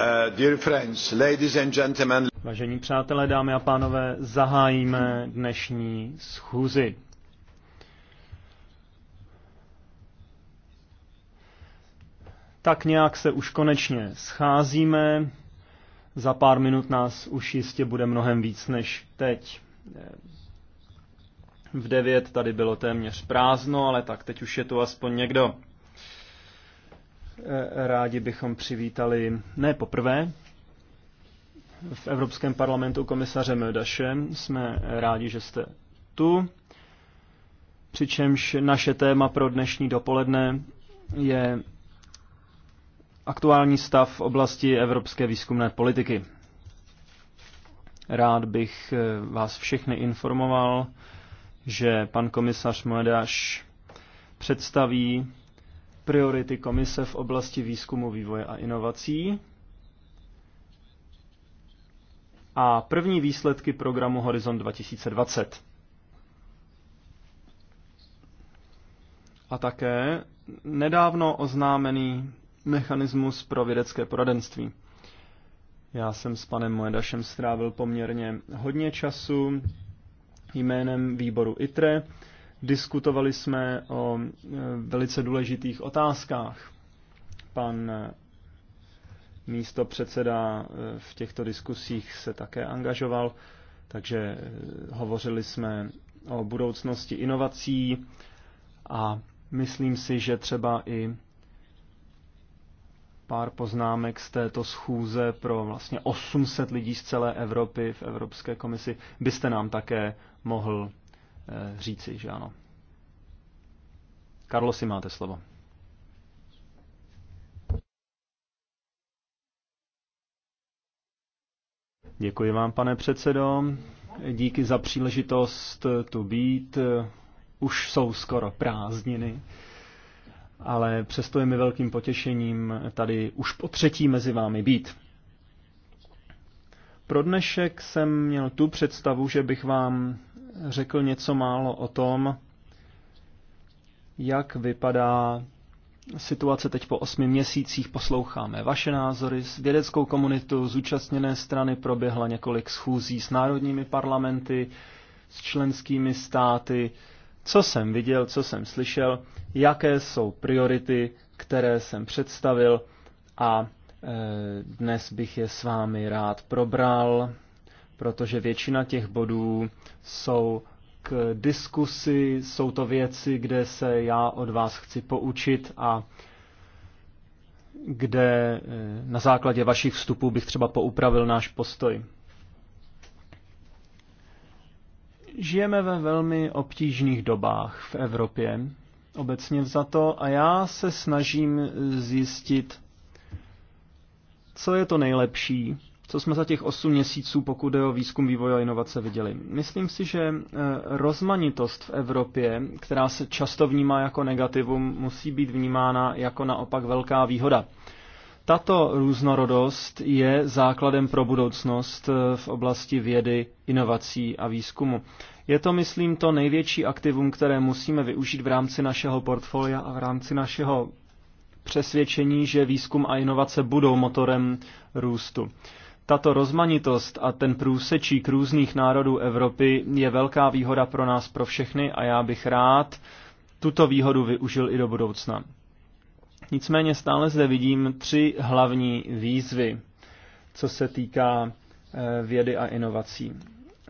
Uh, Vážení přátelé, dámy a pánové, zahájíme dnešní schůzi. Tak nějak se už konečně scházíme. Za pár minut nás už jistě bude mnohem víc než teď. V devět tady bylo téměř prázdno, ale tak teď už je tu aspoň někdo. Eh, rádi bychom přivítali ne poprvé v Evropském parlamentu komisaře Mödaše. Jsme rádi, že jste tu. Přičemž naše téma pro dnešní dopoledne je aktuální stav v oblasti evropské výzkumné politiky. Rád bych eh, vás všechny informoval, že pan komisař Moedáš představí priority komise v oblasti výzkumu, vývoje a inovací a první výsledky programu Horizon 2020. A také nedávno oznámený mechanismus pro vědecké poradenství. Já jsem s panem Moedašem strávil poměrně hodně času jménem výboru ITRE Diskutovali jsme o e, velice důležitých otázkách. Pan e, místo předseda e, v těchto diskusích se také angažoval, takže hovořili jsme o budoucnosti inovací a myslím si, že třeba i pár poznámek z této schůze pro vlastně 800 lidí z celé Evropy v Evropské komisi byste nám také mohl Eh, říci, že ano. Karlo, si máte slovo. Děkuji vám, pane předsedo. Díky za příležitost tu být. Už jsou skoro prázdniny, ale přesto je mi velkým potěšením tady už po třetí mezi vámi být. Pro dnešek jsem měl tu představu, že bych vám řekl něco málo o tom, jak vypadá situace teď po osmi měsících. Posloucháme vaše názory s vědeckou komunitu, zúčastněné strany proběhla několik schůzí s národními parlamenty, s členskými státy. Co jsem viděl, co jsem slyšel, jaké jsou priority, které jsem představil a eh, dnes bych je s vámi rád probral protože většina těch bodů jsou k diskusi, jsou to věci, kde se já od vás chci poučit a kde eh, na základě vašich vstupů bych třeba poupravil náš postoj. Žijeme ve velmi obtížných dobách v Evropě, obecně za to a já se snažím zjistit, co je to nejlepší, co jsme za těch 8 měsíců, pokud je o výzkum, vývoj a inovace, viděli. Myslím si, že eh, rozmanitost v Evropě, která se často vnímá jako negativum, musí být vnímána jako naopak velká výhoda. Tato různorodost je základem pro budoucnost eh, v oblasti vědy, inovací a výzkumu. Je to, myslím, to největší aktivum, které musíme využít v rámci našeho portfolia a v rámci našeho přesvědčení, že výzkum a inovace budou motorem růstu. Tato rozmanitost a ten průsečík různých národů Evropy je velká výhoda pro nás, pro všechny a já bych rád tuto výhodu využil i do budoucna. Nicméně stále zde vidím tři hlavní výzvy, co se týká eh, vědy a inovací.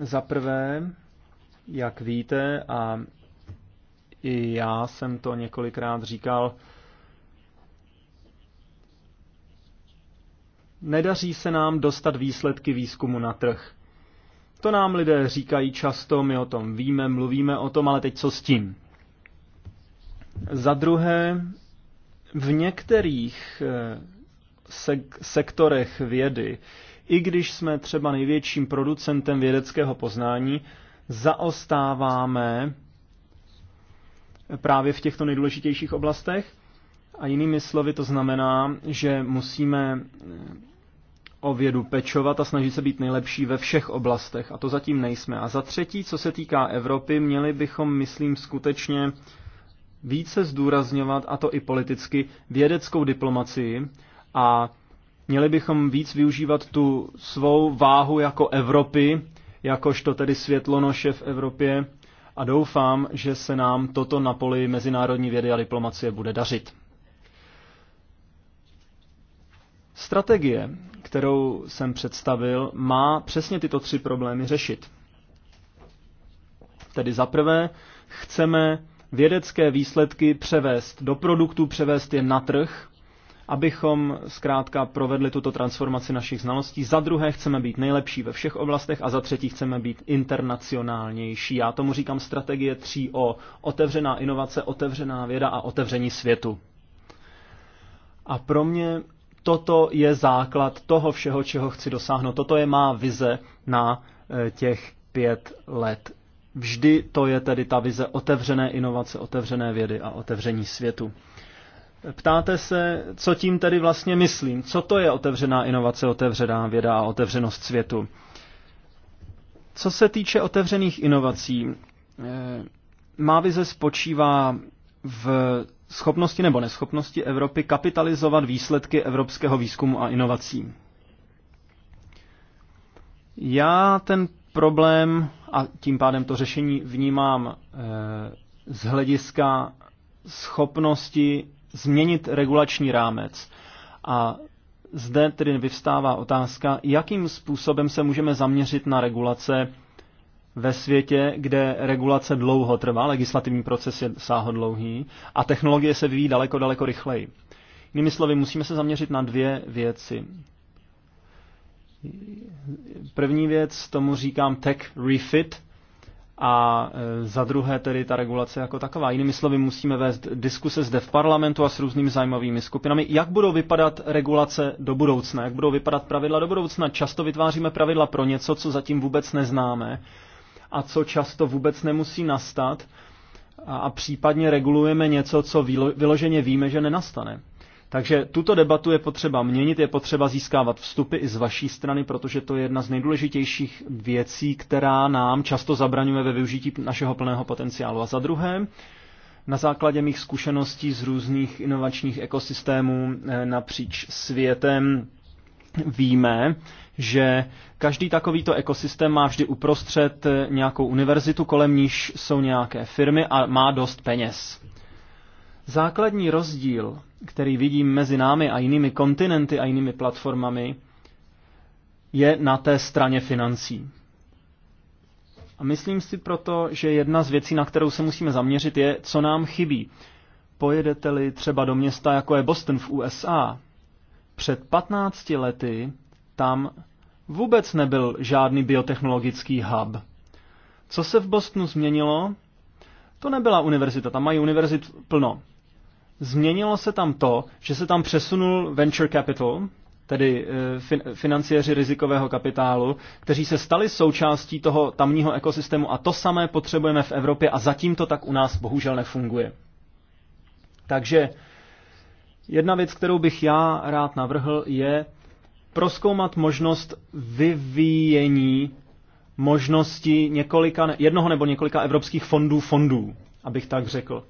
Za prvé, jak víte, a i já jsem to několikrát říkal Nedaří se nám dostat výsledky výzkumu na trh. To nám lidé říkají často, my o tom víme, mluvíme o tom, ale teď co s tím? Za druhé, v některých eh, sektorech vědy, i když jsme třeba největším producentem vědeckého poznání, zaostáváme právě v těchto nejdůležitějších oblastech. A jinými slovy to znamená, že musíme eh, o vědu pečovat a snažit se být nejlepší ve všech oblastech. A to zatím nejsme. A za třetí, co se týká Evropy, měli bychom, myslím, skutečně více zdůrazňovat, a to i politicky, vědeckou diplomacii a měli bychom víc využívat tu svou váhu jako Evropy, jakožto tedy světlonoše v Evropě a doufám, že se nám toto na poli mezinárodní vědy a diplomacie bude dařit. Strategie, kterou jsem představil, má přesně tyto tři problémy řešit. Tedy za prvé chceme vědecké výsledky převést do produktu, převést je na trh, abychom zkrátka provedli tuto transformaci našich znalostí. Za druhé chceme být nejlepší ve všech oblastech a za třetí chceme být internacionálnější. Já tomu říkám strategie 3O. Otevřená inovace, otevřená věda a otevření světu. A pro mě toto je základ toho všeho, čeho chci dosáhnout. Toto je má vize na eh, těch pět let. Vždy to je tedy ta vize otevřené inovace, otevřené vědy a otevření světu. Ptáte se, co tím tedy vlastně myslím. Co to je otevřená inovace, otevřená věda a otevřenost světu? Co se týče otevřených inovací, eh, má vize spočívá v schopnosti nebo neschopnosti Evropy kapitalizovat výsledky evropského výzkumu a inovací. Já ten problém a tím pádem to řešení vnímám eh, z hlediska schopnosti změnit regulační rámec. A zde tedy vyvstává otázka, jakým způsobem se můžeme zaměřit na regulace ve světě, kde regulace dlouho trvá, legislativní proces je sáhodlouhý a technologie se vyvíjí daleko, daleko rychleji. Jinými slovy, musíme se zaměřit na dvě věci. První věc, tomu říkám tech refit, a e, za druhé tedy ta regulace jako taková. Jinými slovy, musíme vést diskuse zde v parlamentu a s různými zájmovými skupinami, jak budou vypadat regulace do budoucna, jak budou vypadat pravidla do budoucna. Často vytváříme pravidla pro něco, co zatím vůbec neznáme a co často vůbec nemusí nastat a případně regulujeme něco, co vyloženě víme, že nenastane. Takže tuto debatu je potřeba měnit, je potřeba získávat vstupy i z vaší strany, protože to je jedna z nejdůležitějších věcí, která nám často zabraňuje ve využití našeho plného potenciálu. A za druhé, na základě mých zkušeností z různých inovačních ekosystémů eh, napříč světem víme, že každý takovýto ekosystém má vždy uprostřed nějakou univerzitu, kolem níž jsou nějaké firmy a má dost peněz. Základní rozdíl, který vidím mezi námi a jinými kontinenty a jinými platformami, je na té straně financí. A myslím si proto, že jedna z věcí, na kterou se musíme zaměřit, je, co nám chybí. Pojedete-li třeba do města, jako je Boston v USA, před 15 lety tam vůbec nebyl žádný biotechnologický hub. Co se v Bostonu změnilo? To nebyla univerzita, tam mají univerzit plno. Změnilo se tam to, že se tam přesunul venture capital, tedy eh, fin- financiéři rizikového kapitálu, kteří se stali součástí toho tamního ekosystému a to samé potřebujeme v Evropě a zatím to tak u nás bohužel nefunguje. Takže jedna věc, kterou bych já rád navrhl, je proskoumat možnost vyvíjení možnosti několika, jednoho nebo několika evropských fondů fondů, abych tak řekl.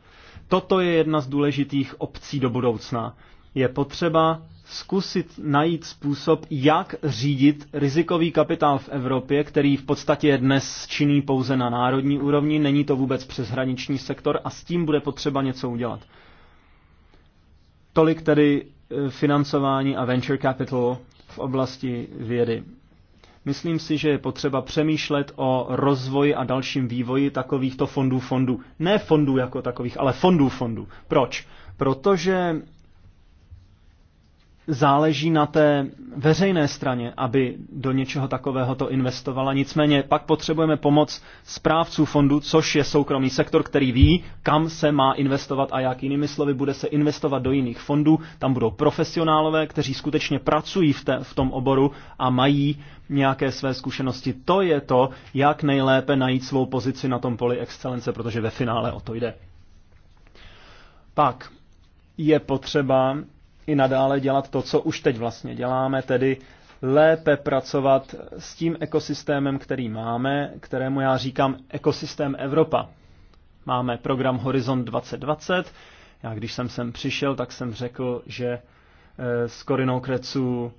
Toto je jedna z důležitých obcí do budoucna. Je potřeba zkusit najít způsob, jak řídit rizikový kapitál v Evropě, který v podstatě je dnes činný pouze na národní úrovni, není to vůbec přeshraniční sektor a s tím bude potřeba něco udělat. Tolik tedy eh, financování a venture capital v oblasti vědy. Myslím si, že je potřeba přemýšlet o rozvoji a dalším vývoji takovýchto fondů fondů. Ne fondů jako takových, ale fondů fondů. Proč? Protože záleží na té veřejné straně, aby do něčeho takového to investovala. Nicméně pak potřebujeme pomoc správců fondu, což je soukromý sektor, který ví, kam se má investovat a jak jinými slovy bude se investovat do jiných fondů. Tam budou profesionálové, kteří skutečně pracují v, té, v tom oboru a mají nějaké své zkušenosti. To je to, jak nejlépe najít svou pozici na tom poli excelence, protože ve finále o to jde. Pak je potřeba i nadále dělat to, co už teď vlastně děláme, tedy lépe pracovat s tím ekosystémem, který máme, kterému já říkám ekosystém Evropa. Máme program Horizon 2020. Já když jsem sem přišel, tak jsem řekl, že eh, s Korinou Krecu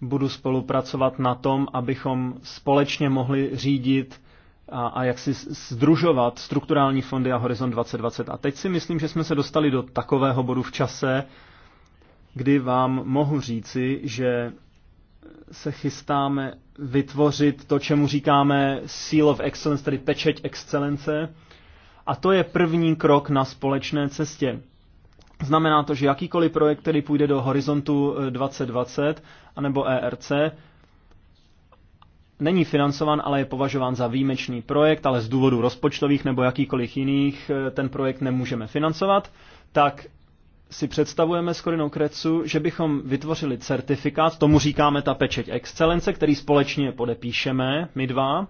budu spolupracovat na tom, abychom společně mohli řídit a, a jak si združovat strukturální fondy a Horizon 2020. A teď si myslím, že jsme se dostali do takového bodu v čase, kdy vám mohu říci, že se chystáme vytvořit to, čemu říkáme Seal of Excellence, tedy pečeť excelence. A to je první krok na společné cestě. Znamená to, že jakýkoliv projekt, který půjde do Horizontu 2020 eh, anebo ERC, není financován, ale je považován za výjimečný projekt, ale z důvodu rozpočtových nebo jakýkoliv jiných eh, ten projekt nemůžeme financovat, tak si představujeme s Korinou Krecu, že bychom vytvořili certifikát, tomu říkáme ta pečeť excelence, který společně podepíšeme, my dva,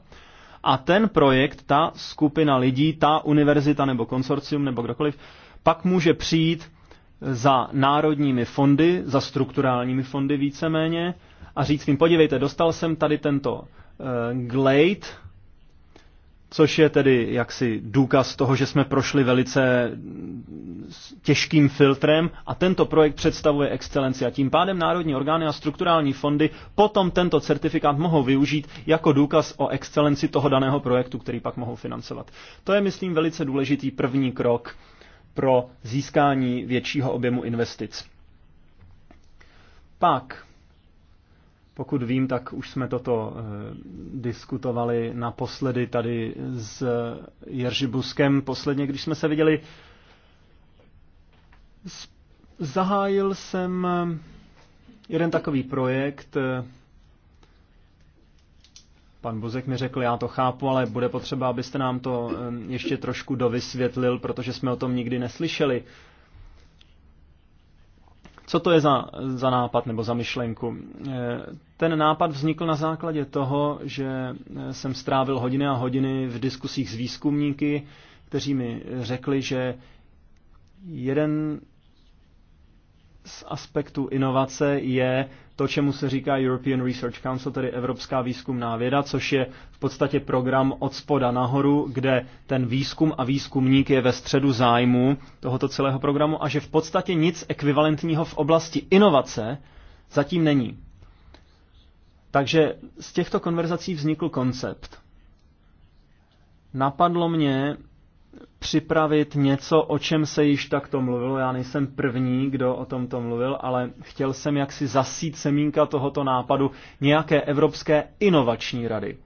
a ten projekt, ta skupina lidí, ta univerzita nebo konsorcium nebo kdokoliv, pak může přijít za národními fondy, za strukturálními fondy víceméně a říct jim, podívejte, dostal jsem tady tento uh, glade, což je tedy jaksi důkaz toho, že jsme prošli velice těžkým filtrem a tento projekt představuje excelenci a tím pádem národní orgány a strukturální fondy potom tento certifikát mohou využít jako důkaz o excelenci toho daného projektu, který pak mohou financovat. To je, myslím, velice důležitý první krok pro získání většího objemu investic. Pak pokud vím, tak už jsme toto eh, diskutovali naposledy tady s Jerži Buskem. Posledně, když jsme se viděli, zahájil jsem eh, jeden takový projekt. Eh, pan Buzek mi řekl, já to chápu, ale bude potřeba, abyste nám to ještě trošku dovysvětlil, protože jsme o tom nikdy neslyšeli. Co to je za, za nápad nebo za myšlenku? Eh, ten nápad vznikl na základě toho, že eh, jsem strávil hodiny a hodiny v diskusích s výzkumníky, kteří mi řekli, že jeden z aspektu inovace je to, čemu se říká European Research Council, tedy Evropská výzkumná věda, což je v podstatě program od spoda nahoru, kde ten výzkum a výzkumník je ve středu zájmu tohoto celého programu a že v podstatě nic ekvivalentního v oblasti inovace zatím není. Takže z těchto konverzací vznikl koncept. Napadlo mě, připravit něco, o čem se již takto mluvilo. Já nejsem první, kdo o tomto mluvil, ale chtěl jsem jaksi zasít semínka tohoto nápadu nějaké Evropské inovační rady.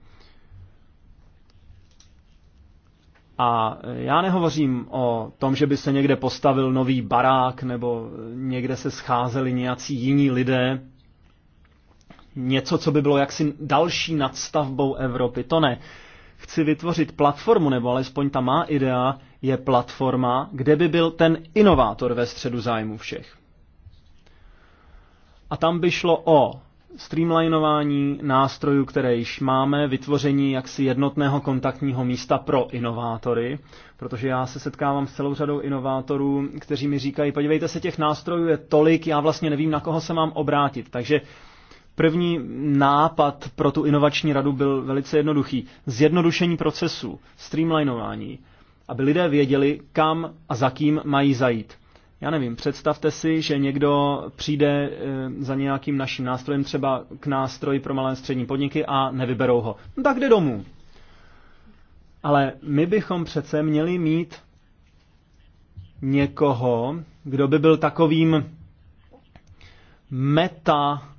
A já nehovořím o tom, že by se někde postavil nový barák nebo někde se scházeli nějací jiní lidé. Něco, co by bylo jaksi další nadstavbou Evropy, to ne chci vytvořit platformu, nebo alespoň ta má idea je platforma, kde by byl ten inovátor ve středu zájmu všech. A tam by šlo o streamlinování nástrojů, které již máme, vytvoření jaksi jednotného kontaktního místa pro inovátory, protože já se setkávám s celou řadou inovátorů, kteří mi říkají, podívejte se, těch nástrojů je tolik, já vlastně nevím, na koho se mám obrátit. Takže První nápad pro tu inovační radu byl velice jednoduchý. Zjednodušení procesu, streamlinování, aby lidé věděli, kam a za kým mají zajít. Já nevím, představte si, že někdo přijde eh, za nějakým naším nástrojem, třeba k nástroji pro malé střední podniky a nevyberou ho. No tak jde domů. Ale my bychom přece měli mít někoho, kdo by byl takovým meta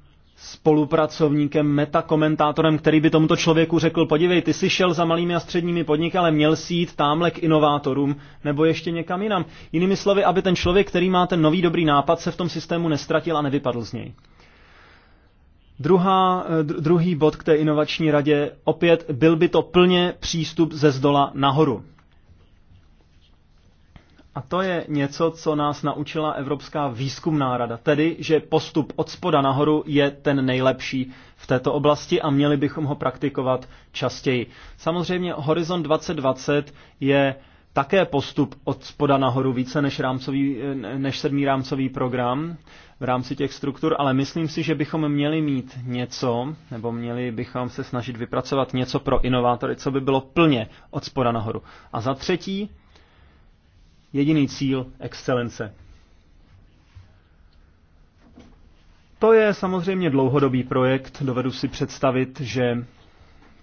spolupracovníkem, metakomentátorem, který by tomuto člověku řekl, podívej, ty jsi šel za malými a středními podniky, ale měl si jít tamhle k inovátorům nebo ještě někam jinam. Jinými slovy, aby ten člověk, který má ten nový dobrý nápad, se v tom systému nestratil a nevypadl z něj. Druhá, eh, druhý bod k té inovační radě, opět byl by to plně přístup ze zdola nahoru. A to je něco, co nás naučila Evropská výzkumná rada, tedy, že postup od spoda nahoru je ten nejlepší v této oblasti a měli bychom ho praktikovat častěji. Samozřejmě Horizon 2020 je také postup od spoda nahoru více než, rámcový, než sedmý rámcový program v rámci těch struktur, ale myslím si, že bychom měli mít něco, nebo měli bychom se snažit vypracovat něco pro inovátory, co by bylo plně od spoda nahoru. A za třetí, jediný cíl excelence. To je samozřejmě dlouhodobý projekt. Dovedu si představit, že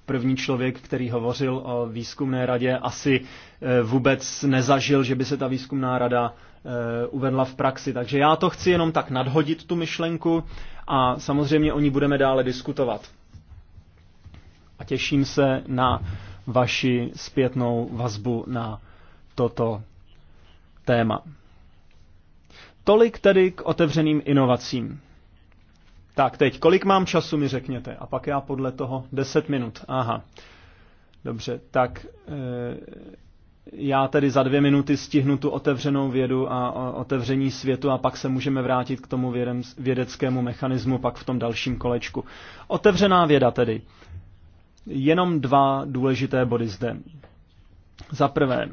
první člověk, který hovořil o výzkumné radě, asi eh, vůbec nezažil, že by se ta výzkumná rada eh, uvedla v praxi. Takže já to chci jenom tak nadhodit, tu myšlenku, a samozřejmě o ní budeme dále diskutovat. A těším se na vaši zpětnou vazbu na toto téma. Tolik tedy k otevřeným inovacím. Tak teď, kolik mám času, mi řekněte. A pak já podle toho 10 minut. Aha. Dobře, tak e, já tedy za dvě minuty stihnu tu otevřenou vědu a otevření světu a pak se můžeme vrátit k tomu vědem, vědeckému mechanismu pak v tom dalším kolečku. Otevřená věda tedy. Jenom dva důležité body zde. Za prvé,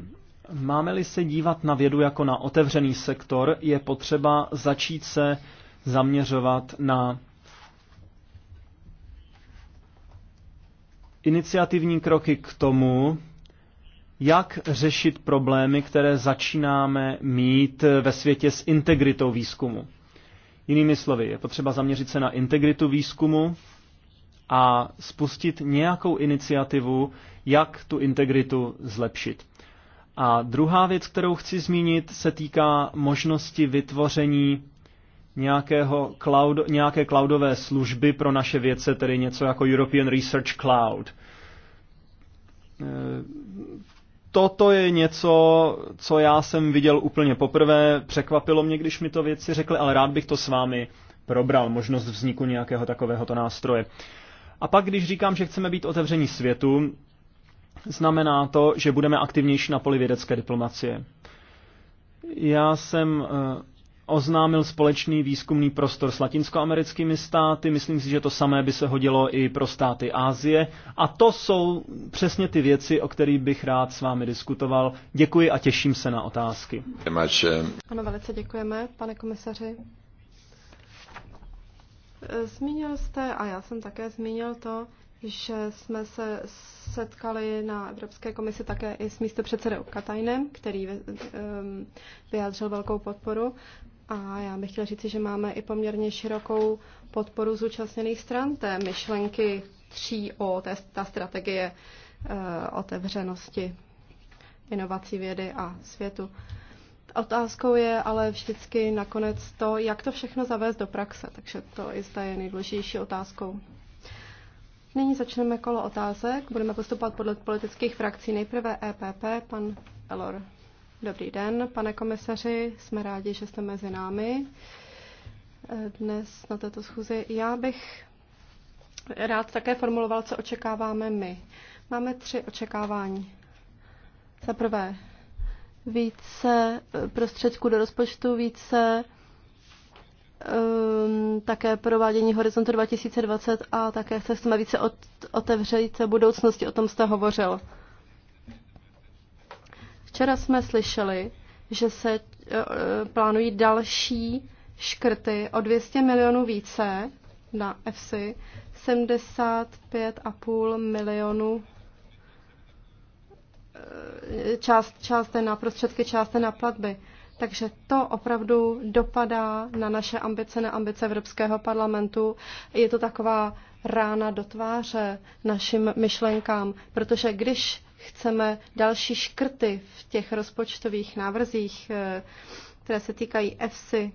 Máme-li se dívat na vědu jako na otevřený sektor, je potřeba začít se zaměřovat na iniciativní kroky k tomu, jak řešit problémy, které začínáme mít ve světě s integritou výzkumu. Jinými slovy, je potřeba zaměřit se na integritu výzkumu a spustit nějakou iniciativu, jak tu integritu zlepšit. A druhá věc, kterou chci zmínit, se týká možnosti vytvoření nějakého cloud, nějaké cloudové služby pro naše vědce, tedy něco jako European Research Cloud. E, toto je něco, co já jsem viděl úplně poprvé. Překvapilo mě, když mi to věci řekli, ale rád bych to s vámi probral, možnost vzniku nějakého takovéhoto nástroje. A pak, když říkám, že chceme být otevření světu, Znamená to, že budeme aktivnější na poli vědecké diplomacie. Já jsem eh, oznámil společný výzkumný prostor s latinskoamerickými státy. Myslím si, že to samé by se hodilo i pro státy Ázie. A to jsou přesně ty věci, o kterých bych rád s vámi diskutoval. Děkuji a těším se na otázky. Ano, velice děkujeme, pane komisaři. Zmínil jste, a já jsem také zmínil to, že jsme se setkali na Evropské komisi také i s předsedou Katajnem, který eh, vyjádřil velkou podporu. A já bych chtěla říci, že máme i poměrně širokou podporu zúčastněných stran té myšlenky 3O, té, ta strategie eh, otevřenosti inovací vědy a světu. Otázkou je ale vždycky nakonec to, jak to všechno zavést do praxe, takže to i zda je nejdůležitější otázkou. Nyní začneme kolo otázek. Budeme postupovat podle politických frakcí. Nejprve EPP, pan Elor. Dobrý den, pane komisaři, jsme rádi, že jste mezi námi e, dnes na této schůzi. Já bych rád také formuloval, co očekáváme my. Máme tři očekávání. Za prvé, více e, prostředků do rozpočtu, více um, také provádění Horizontu 2020 a také se chceme více od, otevřít budoucnosti, o tom jste hovořil. Včera jsme slyšeli, že se uh, plánují další škrty o 200 milionů více na EFSI, 75,5 milionů e, část, část na prostředky, část na platby. Uh, takže to opravdu dopadá na naše ambice, na ambice Evropského parlamentu. Je to taková rána do tváře našim myšlenkám, protože když chceme další škrty v těch rozpočtových návrzích, eh, které se týkají EFSI,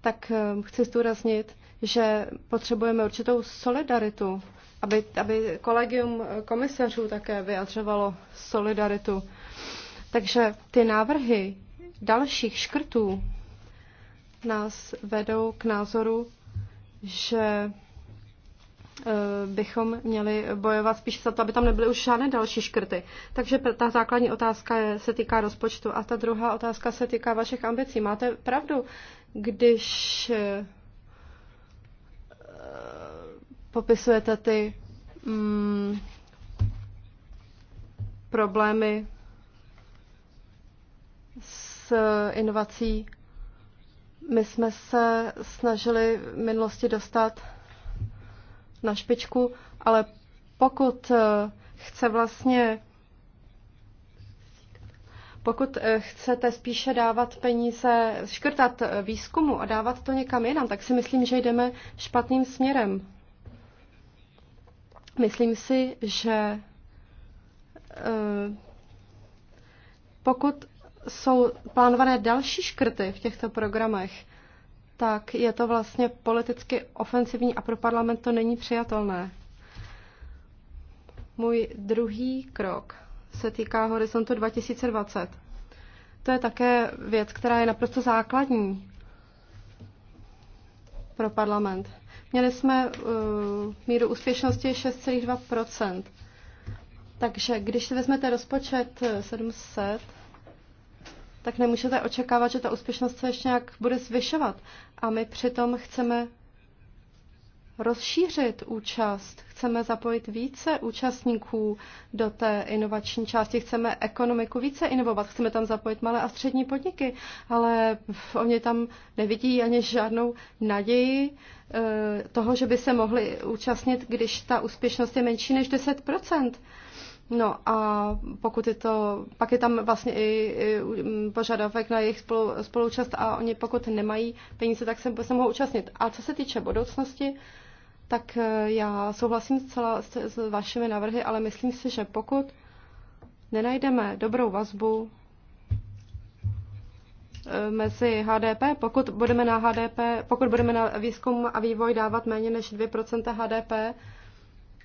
tak eh, chci zdůraznit, že potřebujeme určitou solidaritu, aby, aby kolegium komisařů také vyjadřovalo solidaritu. Takže ty návrhy dalších škrtů nás vedou k názoru, že eh, bychom měli bojovat spíš za to, aby tam nebyly už žádné další škrty. Takže ta základní otázka je, se týká rozpočtu a ta druhá otázka se týká vašich ambicí. Máte pravdu, když eh, popisujete ty mm, problémy s s eh, inovací. My jsme se snažili v minulosti dostat na špičku, ale pokud eh, chce vlastně pokud eh, chcete spíše dávat peníze, škrtat výzkumu a dávat to někam jinam, tak si myslím, že jdeme špatným směrem. Myslím si, že pokud jsou plánované další škrty v těchto programech, tak je to vlastně politicky ofensivní a pro parlament to není přijatelné. Můj druhý krok se týká horizontu 2020. To je také věc, která je naprosto základní pro parlament. Měli jsme uh, míru úspěšnosti 6,2%. Takže když si vezmete rozpočet 700, uh, tak nemůžete očekávat, že ta úspěšnost se ještě nějak bude zvyšovat. A my přitom chceme rozšířit účast, chceme zapojit více účastníků do té inovační části, chceme ekonomiku více inovovat, chceme tam zapojit malé a střední podniky, ale oni tam nevidí ani žádnou naději e, toho, že by se mohli účastnit, když ta úspěšnost je menší než 10 No a pokud je to, pak je tam vlastně i, i mm, požadavek na jejich spolu, spolučast a oni pokud nemají peníze, tak se, se mohou účastnit. A co se týče budoucnosti, tak eh, já souhlasím zcela s, s vašimi návrhy, ale myslím si, že pokud nenajdeme dobrou vazbu eh, mezi HDP, pokud budeme na HDP, pokud budeme na výzkum a vývoj dávat méně než 2% HDP,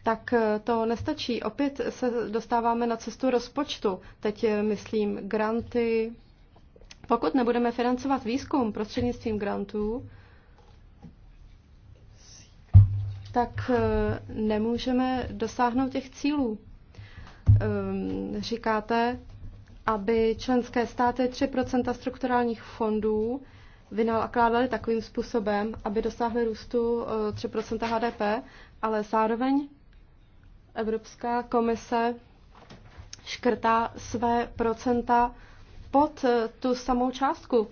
tak eh, to nestačí. Opět se dostáváme na cestu rozpočtu. Teď eh, myslím granty. Pokud nebudeme financovat výzkum prostřednictvím grantů, tak eh, nemůžeme dosáhnout těch cílů. Ehm, říkáte, aby členské státy 3 strukturálních fondů vynakládaly takovým způsobem, aby dosáhly růstu 3 HDP, ale zároveň Evropská komise škrtá své procenta pod eh, tu samou částku.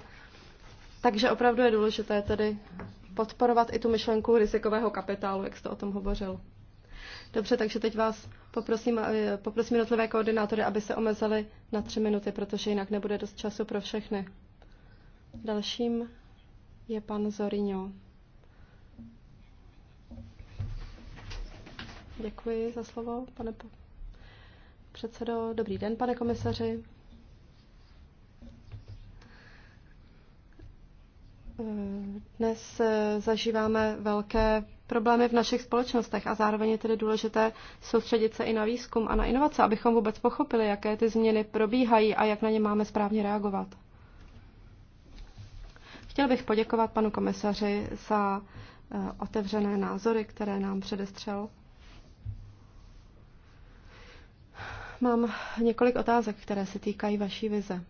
Takže opravdu je důležité tedy podporovat i tu myšlenku rizikového kapitálu, jak jste o tom hovořil. Dobře, takže teď vás poprosím, eh, poprosím jednotlivé koordinátory, aby se omezili na tři minuty, protože jinak nebude dost času pro všechny. Dalším je pan Zorino. Děkuji za slovo, pane předsedo. Dobrý den, pane komisaři. Dnes eh, zažíváme velké problémy v našich společnostech a zároveň je tedy důležité soustředit se i na výzkum a na inovace, abychom vůbec pochopili, jaké ty změny probíhají a jak na ně máme správně reagovat. Chtěl bych poděkovat panu komisaři za eh, otevřené názory, které nám předestřel. mám několik otázek, které se týkají vaší vize.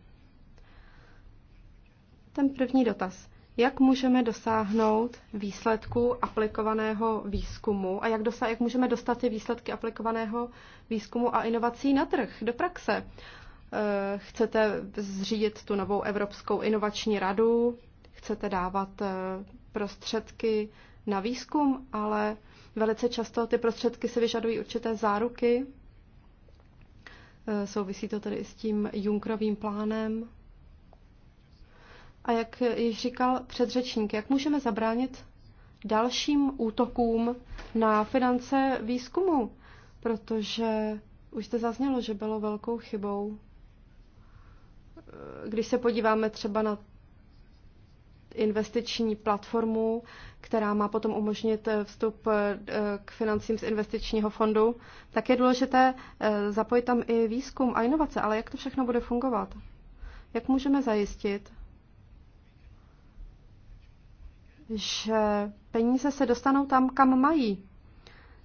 Ten první dotaz. Jak můžeme dosáhnout výsledků aplikovaného výzkumu a jak, dosa- jak můžeme dostat ty výsledky aplikovaného výzkumu a inovací na trh, do praxe? Eh, chcete zřídit tu novou Evropskou inovační radu, chcete dávat eh, prostředky na výzkum, ale velice často ty prostředky se vyžadují určité záruky Eh, souvisí to tedy s tím Junkrovým plánem. A jak již říkal předřečník, jak můžeme zabránit dalším útokům na finance výzkumu? Protože už to zaznělo, že bylo velkou chybou. Eh, když se podíváme třeba na investiční platformu, která má potom umožnit eh, vstup eh, k financím z investičního fondu, tak je důležité eh, zapojit tam i výzkum a inovace. Ale jak to všechno bude fungovat? Jak můžeme zajistit, že peníze se dostanou tam, kam mají?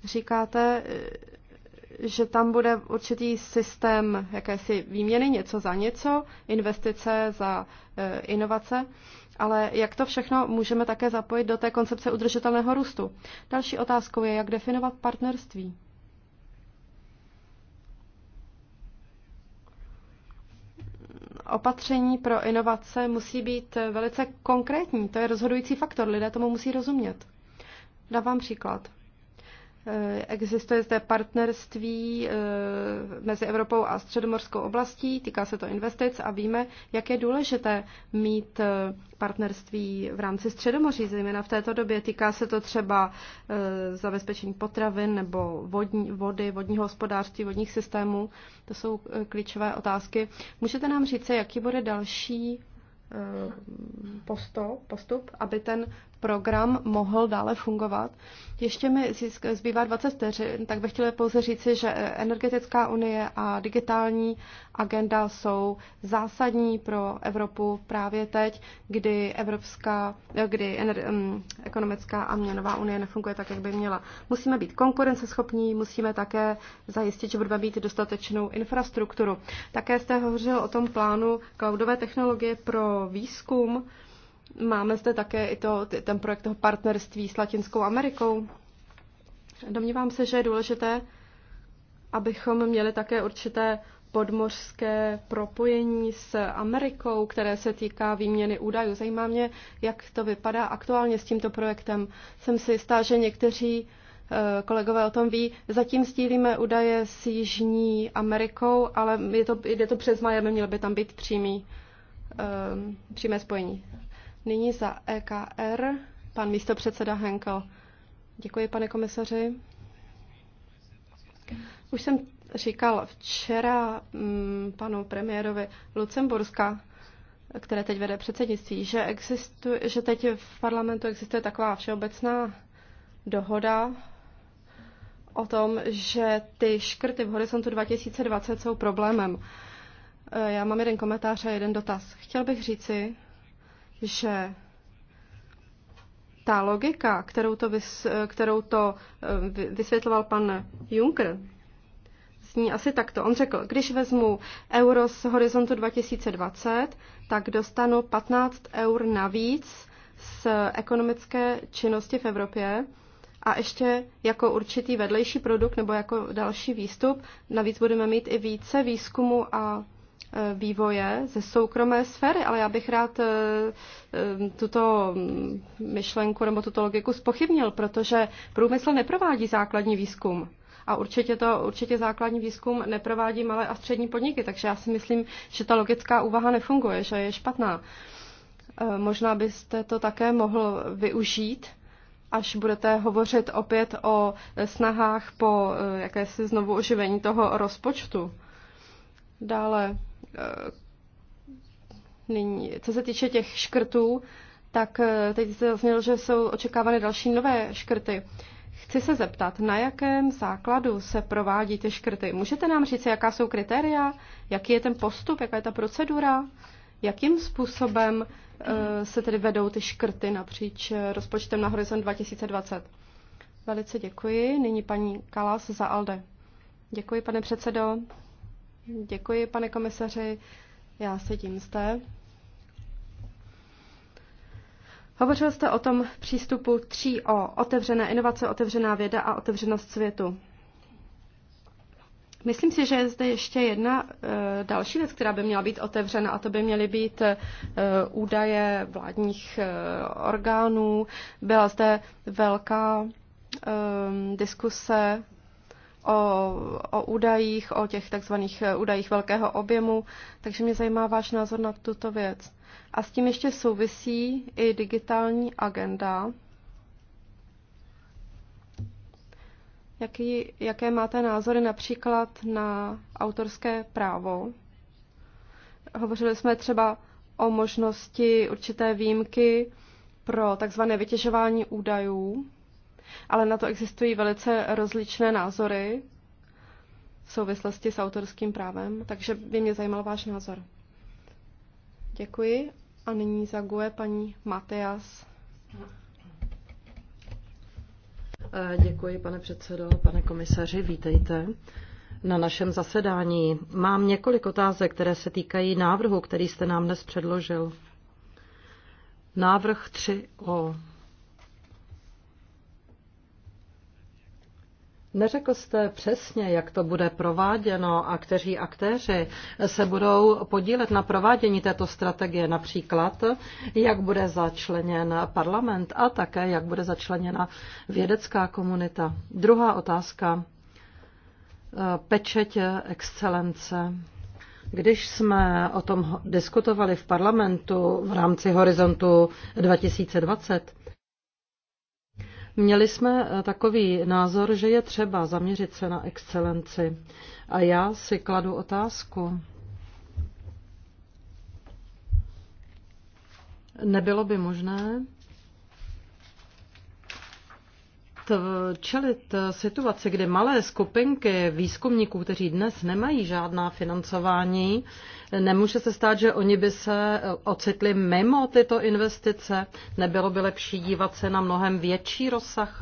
Říkáte, že tam bude určitý systém jakési výměny, něco za něco, investice za inovace. Ale jak to všechno můžeme také zapojit do té koncepce udržitelného růstu? Další otázkou je, jak definovat partnerství. Opatření pro inovace musí být velice konkrétní. To je rozhodující faktor. Lidé tomu musí rozumět. Dávám příklad. Eh, existuje zde partnerství eh, mezi Evropou a středomorskou oblastí, týká se to investic a víme, jak je důležité mít eh, partnerství v rámci Středomoří, zejména v této době. Týká se to třeba zabezpečení potravin nebo vodní, vody, vodního hospodářství, vodních systémů. To jsou klíčové otázky. Můžete nám říct, jaký bude další postup, postup, aby ten program mohl dále fungovat. Ještě mi zbývá 20 vteřin, tak bych chtěla pouze říci, že e, energetická unie a digitální agenda jsou zásadní pro Evropu právě teď, kdy Evropská, e, kdy ener, um, ekonomická a měnová unie nefunguje tak, jak by měla. Musíme být konkurenceschopní, musíme také zajistit, že budeme mít dostatečnou infrastrukturu. Také jste hovořil o tom plánu cloudové technologie pro výzkum. Máme zde také i to, ten projekt toho partnerství s Latinskou Amerikou. Domnívám se, že je důležité, abychom měli také určité podmořské propojení s Amerikou, které se týká výměny údajů. Zajímá mě, jak to vypadá aktuálně s tímto projektem. Jsem si jistá, že někteří eh, kolegové o tom ví. Zatím sdílíme údaje s Jižní Amerikou, ale je to, jde to přes Miami, měl by tam být přímý, eh, přímé spojení. Nyní za EKR pan místopředseda Henkel. Děkuji, pane komisaři. Už jsem říkal včera mm, panu premiérovi Lucemburska, které teď vede předsednictví, že, existuje, že teď v parlamentu existuje taková všeobecná dohoda o tom, že ty škrty v horizontu 2020 jsou problémem. E, já mám jeden komentář a jeden dotaz. Chtěl bych říci, že ta logika, kterou to, vys, kterou to eh, vysvětloval pan Juncker, zní asi takto. On řekl, když vezmu euro z horizontu 2020, tak dostanu 15 eur navíc z ekonomické činnosti v Evropě a ještě jako určitý vedlejší produkt nebo jako další výstup, navíc budeme mít i více výzkumu a Eh, vývoje ze soukromé sféry, ale já bych rád eh, eh, tuto myšlenku nebo tuto logiku spochybnil, protože průmysl neprovádí základní výzkum. A určitě to, určitě základní výzkum neprovádí malé a střední podniky, takže já si myslím, že ta logická úvaha nefunguje, že je špatná. Možná byste to také mohl využít, až budete hovořit opět o snahách po jakési znovu oživení toho rozpočtu. Dále, eh, nyní, co se týče těch škrtů, tak eh, teď se zaznělo, že jsou očekávány další nové škrty. Chci se zeptat, na jakém základu se provádí ty škrty? Můžete nám říct, jaká jsou kritéria, jaký je ten postup, jaká je ta procedura, jakým způsobem eh, se tedy vedou ty škrty napříč rozpočtem na horizont 2020? Velice děkuji. Nyní paní Kalas za ALDE. Děkuji, pane předsedo. Děkuji, pane komisaři. Já sedím zde. Hovořil jste o tom přístupu 3O, otevřené inovace, otevřená věda a otevřenost světu. Myslím si, že je zde ještě jedna e, další věc, která by měla být otevřena, a to by měly být e, údaje vládních e, orgánů. Byla zde velká e, diskuse o, o údajích, o těch takzvaných eh, údajích velkého objemu, takže mě zajímá váš názor na tuto věc. A s tím ještě souvisí i digitální agenda. Jaký, jaké máte názory například na autorské právo? Hovořili jsme třeba o možnosti určité výjimky pro takzvané vytěžování údajů ale na to existují velice rozličné názory v souvislosti s autorským právem, takže by mě zajímal váš názor. Děkuji. A nyní zaguje paní Mateas. E, děkuji, pane předsedo, pane komisaři, vítejte na našem zasedání. Mám několik otázek, které se týkají návrhu, který jste nám dnes předložil. Návrh 3 o Neřekl jste přesně, jak to bude prováděno a kteří aktéři se budou podílet na provádění této strategie, například jak bude začleněn parlament a také jak bude začleněna vědecká komunita. Druhá otázka. Eh, pečeť excelence. Když jsme o tom diskutovali v parlamentu v rámci Horizontu 2020, Měli jsme eh, takový názor, že je třeba zaměřit se na excelenci. A já si kladu otázku. Nebylo by možné Eh, čelit eh, situaci, kde malé skupinky výzkumníků, kteří dnes nemají žádná financování, nemůže se stát, že oni by se eh, ocitli mimo tyto investice. Nebylo by lepší dívat se na mnohem větší rozsah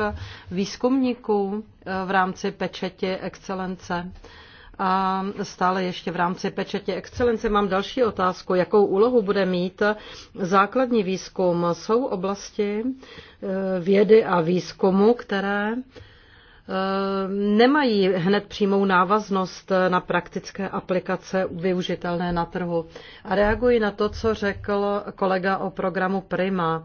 výzkumníků v rámci pečeti excelence. A stále ještě v rámci pečetě excelence mám další otázku. Jakou úlohu bude mít základní výzkum? Jsou oblasti eh, vědy a výzkumu, které eh, nemají hned přímou návaznost na praktické aplikace využitelné na trhu. A reaguji na to, co řekl kolega o programu Prima.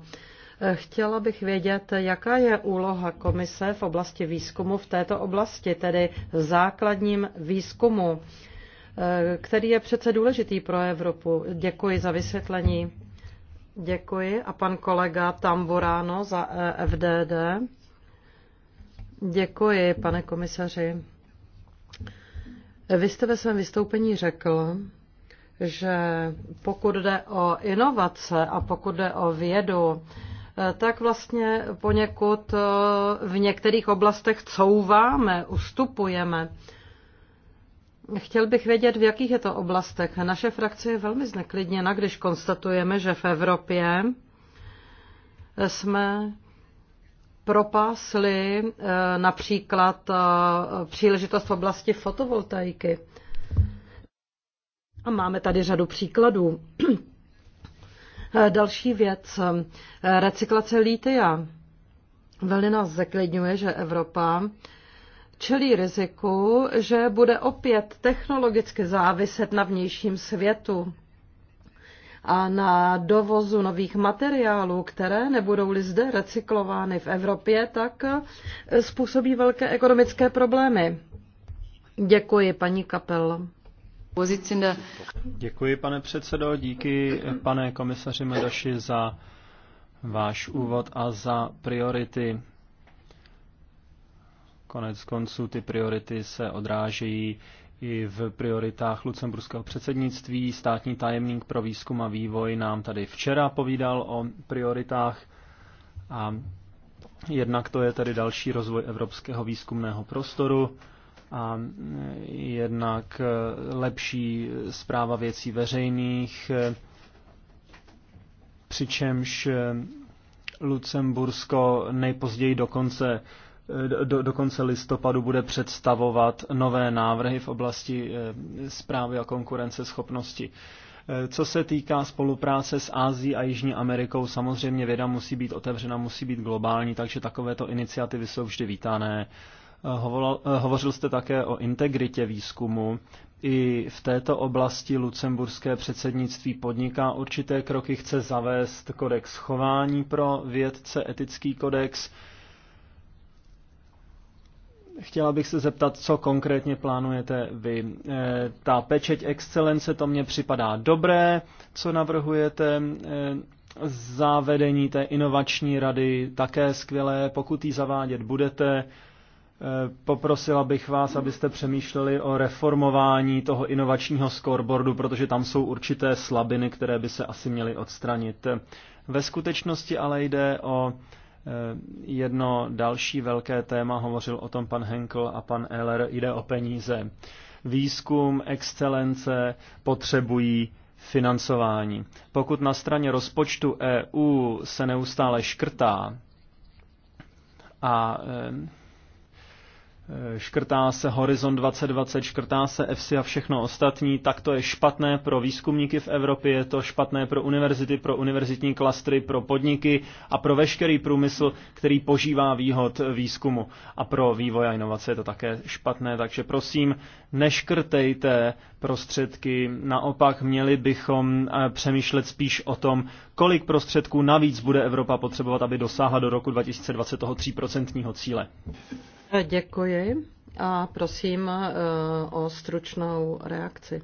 Chtěla bych vědět, jaká je úloha komise v oblasti výzkumu v této oblasti, tedy v základním výzkumu, který je přece důležitý pro Evropu. Děkuji za vysvětlení. Děkuji. A pan kolega Tamburáno za e FDD. Děkuji, pane komisaři. Vy jste ve svém vystoupení řekl, že pokud jde o inovace a pokud jde o vědu, tak vlastně poněkud eh, v některých oblastech couváme, ustupujeme. Chtěl bych vědět, v jakých je to oblastech. Naše frakce je velmi zneklidněna, když konstatujeme, že v Evropě jsme propásli eh, například eh, příležitost v oblasti fotovoltaiky. A máme tady řadu příkladů. E, další věc, e, recyklace lítia. Velmi nás zaklidňuje, že Evropa čelí riziku, že bude opět technologicky záviset na vnějším světu a na dovozu nových materiálů, které nebudou-li zde recyklovány v Evropě, tak e, způsobí velké ekonomické problémy. Děkuji, paní Kapel. Děkuji, pane předsedo, díky, pane komisaři Medoši, za váš úvod a za priority. Konec konců ty priority se odrážejí i v prioritách lucemburského předsednictví. Státní tajemník pro výzkum a vývoj nám tady včera povídal o prioritách a jednak to je tedy další rozvoj evropského výzkumného prostoru a jednak e, lepší zpráva věcí veřejných, e, přičemž e, Lucembursko nejpozději do konce, do, do konce listopadu bude představovat nové návrhy v oblasti zprávy a konkurenceschopnosti. Co se týká spolupráce s Ázií a Jižní Amerikou, samozřejmě věda musí být otevřena, musí být globální, takže takovéto iniciativy jsou vždy vítané Eh, eh, hovořil jste také o integritě výzkumu. I v této oblasti lucemburské předsednictví podniká určité kroky, chce zavést kodex chování pro vědce, etický kodex. Chtěla bych se zeptat, co konkrétně plánujete vy. E, ta pečeť excelence, to mně připadá dobré, co navrhujete. E, zavedení té inovační rady také skvělé, pokud ji zavádět budete, Eh, poprosila bych vás, abyste přemýšleli o reformování toho inovačního scoreboardu, protože tam jsou určité slabiny, které by se asi měly odstranit. Ve skutečnosti ale jde o eh, jedno další velké téma, hovořil o tom pan Henkel a pan Eller, jde o peníze. Výzkum, excelence potřebují financování. Pokud na straně rozpočtu EU se neustále škrtá a eh, Eh, škrtá se Horizon 2020, škrtá se EFSI a všechno ostatní, tak to je špatné pro výzkumníky v Evropě, je to špatné pro univerzity, pro univerzitní klastry, pro podniky a pro veškerý průmysl, který požívá výhod výzkumu. A pro vývoj a inovace je to také špatné, takže prosím, neškrtejte prostředky, naopak měli bychom eh, přemýšlet spíš o tom, kolik prostředků navíc bude Evropa potřebovat, aby dosáhla do roku 2020 toho 3% cíle. Děkuji a prosím eh, o stručnou reakci.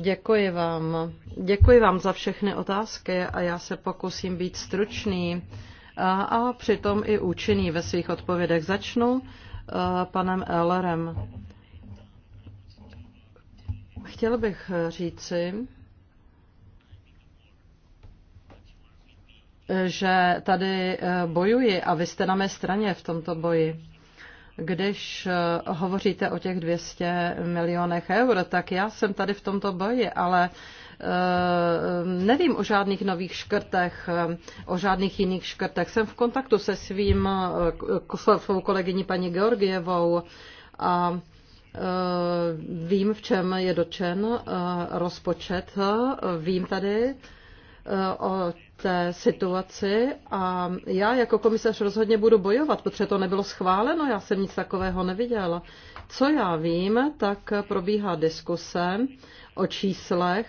Děkuji vám. Děkuji vám za všechny otázky a já se pokusím být stručný a, eh, a přitom i účinný ve svých odpovědech. Začnu eh, panem Ellerem. Chtěl bych říci, že tady eh, bojuji a vy jste na mé straně v tomto boji. Když eh, hovoříte o těch 200 milionech eur, tak já jsem tady v tomto boji, ale eh, nevím o žádných nových škrtech, o žádných jiných škrtech. Jsem v kontaktu se svým, svou kolegyní paní Georgievou a vím, v čem je dočen rozpočet. Vím tady, o té situaci a já jako komisař rozhodně budu bojovat, protože to nebylo schváleno, já jsem nic takového neviděla. Co já vím, tak probíhá diskuse o číslech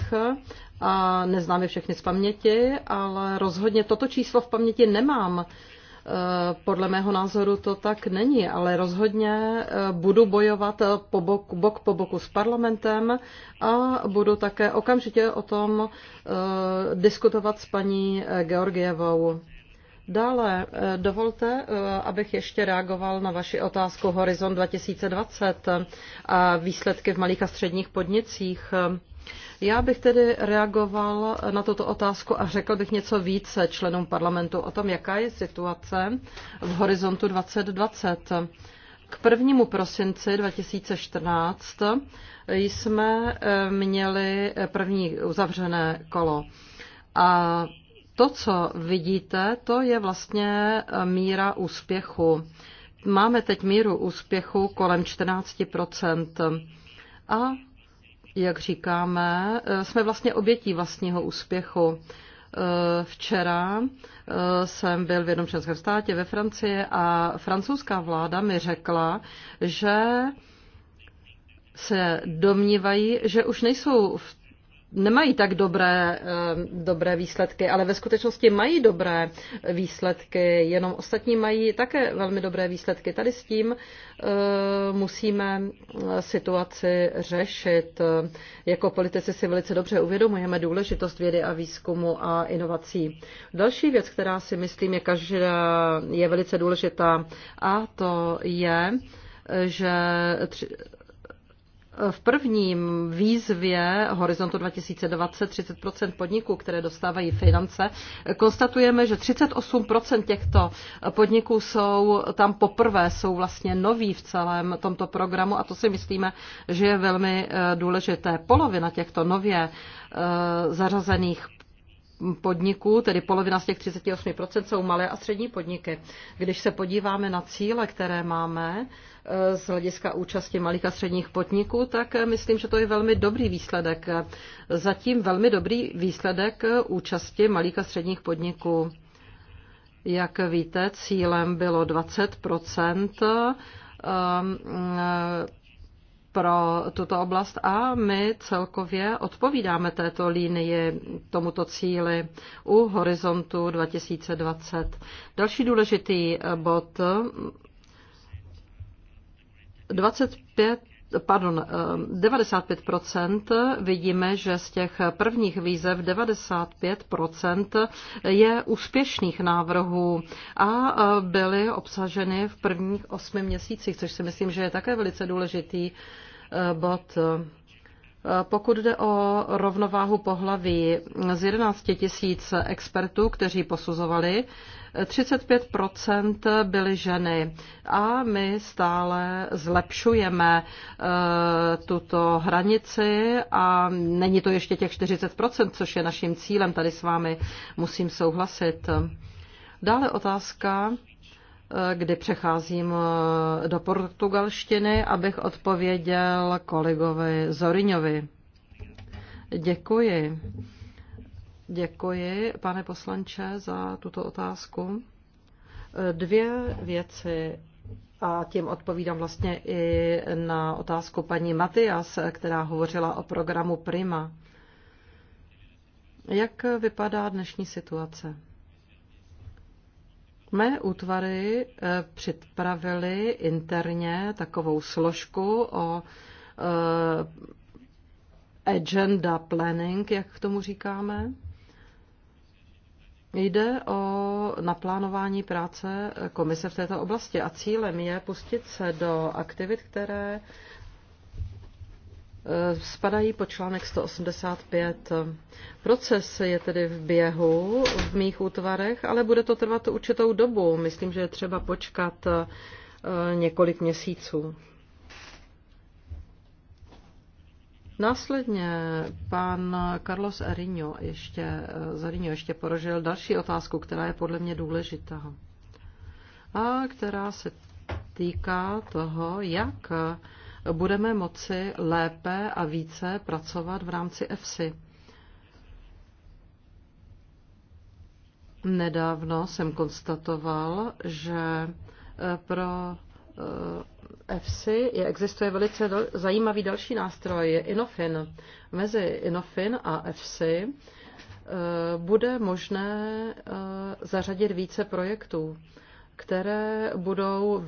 a neznám je všechny z paměti, ale rozhodně toto číslo v paměti nemám. Eh, podle mého názoru to tak není, ale rozhodně eh, budu bojovat eh, po bok, bok po boku s parlamentem a budu také okamžitě o tom diskutovat s paní Georgievou. Dále dovolte, abych ještě reagoval na vaši otázku Horizon 2020 a výsledky v malých a středních podnicích. Já bych tedy reagoval na tuto otázku a řekl bych něco více členům parlamentu o tom, jaká je situace v horizontu 2020. K 1. prosinci 2014 jsme eh, měli první uzavřené kolo. A to, co vidíte, to je vlastně eh, míra úspěchu. Máme teď míru úspěchu kolem 14 a jak říkáme, eh, jsme vlastně obětí vlastního úspěchu. Eh, včera eh, jsem byl v jednom členském státě ve Francii a francouzská vláda mi řekla, že se domnívají, že už nejsou v nemají tak dobré, eh, dobré výsledky, ale ve skutečnosti mají dobré výsledky, jenom ostatní mají také velmi dobré výsledky. Tady s tím eh, musíme eh, situaci řešit. Jako politici si velice dobře uvědomujeme důležitost vědy a výzkumu a inovací. Další věc, která si myslím je, každá, je velice důležitá, a to je, že v prvním výzvě Horizontu 2020 30 podniků, které dostávají finance, konstatujeme, že 38 těchto podniků jsou tam poprvé, jsou vlastně noví v celém tomto programu a to si myslíme, že je velmi eh, důležité. Polovina těchto nově eh, zařazených podniků, tedy polovina z těch 38% jsou malé a střední podniky. Když se podíváme na cíle, které máme eh, z hlediska účasti malých a středních podniků, tak eh, myslím, že to je velmi dobrý výsledek. Zatím velmi dobrý výsledek eh, účasti malých a středních podniků. Jak víte, cílem bylo 20 pro tuto oblast a my celkově odpovídáme této línii, tomuto cíli u horizontu 2020. Další důležitý bod 25 pardon, 95% eh, vidíme, že z těch prvních výzev 95% je úspěšných návrhů a eh, byly obsaženy v prvních osmi měsících, což si myslím, že je také velice důležitý eh, bod pokud jde o rovnováhu pohlaví, z 11 tisíc expertů, kteří posuzovali, 35 byly ženy a my stále zlepšujeme e, tuto hranici a není to ještě těch 40 což je naším cílem. Tady s vámi musím souhlasit. Dále otázka kdy přecházím eh, do portugalštiny, abych odpověděl kolegovi Zoriňovi. Děkuji. Děkuji, pane poslanče, za tuto otázku. Eh, dvě věci a tím odpovídám vlastně i na otázku paní Matias, která hovořila o programu Prima. Jak vypadá dnešní situace? Mé útvary eh, připravili interně takovou složku o eh, agenda planning, jak k tomu říkáme. Jde o naplánování práce komise v této oblasti a cílem je pustit se do aktivit, které Eh, spadají po článek 185. Proces je tedy v běhu v mých útvarech, ale bude to trvat určitou dobu. Myslím, že je třeba počkat eh, několik měsíců. Následně pan Carlos Erino ještě, eh, Zarino ještě porožil další otázku, která je podle mě důležitá a která se týká toho, jak budeme moci lépe a více pracovat v rámci EFSI. Nedávno jsem konstatoval, že eh, pro EFSI eh, existuje velice zajímavý další nástroj, Inofin. Mezi Inofin a EFSI eh, bude možné zařadit více projektů které budou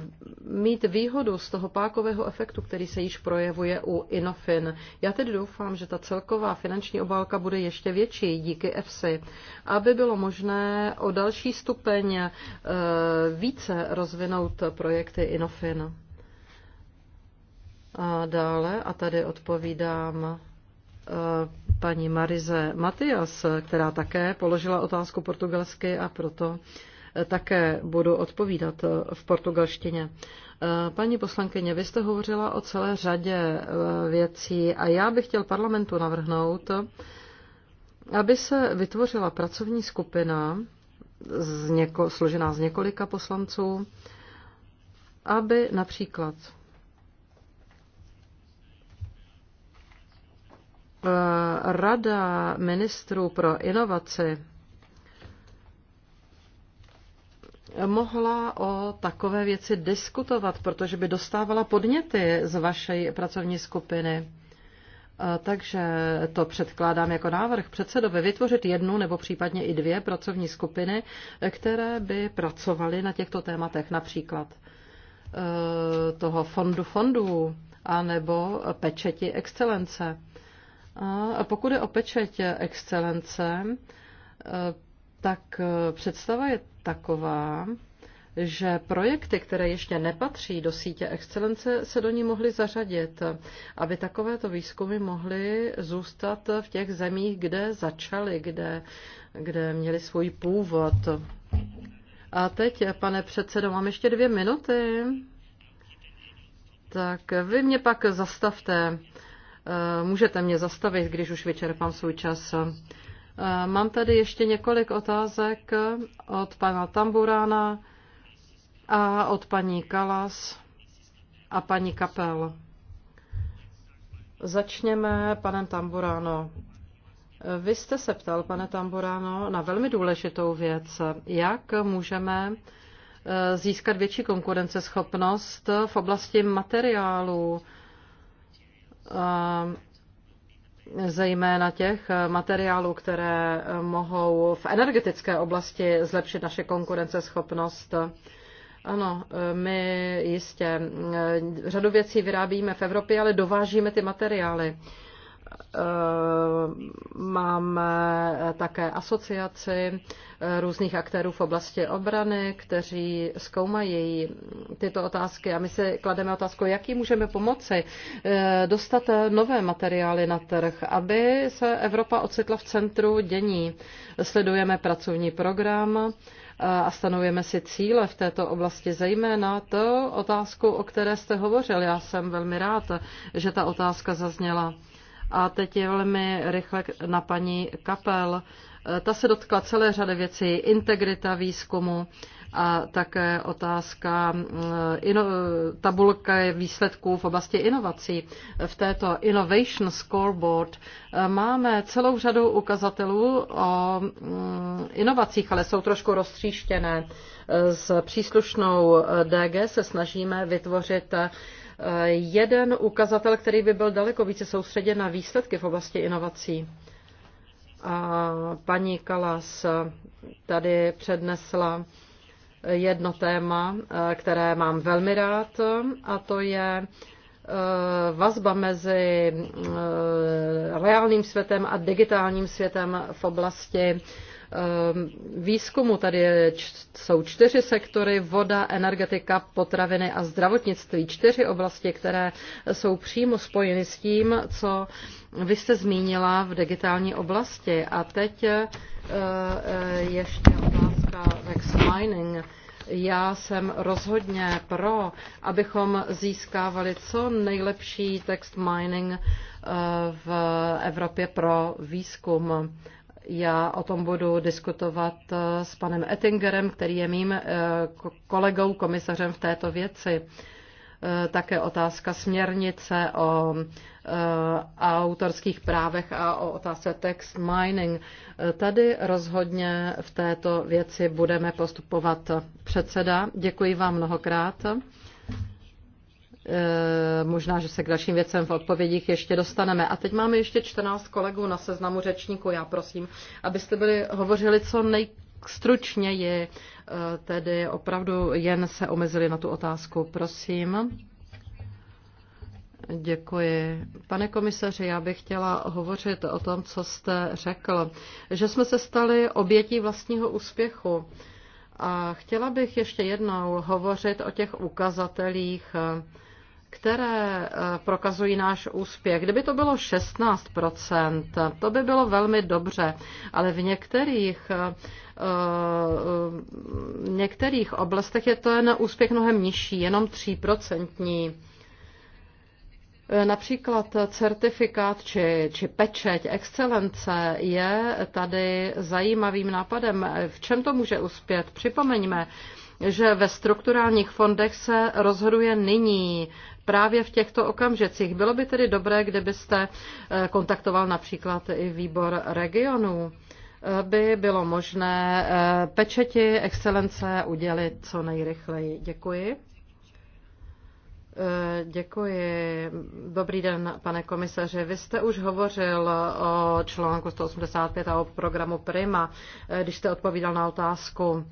mít výhodu z toho pákového efektu, který se již projevuje u Inofin. Já tedy doufám, že ta celková finanční obálka bude ještě větší díky EFSI, aby bylo možné o další stupeň eh, více rozvinout projekty Inofin. A dále, a tady odpovídám eh, paní Marize Matias, která také položila otázku portugalsky a proto také budu odpovídat eh, v portugalštině. Eh, paní poslankyně, vy jste hovořila o celé řadě eh, věcí a já bych chtěl parlamentu navrhnout, aby se vytvořila pracovní skupina z něko, složená z několika poslanců, aby například Rada ministrů pro inovaci mohla o takové věci diskutovat, protože by dostávala podněty z vaší pracovní skupiny. Takže to předkládám jako návrh předsedovi vytvořit jednu nebo případně i dvě pracovní skupiny, které by pracovaly na těchto tématech, například e, toho fondu fondů nebo pečeti excelence. A pokud je o pečetě excelence, e, tak eh, představa je taková, že projekty, které ještě nepatří do sítě excelence, se do ní mohly zařadit, aby takovéto výzkumy mohly zůstat v těch zemích, kde začaly, kde, kde měli svůj původ. A teď, pane předsedo, mám ještě dvě minuty. Tak vy mě pak zastavte. Eh, můžete mě zastavit, když už vyčerpám svůj čas. Mám tady ještě několik otázek od pana Tamburána a od paní Kalas a paní Kapel. Začněme panem Tamburáno. Vy jste se ptal, pane Tamburáno, na velmi důležitou věc. Jak můžeme eh, získat větší konkurenceschopnost v oblasti materiálu zejména těch materiálů, které mohou v energetické oblasti zlepšit naše konkurenceschopnost. Ano, my jistě řadu věcí vyrábíme v Evropě, ale dovážíme ty materiály. Eh, máme také asociaci eh, různých aktérů v oblasti obrany, kteří zkoumají tyto otázky a my si klademe otázku, jaký můžeme pomoci eh, dostat nové materiály na trh, aby se Evropa ocitla v centru dění. Sledujeme pracovní program, a stanovujeme si cíle v této oblasti, zejména to otázku, o které jste hovořil. Já jsem velmi rád, že ta otázka zazněla. A teď je velmi rychle na paní Kapel. Ta se dotkla celé řady věcí, integrita výzkumu a také otázka eh, ino, eh, tabulka výsledků v oblasti inovací. V této Innovation Scoreboard eh, máme celou řadu ukazatelů o mm, inovacích, ale jsou trošku roztříštěné. S příslušnou DG se snažíme vytvořit jeden ukazatel, který by byl daleko více soustředěn na výsledky v oblasti inovací. A paní Kalas tady přednesla jedno téma, které mám velmi rád, a to je eh, vazba mezi eh, reálným světem a digitálním světem v oblasti Ehm, výzkumu. Tady jsou čtyři sektory, voda, energetika, potraviny a zdravotnictví. Čtyři oblasti, které jsou přímo spojeny s tím, co vy jste zmínila v digitální oblasti. A teď eh, eh, ještě otázka Vex Mining. Já jsem rozhodně pro, abychom získávali co nejlepší text mining eh, v Evropě pro výzkum. Já o tom budu diskutovat eh, s panem Ettingerem, který je mým eh, kolegou, komisařem v této věci. Eh, také otázka směrnice o autorských právech a o otázce text mining. Tady rozhodně v této věci budeme postupovat předseda. Děkuji vám mnohokrát. Eh, možná, že se k dalším věcem v odpovědích ještě dostaneme. A teď máme ještě 14 kolegů na seznamu řečníků. Já prosím, abyste byli hovořili co nejstručněji. Eh, tedy opravdu jen se omezili na tu otázku. Prosím. Děkuji. Pane komisaři, já bych chtěla hovořit o tom, co jste řekl, že jsme se stali obětí vlastního úspěchu. A chtěla bych ještě jednou hovořit o těch ukazatelích, které eh, prokazují náš úspěch. Kdyby to bylo 16%, to by bylo velmi dobře, ale v některých, eh, eh, v některých oblastech je to jen úspěch mnohem nižší, jenom 3%. Například certifikát či, či pečeť excelence je tady zajímavým nápadem. V čem to může uspět? Připomeňme, že ve strukturálních fondech se rozhoduje nyní právě v těchto okamžicích. Bylo by tedy dobré, kdybyste eh, kontaktoval například i výbor regionů eh, by bylo možné eh, pečeti excelence udělit co nejrychleji. Děkuji. Děkuji. Dobrý den, pane komisaři. Vy jste už hovořil o článku 185 a o programu Prima, když jste odpovídal na otázku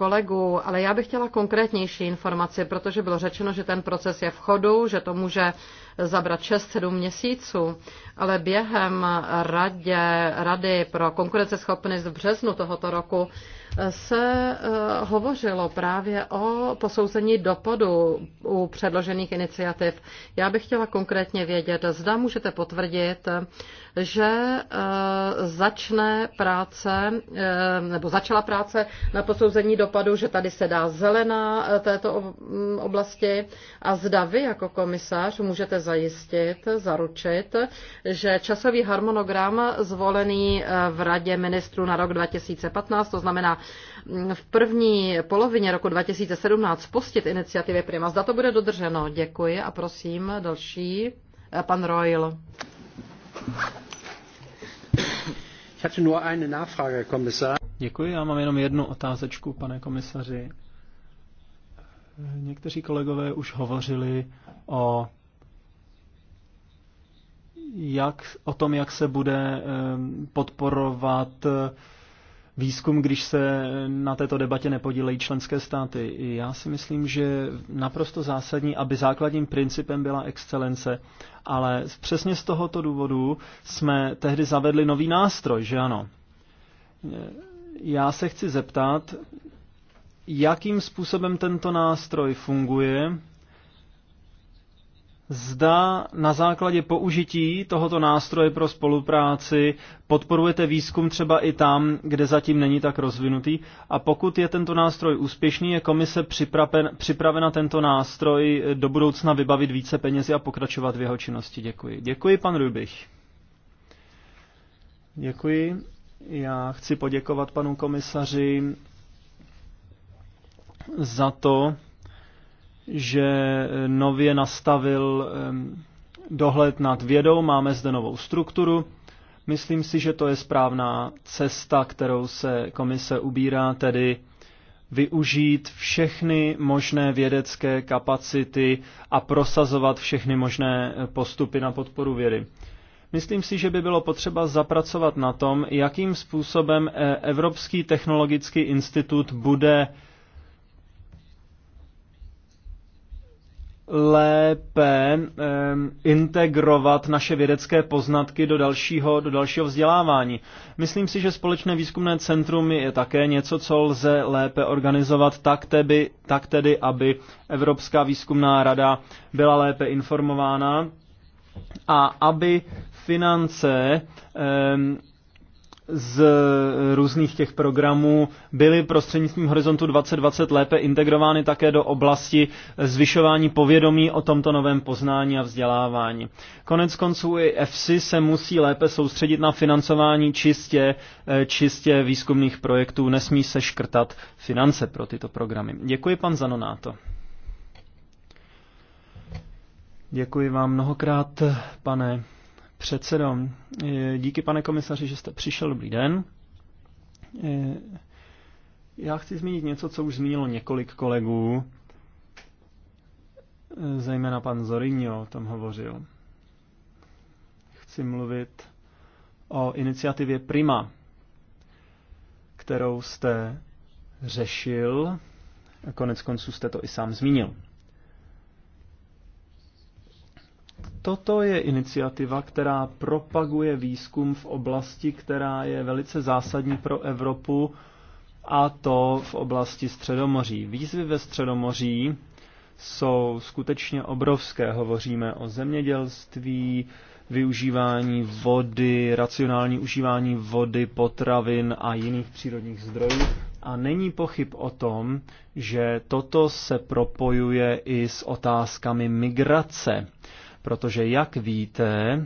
kolegů, ale já bych chtěla konkrétnější informaci, protože bylo řečeno, že ten proces je v chodu, že to může zabrat 6-7 měsíců, ale během radě, Rady pro konkurenceschopnost v březnu tohoto roku se eh, hovořilo právě o posouzení dopadu u předložených iniciativ. Já bych chtěla konkrétně vědět, zda můžete potvrdit, že eh, začne práce, eh, nebo začala práce na posouzení dopadu, že tady se dá zelená této oblasti a zda vy jako komisař můžete zajistit, zaručit, že časový harmonogram zvolený eh, v Radě ministrů na rok 2015, to znamená mm, v první polovině roku 2017 spustit iniciativy Prima, zda to bude dodrženo. Děkuji a prosím další, eh, pan Royl. Děkuji, já mám jenom jednu otázečku, pane komisaři. Někteří kolegové už hovořili o jak, o tom, jak se bude eh, podporovat eh, výzkum, když se na této debatě nepodílejí členské státy. Já si myslím, že naprosto zásadní, aby základním principem byla excelence, ale přesně z tohoto důvodu jsme tehdy zavedli nový nástroj, že ano. Eh, já se chci zeptat, jakým způsobem tento nástroj funguje, zda na základě použití tohoto nástroje pro spolupráci podporujete výzkum třeba i tam, kde zatím není tak rozvinutý. A pokud je tento nástroj úspěšný, je komise připraven, připravena tento nástroj do budoucna vybavit více penězi a pokračovat v jeho činnosti. Děkuji. Děkuji, pan Rubich. Děkuji. Já chci poděkovat panu komisaři za to, že nově nastavil dohled nad vědou, máme zde novou strukturu. Myslím si, že to je správná cesta, kterou se komise ubírá, tedy využít všechny možné vědecké kapacity a prosazovat všechny možné eh, postupy na podporu vědy. Myslím si, že by bylo potřeba zapracovat na tom, jakým způsobem eh, Evropský technologický institut bude lépe integrovat naše vědecké poznatky do dalšího, do dalšího vzdělávání. Myslím si, že společné výzkumné centrum je také něco, co lze lépe organizovat tak tedy, tak tedy aby Evropská výzkumná rada byla lépe informována a aby finance z e, různých těch programů byly prostřednictvím Horizontu 2020 lépe integrovány také do oblasti zvyšování povědomí o tomto novém poznání a vzdělávání. Konec konců i EFSI se musí lépe soustředit na financování čistě, e, čistě výzkumných projektů, nesmí se škrtat finance pro tyto programy. Děkuji pan Zanonáto. Děkuji vám mnohokrát, pane předsedo. Eh, díky, pane komisaři, že jste přišel. Dobrý den. Eh, já chci zmínit něco, co už zmínilo několik kolegů, eh, zejména pan Zorinho o tom hovořil. Chci mluvit o iniciativě Prima, kterou jste řešil, a konec konců jste to i sám zmínil. Toto je iniciativa, která propaguje výzkum v oblasti, která je velice zásadní pro Evropu, a to v oblasti Středomoří. Výzvy ve Středomoří jsou skutečně obrovské. Hovoříme o zemědělství, využívání vody, racionální užívání vody, potravin a jiných přírodních zdrojů. A není pochyb o tom, že toto se propojuje i s otázkami migrace protože jak víte,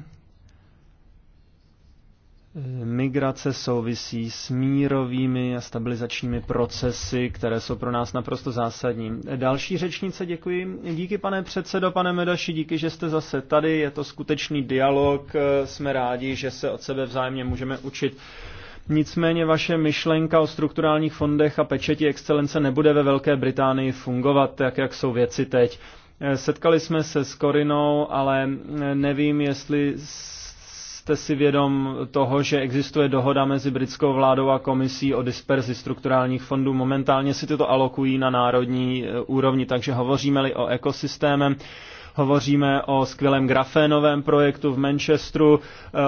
migrace souvisí s mírovými a stabilizačními procesy, které jsou pro nás naprosto zásadní. Další řečnice, děkuji. Díky, pane předsedo, pane Medaši, díky, že jste zase tady. Je to skutečný dialog. Jsme rádi, že se od sebe vzájemně můžeme učit. Nicméně vaše myšlenka o strukturálních fondech a pečeti excelence nebude ve Velké Británii fungovat, tak jak jsou věci teď. Eh, setkali jsme se s Korinou, ale eh, nevím, jestli jste si vědom toho, že existuje dohoda mezi britskou vládou a komisí o disperzi strukturálních fondů. Momentálně si tyto alokují na národní eh, úrovni, takže hovoříme-li o ekosystémem, hovoříme o skvělém grafénovém projektu v Manchesteru,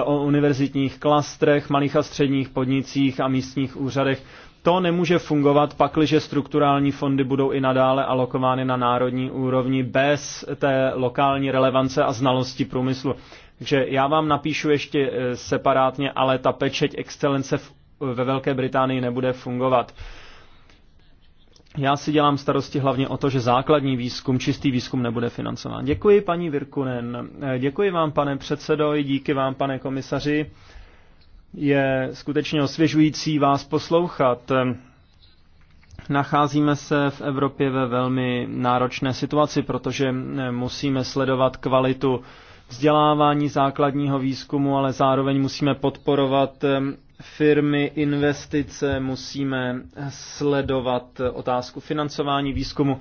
o univerzitních klastrech, malých a středních podnicích a místních úřadech. To nemůže fungovat, pakliže strukturální fondy budou i nadále alokovány na národní úrovni bez té lokální relevance a znalosti průmyslu. Takže já vám napíšu ještě eh, separátně, ale ta pečeť excelence ve Velké Británii nebude fungovat. Já si dělám starosti hlavně o to, že základní výzkum, čistý výzkum nebude financován. Děkuji paní Virkunen, eh, děkuji vám pane předsedo, díky vám pane komisaři je skutečně osvěžující vás poslouchat. Nacházíme se v Evropě ve velmi náročné situaci, protože musíme sledovat kvalitu vzdělávání základního výzkumu, ale zároveň musíme podporovat firmy, investice, musíme sledovat otázku financování výzkumu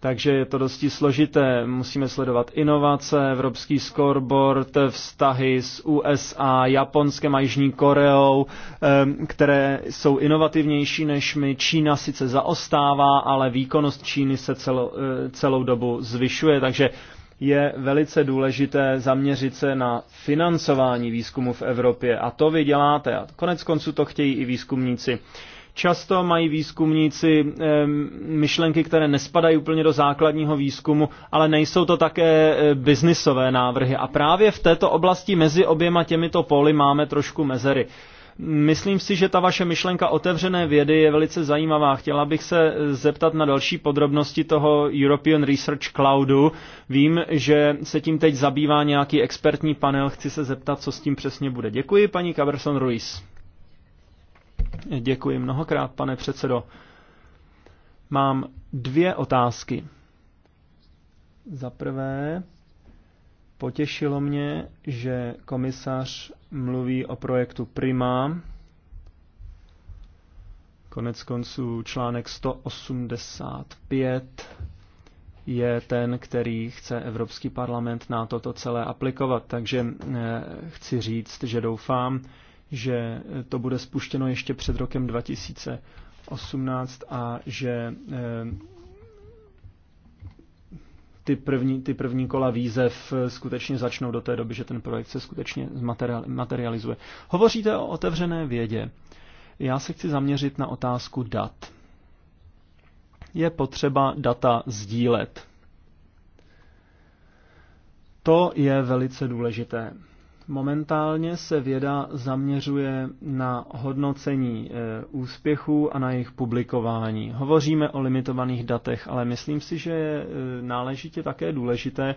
takže je to dosti složité. Musíme sledovat inovace, evropský scoreboard, vztahy s USA, Japonskem a Jižní Koreou, které jsou inovativnější než my. Čína sice zaostává, ale výkonnost Číny se celou, eh, celou dobu zvyšuje, takže je velice důležité zaměřit se na financování výzkumu v Evropě. A to vy děláte. A konec konců to chtějí i výzkumníci. Často mají výzkumníci eh, myšlenky, které nespadají úplně do základního výzkumu, ale nejsou to také eh, biznisové návrhy. A právě v této oblasti mezi oběma těmito poli máme trošku mezery. Myslím si, že ta vaše myšlenka otevřené vědy je velice zajímavá. Chtěla bych se eh, zeptat na další podrobnosti toho European Research Cloudu. Vím, že se tím teď zabývá nějaký expertní panel. Chci se zeptat, co s tím přesně bude. Děkuji, paní Caberson Ruiz. Děkuji mnohokrát, pane předsedo. Mám dvě otázky. Za prvé, potěšilo mě, že komisař mluví o projektu Prima. Konec konců článek 185 je ten, který chce Evropský parlament na toto celé aplikovat. Takže eh, chci říct, že doufám, že to bude spuštěno ještě před rokem 2018 a že eh, ty první, ty první kola výzev skutečně začnou do té doby, že ten projekt se skutečně materializuje. Hovoříte o otevřené vědě. Já se chci zaměřit na otázku dat. Je potřeba data sdílet. To je velice důležité. Momentálně se věda zaměřuje na hodnocení eh, úspěchů a na jejich publikování. Hovoříme o limitovaných datech, ale myslím si, že je eh, náležitě také důležité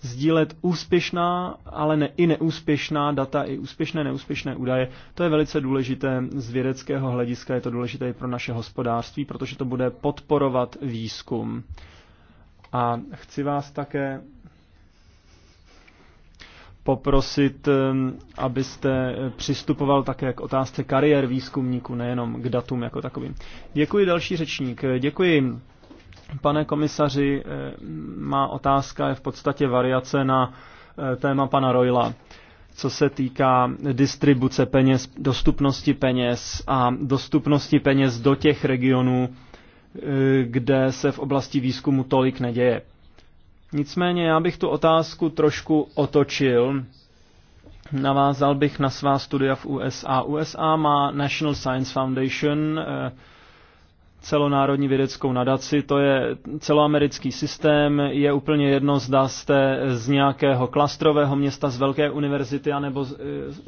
sdílet úspěšná, ale ne, i neúspěšná data, i úspěšné, neúspěšné údaje. To je velice důležité z vědeckého hlediska, je to důležité i pro naše hospodářství, protože to bude podporovat výzkum. A chci vás také poprosit, abyste eh, přistupoval také k otázce kariér výzkumníků, nejenom k datům jako takovým. Děkuji další řečník. Děkuji. Pane komisaři, eh, má otázka je v podstatě variace na eh, téma pana Rojla. co se týká distribuce peněz, dostupnosti peněz a dostupnosti peněz do těch regionů, kde se v oblasti výzkumu tolik neděje. Nicméně já bych tu otázku trošku otočil. Navázal bych na svá studia v USA. USA má National Science Foundation, eh, celonárodní vědeckou nadaci. To je celoamerický systém. Je úplně jedno, zda jste z nějakého klastrového města, z velké univerzity, anebo eh,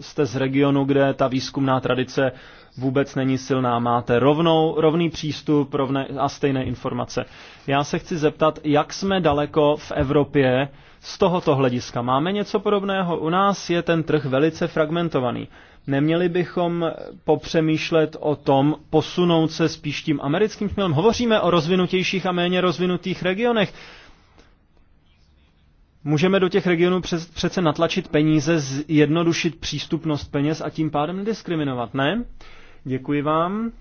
jste z regionu, kde ta výzkumná tradice vůbec není silná. Máte rovnou, rovný přístup rovné a stejné informace. Já se chci zeptat, jak jsme daleko v Evropě z tohoto hlediska. Máme něco podobného? U nás je ten trh velice fragmentovaný. Neměli bychom popřemýšlet o tom, posunout se spíš tím americkým směrem. Hovoříme o rozvinutějších a méně rozvinutých regionech. Můžeme do těch regionů přece natlačit peníze, zjednodušit přístupnost peněz a tím pádem nediskriminovat, ne? Děkuji vám.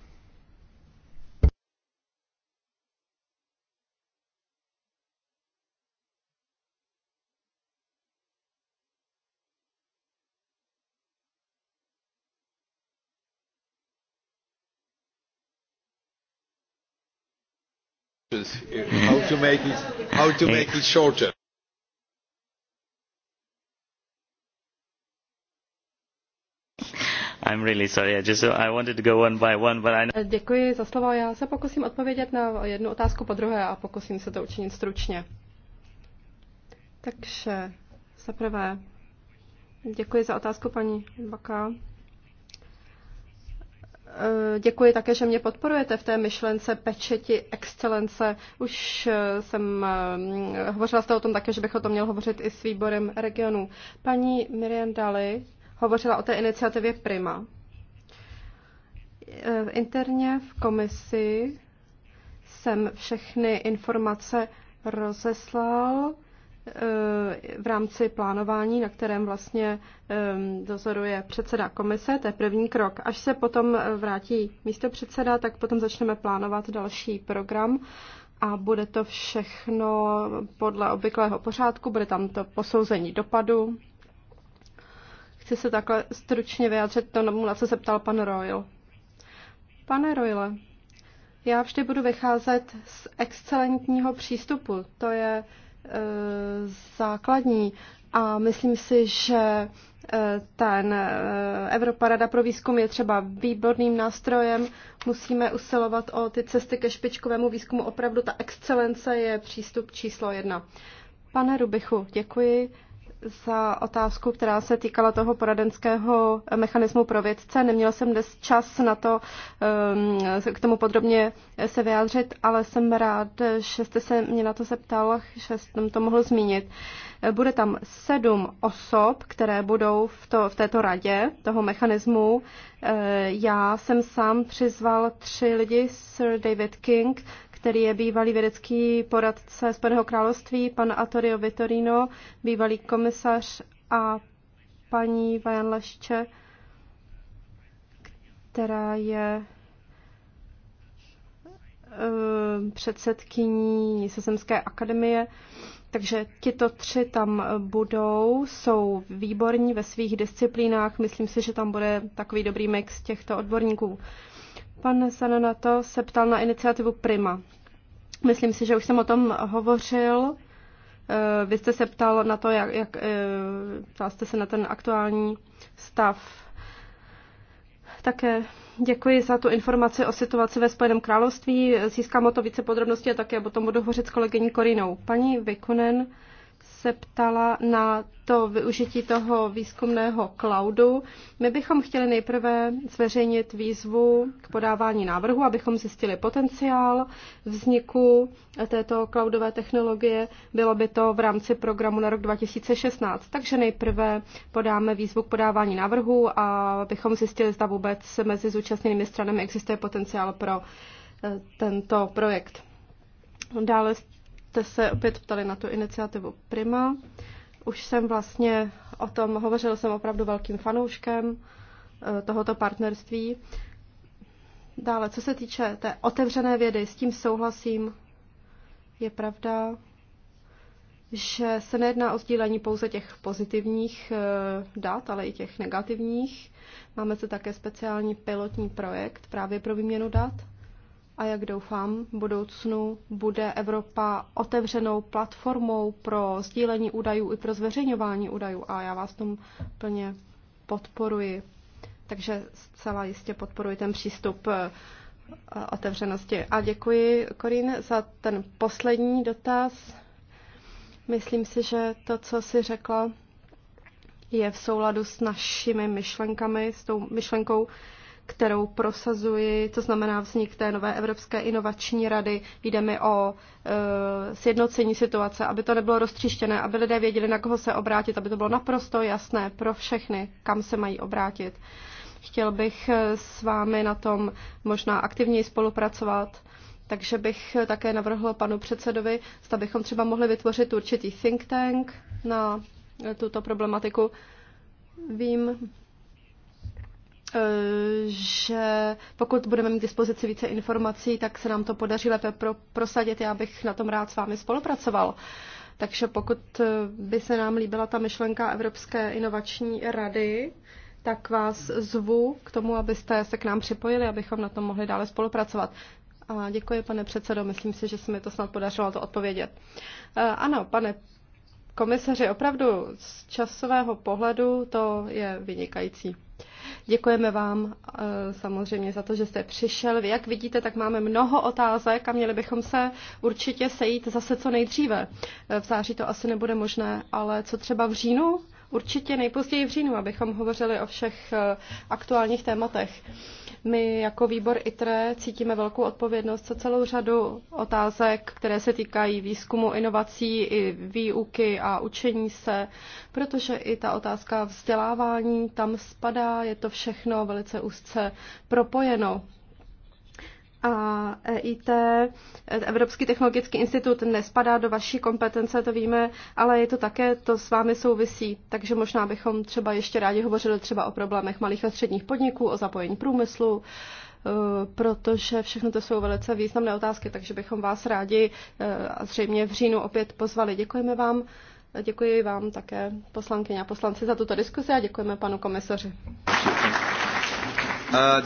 How to make it, how to make it shorter. I'm really sorry. I just I wanted to go one by one, but I know... Děkuji za slovo. Já se pokusím odpovědět na jednu otázku po druhé a pokusím se to učinit stručně. Takže za prvé, děkuji za otázku paní Baka. Eh, děkuji také, že mě podporujete v té myšlence pečeti excelence. Už eh, jsem eh, hovořila jste o tom také, že bych o tom měl hovořit i s výborem regionů. Paní Miriam Dali hovořila o té iniciativě Prima. E, interně v komisi jsem všechny informace rozeslal e, v rámci plánování, na kterém vlastně e, dozoruje předseda komise, to je první krok. Až se potom vrátí místo předseda, tak potom začneme plánovat další program a bude to všechno podle obvyklého pořádku, bude tam to posouzení dopadu, Chci se takhle stručně vyjádřit tomu, na co se ptal pan Royal. Pane Royle, já vždy budu vycházet z excelentního přístupu. To je e, základní. A myslím si, že e, ten e, Evropa Rada pro výzkum je třeba výborným nástrojem. Musíme usilovat o ty cesty ke špičkovému výzkumu. Opravdu ta excelence je přístup číslo jedna. Pane Rubichu, děkuji za otázku, která se týkala toho poradenského mechanismu pro vědce. Neměla jsem dnes čas na to ehm, k tomu podrobně se vyjádřit, ale jsem rád, že jste se mě na to zeptal, že jsem to mohl zmínit. Bude tam sedm osob, které budou v, to, v této radě toho mechanismu. Eh, já jsem sám přizval tři lidi, Sir David King, který je bývalý vědecký poradce z Spojeného království, pan Atorio Vitorino, bývalý komisař a paní Vajan Lešče, která je eh, předsedkyní Nizozemské akademie. Takže tyto tři tam budou, jsou výborní ve svých disciplínách. Myslím si, že tam bude takový dobrý mix těchto odborníků. Pan Sananato se ptal na iniciativu Prima. Myslím si, že už jsem o tom hovořil. Eh, vy jste se ptal na to, jak, jak eh, ptal jste se na ten aktuální stav. Také děkuji za tu informaci o situaci ve Spojeném království. Získám o to více podrobností a také potom budu hovořit s kolegyní Korinou. Paní Vikunen se ptala na to využití toho výzkumného cloudu. My bychom chtěli nejprve zveřejnit výzvu k podávání návrhu, abychom zjistili potenciál vzniku této cloudové technologie. Bylo by to v rámci programu na rok 2016. Takže nejprve podáme výzvu k podávání návrhu a abychom zjistili, zda vůbec mezi zúčastněnými stranami existuje potenciál pro eh, tento projekt. Dále jste se opět ptali na tu iniciativu Prima. Už jsem vlastně o tom hovořil, jsem opravdu velkým fanouškem eh, tohoto partnerství. Dále, co se týče té otevřené vědy, s tím souhlasím. Je pravda, že se nejedná o sdílení pouze těch pozitivních eh, dat, ale i těch negativních. Máme se také speciální pilotní projekt právě pro výměnu dat a jak doufám, v budoucnu bude Evropa otevřenou platformou pro sdílení údajů i pro zveřejňování údajů a já vás tomu plně podporuji. Takže zcela jistě podporuji ten přístup eh, otevřenosti. A děkuji, Korin, za ten poslední dotaz. Myslím si, že to, co jsi řekla, je v souladu s našimi myšlenkami, s tou myšlenkou, kterou prosazuji, to znamená vznik té nové Evropské inovační rady. Jde mi o e, sjednocení situace, aby to nebylo roztříštěné, aby lidé věděli, na koho se obrátit, aby to bylo naprosto jasné pro všechny, kam se mají obrátit. Chtěl bych e, s vámi na tom možná aktivněji spolupracovat. Takže bych e, také navrhl panu předsedovi, zda bychom třeba mohli vytvořit určitý think tank na e, tuto problematiku. Vím, Eh, že pokud budeme mít k dispozici více informací, tak se nám to podaří lépe pro, prosadit. Já bych na tom rád s vámi spolupracoval. Takže pokud eh, by se nám líbila ta myšlenka Evropské inovační rady, tak vás zvu k tomu, abyste se k nám připojili, abychom na tom mohli dále spolupracovat. A děkuji, pane předsedo, myslím si, že se mi to snad podařilo to odpovědět. Eh, ano, pane komisaři, opravdu z časového pohledu to je vynikající. Děkujeme vám eh, samozřejmě za to, že jste přišel. Vy, jak vidíte, tak máme mnoho otázek a měli bychom se určitě sejít zase co nejdříve. Eh, v září to asi nebude možné, ale co třeba v říjnu? určitě nejpozději v říjnu, abychom hovořili o všech eh, aktuálních tématech. My jako výbor ITRE cítíme velkou odpovědnost za celou řadu otázek, které se týkají výzkumu, inovací, i výuky a učení se, protože i ta otázka vzdělávání tam spadá, je to všechno velice úzce propojeno a EIT, Evropský technologický institut, nespadá do vaší kompetence, to víme, ale je to také, to s vámi souvisí, takže možná bychom třeba ještě rádi hovořili třeba o problémech malých a středních podniků, o zapojení průmyslu, e, protože všechno to jsou velice významné otázky, takže bychom vás rádi e, a zřejmě v říjnu opět pozvali. Děkujeme vám. Děkuji vám také poslankyně a poslanci za tuto diskusi a děkujeme panu komisaři. Děkujeme. Uh,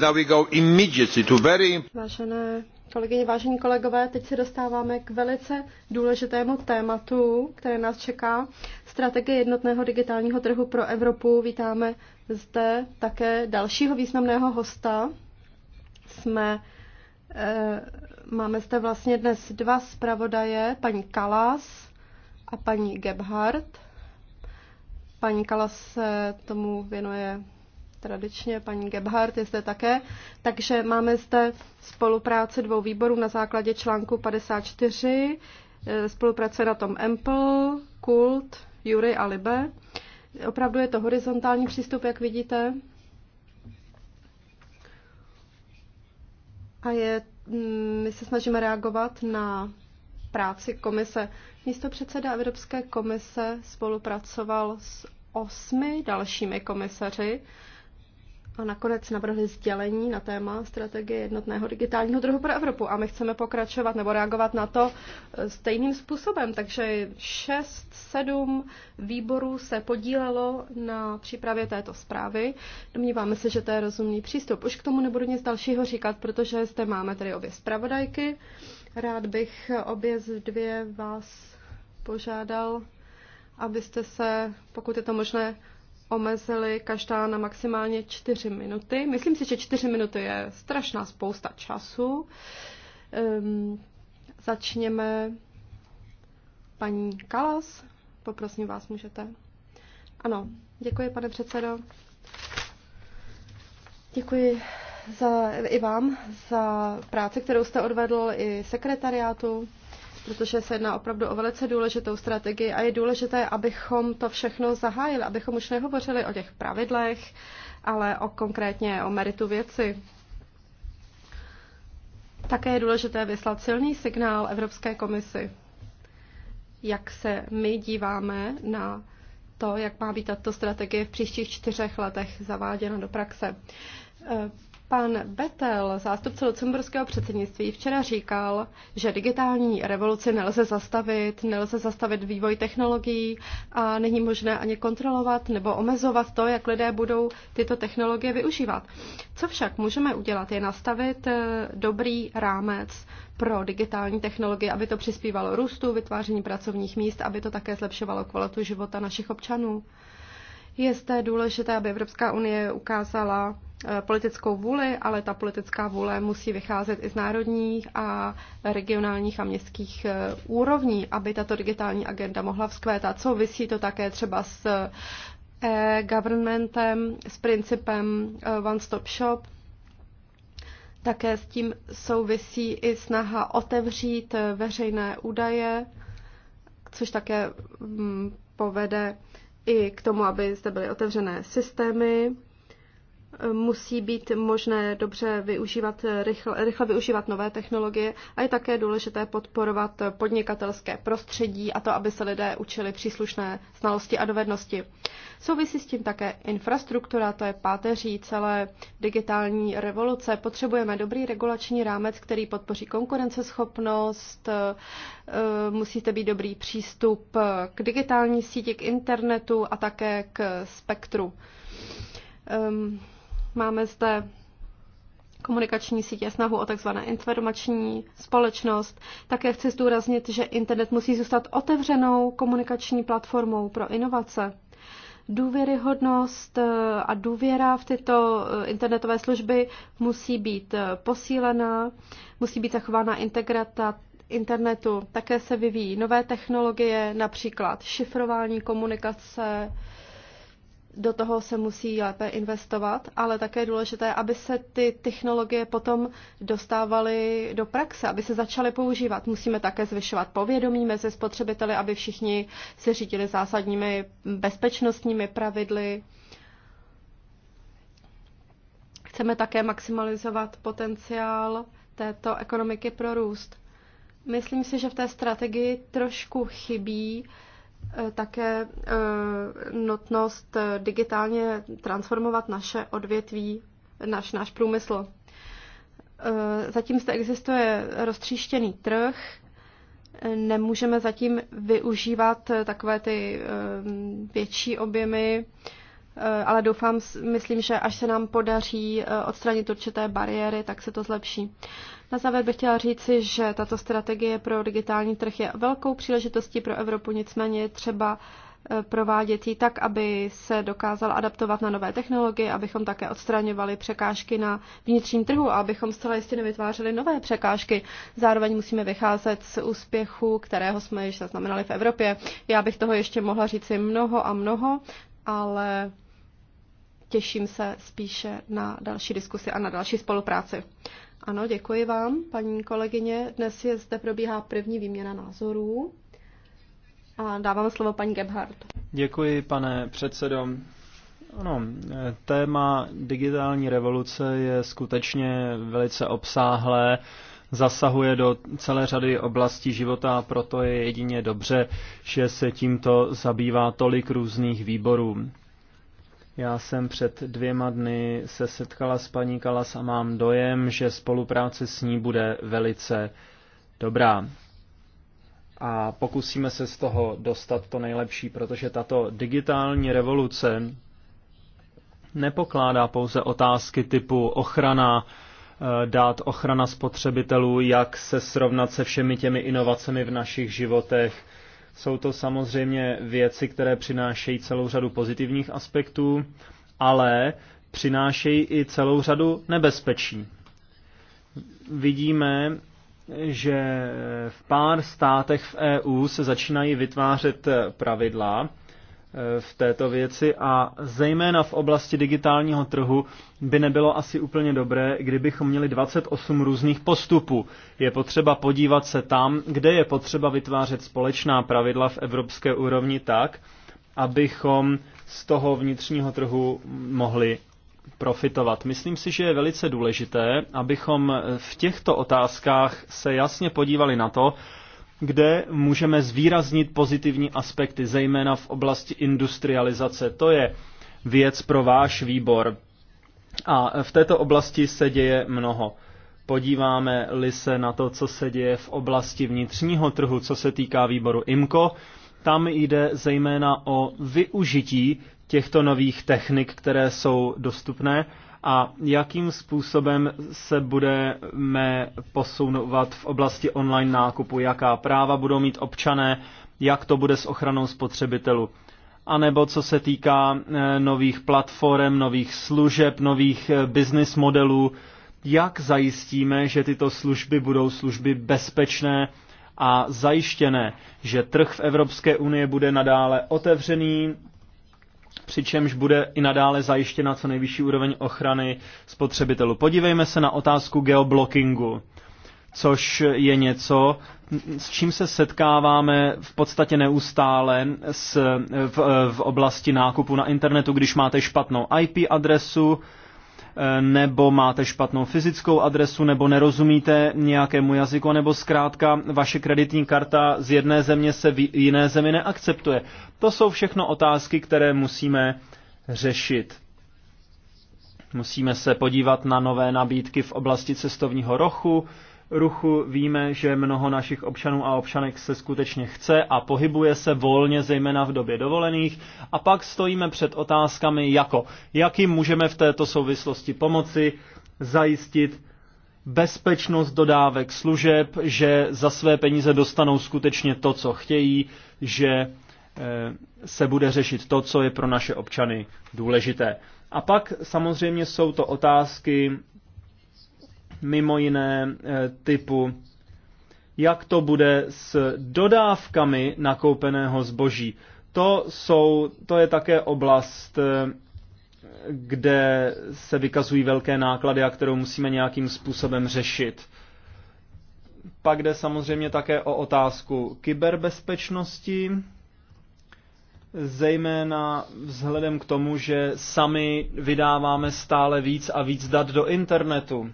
now we go immediately to very... Vážené kolegyně, vážení kolegové, teď se dostáváme k velice důležitému tématu, které nás čeká. Strategie jednotného digitálního trhu pro Evropu. Vítáme zde také dalšího významného hosta. Jsme eh, Máme zde vlastně dnes dva zpravodaje, paní Kalas a paní Gebhardt. Paní Kalas se tomu věnuje tradičně paní Gebhardt je zde také. Takže máme zde spolupráci dvou výborů na základě článku 54. Eh, spolupráce na tom Empl, Kult, Jury a Libe. Opravdu je to horizontální přístup, jak vidíte. A je, mm, my se snažíme reagovat na práci komise. Místo předseda Evropské komise spolupracoval s osmi dalšími komisaři a nakonec navrhli sdělení na téma strategie jednotného digitálního trhu pro Evropu. A my chceme pokračovat nebo reagovat na to eh, stejným způsobem. Takže šest, sedm výborů se podílelo na přípravě této zprávy. Domníváme se, že to je rozumný přístup. Už k tomu nebudu nic dalšího říkat, protože zde máme tady obě zpravodajky. Rád bych obě z dvě vás požádal, abyste se, pokud je to možné, omezili každá na maximálně čtyři minuty. Myslím si, že čtyři minuty je strašná spousta času. Um, začněme paní Kalas. Poprosím vás, můžete. Ano, děkuji, pane předsedo. Děkuji za, i vám za práci, kterou jste odvedl, i sekretariátu protože se jedná opravdu o velice důležitou strategii a je důležité, abychom to všechno zahájili, abychom už nehovořili o těch pravidlech, ale o konkrétně o meritu věci. Také je důležité vyslat silný signál Evropské komisi, jak se my díváme na to, jak má být tato strategie v příštích čtyřech letech zaváděna do praxe. Pan Betel, zástupce lucemburského předsednictví, včera říkal, že digitální revoluci nelze zastavit, nelze zastavit vývoj technologií a není možné ani kontrolovat nebo omezovat to, jak lidé budou tyto technologie využívat. Co však můžeme udělat, je nastavit eh, dobrý rámec pro digitální technologie, aby to přispívalo růstu, vytváření pracovních míst, aby to také zlepšovalo kvalitu života našich občanů. Je zde důležité, aby Evropská unie ukázala eh, politickou vůli, ale ta politická vůle musí vycházet i z národních a regionálních a městských eh, úrovní, aby tato digitální agenda mohla vzkvétat. Souvisí to také třeba s eh, governmentem, s principem one-stop shop, také s tím souvisí i snaha otevřít veřejné údaje, což také mm, povede i k tomu, aby zde byly otevřené systémy musí být možné dobře využívat, rychle, rychle využívat nové technologie a je také důležité podporovat podnikatelské prostředí a to, aby se lidé učili příslušné znalosti a dovednosti. Souvisí s tím také infrastruktura, to je páteří celé digitální revoluce. Potřebujeme dobrý regulační rámec, který podpoří konkurenceschopnost, eh, musíte být dobrý přístup k digitální síti, k internetu a také k spektru. Um, Máme zde komunikační sítě, snahu o tzv. informační společnost. Také chci zdůraznit, že internet musí zůstat otevřenou komunikační platformou pro inovace. Důvěryhodnost eh, a důvěra v tyto eh, internetové služby musí být eh, posílena, musí být zachována integrata internetu. Také se vyvíjí nové technologie, například šifrování komunikace, do toho se musí lépe investovat, ale také je důležité, aby se ty technologie potom dostávaly do praxe, aby se začaly používat. Musíme také zvyšovat povědomí mezi spotřebiteli, aby všichni se řídili zásadními bezpečnostními pravidly. Chceme také maximalizovat potenciál této ekonomiky pro růst. Myslím si, že v té strategii trošku chybí Eh, také eh, nutnost eh, digitálně transformovat naše odvětví, naš, náš průmysl. Zatím zde existuje roztříštěný trh, nemůžeme zatím využívat takové ty větší objemy, ale doufám, myslím, že až se nám podaří odstranit určité bariéry, tak se to zlepší. Na závěr bych chtěla říci, že tato strategie pro digitální trh je velkou příležitostí pro Evropu, nicméně je třeba e, provádět ji tak, aby se dokázala adaptovat na nové technologie, abychom také odstraňovali překážky na vnitřním trhu a abychom zcela jistě nevytvářeli nové překážky. Zároveň musíme vycházet z úspěchu, kterého jsme již zaznamenali v Evropě. Já bych toho ještě mohla říci mnoho a mnoho, ale těším se spíše na další diskusy a na další spolupráci. Ano, děkuji vám, paní kolegyně. Dnes je zde probíhá první výměna názorů. A dávám slovo paní Gebhardt. Děkuji, pane předsedo. Ano, téma digitální revoluce je skutečně velice obsáhlé, zasahuje do celé řady oblastí života a proto je jedině dobře, že se tímto zabývá tolik různých výborů. Já jsem před dvěma dny se setkala s paní Kalas a mám dojem, že spolupráce s ní bude velice dobrá. A pokusíme se z toho dostat to nejlepší, protože tato digitální revoluce nepokládá pouze otázky typu ochrana eh, dát ochrana spotřebitelů, jak se srovnat se všemi těmi inovacemi v našich životech, jsou to samozřejmě věci, které přinášejí celou řadu pozitivních aspektů, ale přinášejí i celou řadu nebezpečí. Vidíme, že v pár státech v EU se začínají vytvářet pravidla, Eh, v této věci a zejména v oblasti digitálního trhu by nebylo asi úplně dobré, kdybychom měli 28 různých postupů. Je potřeba podívat se tam, kde je potřeba vytvářet společná pravidla v evropské úrovni tak, abychom z toho vnitřního trhu mohli profitovat. Myslím si, že je velice důležité, abychom v těchto otázkách se jasně podívali na to, kde můžeme zvýraznit pozitivní aspekty, zejména v oblasti industrializace. To je věc pro váš výbor. A v této oblasti se děje mnoho. Podíváme-li se na to, co se děje v oblasti vnitřního trhu, co se týká výboru IMCO, tam jde zejména o využití těchto nových technik, které jsou dostupné a jakým způsobem se budeme posunovat v oblasti online nákupu, jaká práva budou mít občané, jak to bude s ochranou spotřebitelů. A nebo co se týká e, nových platform, nových služeb, nových e, business modelů, jak zajistíme, že tyto služby budou služby bezpečné a zajištěné, že trh v Evropské unii bude nadále otevřený, přičemž bude i nadále zajištěna co nejvyšší úroveň ochrany spotřebitelů. Podívejme se na otázku geoblockingu což je něco, s čím se setkáváme v podstatě neustále s, v, v oblasti nákupu na internetu, když máte špatnou IP adresu, Eh, nebo máte špatnou fyzickou adresu, nebo nerozumíte nějakému jazyku, nebo zkrátka vaše kreditní karta z jedné země se v jiné zemi neakceptuje. To jsou všechno otázky, které musíme řešit. Musíme se podívat na nové nabídky v oblasti cestovního rochu, ruchu víme, že mnoho našich občanů a občanek se skutečně chce a pohybuje se volně, zejména v době dovolených. A pak stojíme před otázkami jako, jak jim můžeme v této souvislosti pomoci zajistit bezpečnost dodávek služeb, že za své peníze dostanou skutečně to, co chtějí, že eh, se bude řešit to, co je pro naše občany důležité. A pak samozřejmě jsou to otázky mimo jiné eh, typu, jak to bude s dodávkami nakoupeného zboží. To, jsou, to je také oblast, eh, kde se vykazují velké náklady a kterou musíme nějakým způsobem řešit. Pak jde samozřejmě také o otázku kyberbezpečnosti, zejména vzhledem k tomu, že sami vydáváme stále víc a víc dat do internetu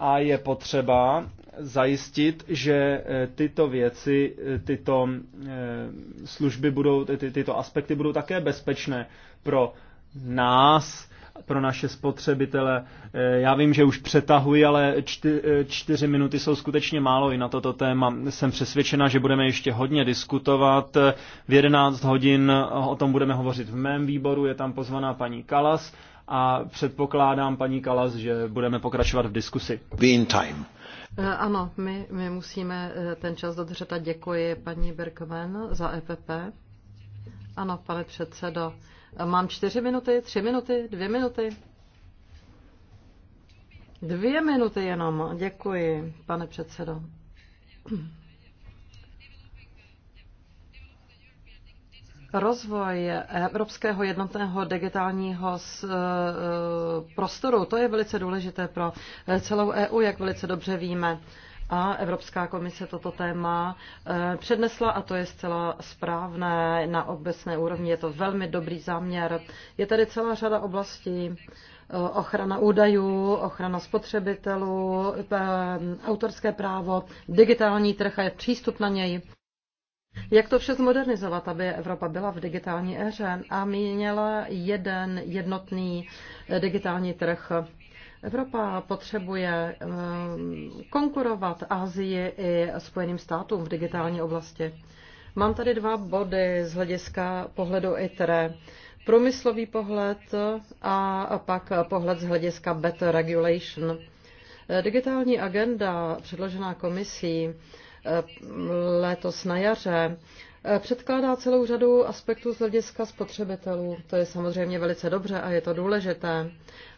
a je potřeba zajistit, že e, tyto věci, e, tyto e, služby budou, ty, tyto aspekty budou také bezpečné pro nás, pro naše spotřebitele. Já vím, že už přetahuji, ale čty, čtyři minuty jsou skutečně málo i na toto téma. Jsem přesvědčena, že budeme ještě hodně diskutovat. V 11 hodin o tom budeme hovořit v mém výboru, je tam pozvaná paní Kalas a předpokládám, paní Kalas, že budeme pokračovat v diskusi. Be in time. Eh, ano, my, my musíme eh, ten čas dodržet a děkuji paní Berkman za EPP. Ano, pane předsedo. Eh, mám čtyři minuty, tři minuty, dvě minuty. Dvě minuty jenom. Děkuji, pane předsedo. Rozvoj evropského jednotného digitálního e, prostoru, to je velice důležité pro e, celou EU, jak velice dobře víme. A Evropská komise toto téma e, přednesla a to je zcela správné na obecné úrovni. Je to velmi dobrý záměr. Je tady celá řada oblastí, ochrana údajů, ochrana spotřebitelů, autorské právo, digitální trh a je přístup na něj. Jak to vše zmodernizovat, aby Evropa byla v digitální éře a měla jeden jednotný eh, digitální trh? Evropa potřebuje eh, konkurovat Asii i Spojeným státům v digitální oblasti. Mám tady dva body z hlediska pohledu ITRE. Průmyslový pohled a pak pohled z hlediska better regulation. Eh, digitální agenda předložená komisí Eh, letos na jaře, eh, předkládá celou řadu aspektů z hlediska spotřebitelů. To je samozřejmě velice dobře a je to důležité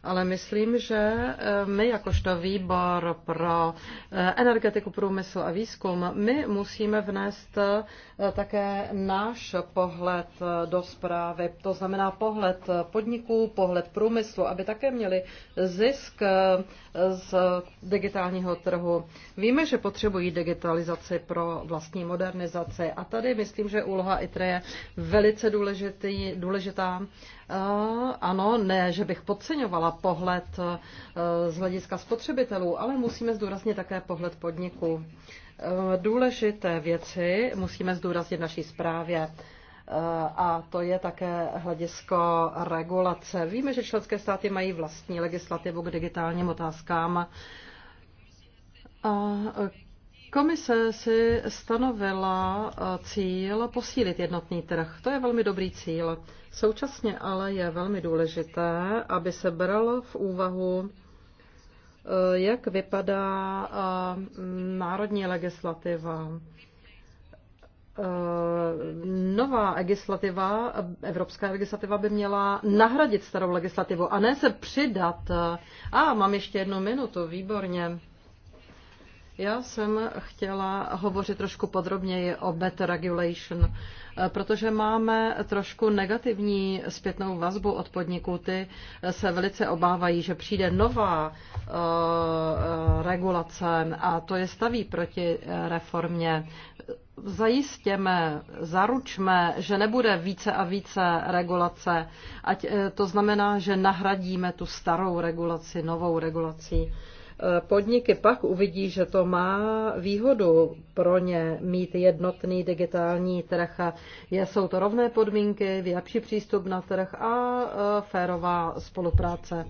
ale myslím, že eh, my jakožto výbor pro eh, energetiku, průmysl a výzkum, my musíme vnést eh, také náš pohled do zprávy, to znamená pohled podniků, pohled průmyslu, aby také měli zisk z digitálního trhu. Víme, že potřebují digitalizaci pro vlastní modernizaci a tady myslím, že úloha ITRE je velice důležitý, důležitá ano, ne, že bych podceňovala pohled e, z hlediska spotřebitelů, ale musíme zdůraznit také pohled podniku. E, důležité věci musíme zdůraznit naší zprávě e, a to je také hledisko regulace. Víme, že členské státy mají vlastní legislativu k digitálním otázkám, Komise si stanovila eh, cíl posílit jednotný trh. To je velmi dobrý cíl. Současně ale je velmi důležité, aby se bralo v úvahu, eh, jak vypadá eh, národní legislativa. Nová legislativa, evropská legislativa by měla nahradit starou legislativu a ne se přidat. A mám ještě jednu minutu, výborně. Já jsem chtěla hovořit trošku podrobněji o better regulation, eh, protože máme trošku negativní zpětnou vazbu od podniků. Ty eh, se velice obávají, že přijde nová uh, regulace a to je staví proti reformě. Zajistěme, zaručme, že nebude více a více regulace, ať to znamená, že nahradíme tu starou regulaci novou regulací podniky pak uvidí, že to má výhodu pro ně mít jednotný digitální trh. Jsou to rovné podmínky, lepší přístup na trh a e, férová spolupráce.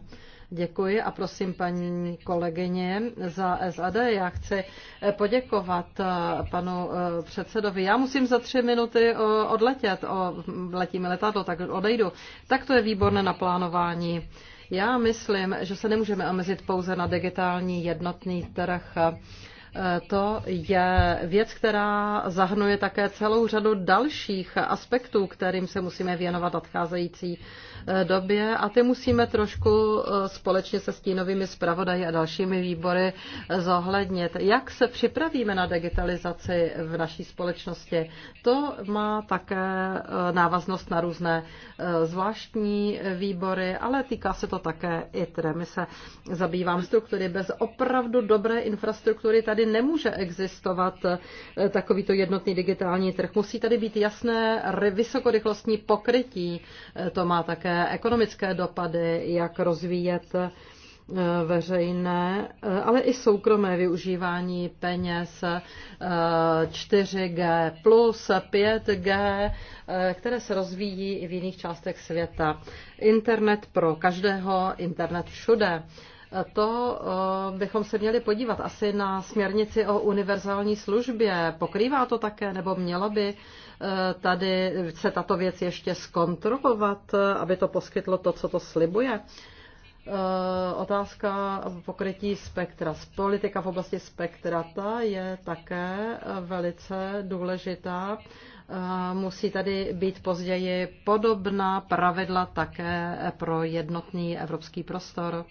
Děkuji a prosím paní kolegyně za SAD. Já chci e, poděkovat e, panu předsedovi. Já musím za tři minuty odletět, letím letadlo, tak odejdu. Tak to je výborné naplánování. Já myslím, že se nemůžeme omezit pouze na digitální jednotný trh. To je věc, která zahrnuje také celou řadu dalších aspektů, kterým se musíme věnovat v nadcházející eh, době a ty musíme trošku eh, společně se stínovými zpravodaji a dalšími výbory eh, zohlednit. Jak se připravíme na digitalizaci v naší společnosti? To má také návaznost na různé zvláštní výbory, ale týká se to také ITRE. My se zabývám struktury bez opravdu dobré infrastruktury tady tady nemůže existovat eh, takovýto jednotný digitální trh. Musí tady být jasné vysokorychlostní pokrytí. Eh, to má také ekonomické dopady, jak rozvíjet eh, veřejné, ale i soukromé využívání peněz 4G plus 5G, které se rozvíjí i v jiných částech světa. Internet pro každého, internet všude to eh, bychom se měli podívat asi na směrnici o univerzální službě. Pokrývá to také, nebo měla by eh, tady se tato věc ještě zkontrolovat, aby to poskytlo to, co to slibuje? Eh, otázka pokrytí spektra. Politika v oblasti spektra ta je také velice důležitá. Musí tady být později podobná pravidla také pro jednotný evropský prostor.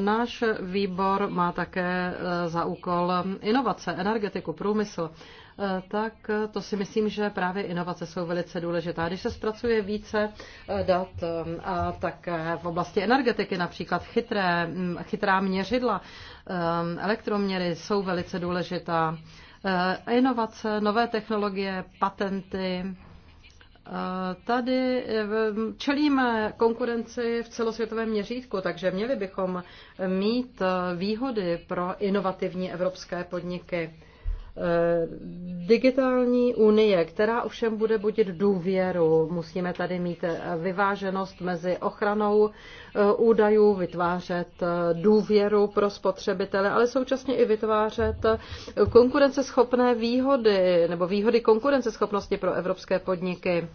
Náš výbor má také eh, za úkol inovace, energetiku, průmysl eh, tak eh, to si myslím, že právě inovace jsou velice důležitá. Když se zpracuje více dat a tak v oblasti energetiky například chytré, mm, chytrá měřidla, elektroměry jsou velice důležitá. Inovace, nové technologie, patenty, Tady eh, čelíme konkurenci v celosvětovém měřítku, takže měli bychom mít eh, výhody pro inovativní evropské podniky. Eh, digitální unie, která ovšem bude budit důvěru, musíme tady mít eh, vyváženost mezi ochranou eh, údajů, vytvářet důvěru pro spotřebitele, ale současně i vytvářet konkurenceschopné výhody nebo výhody konkurenceschopnosti pro evropské podniky.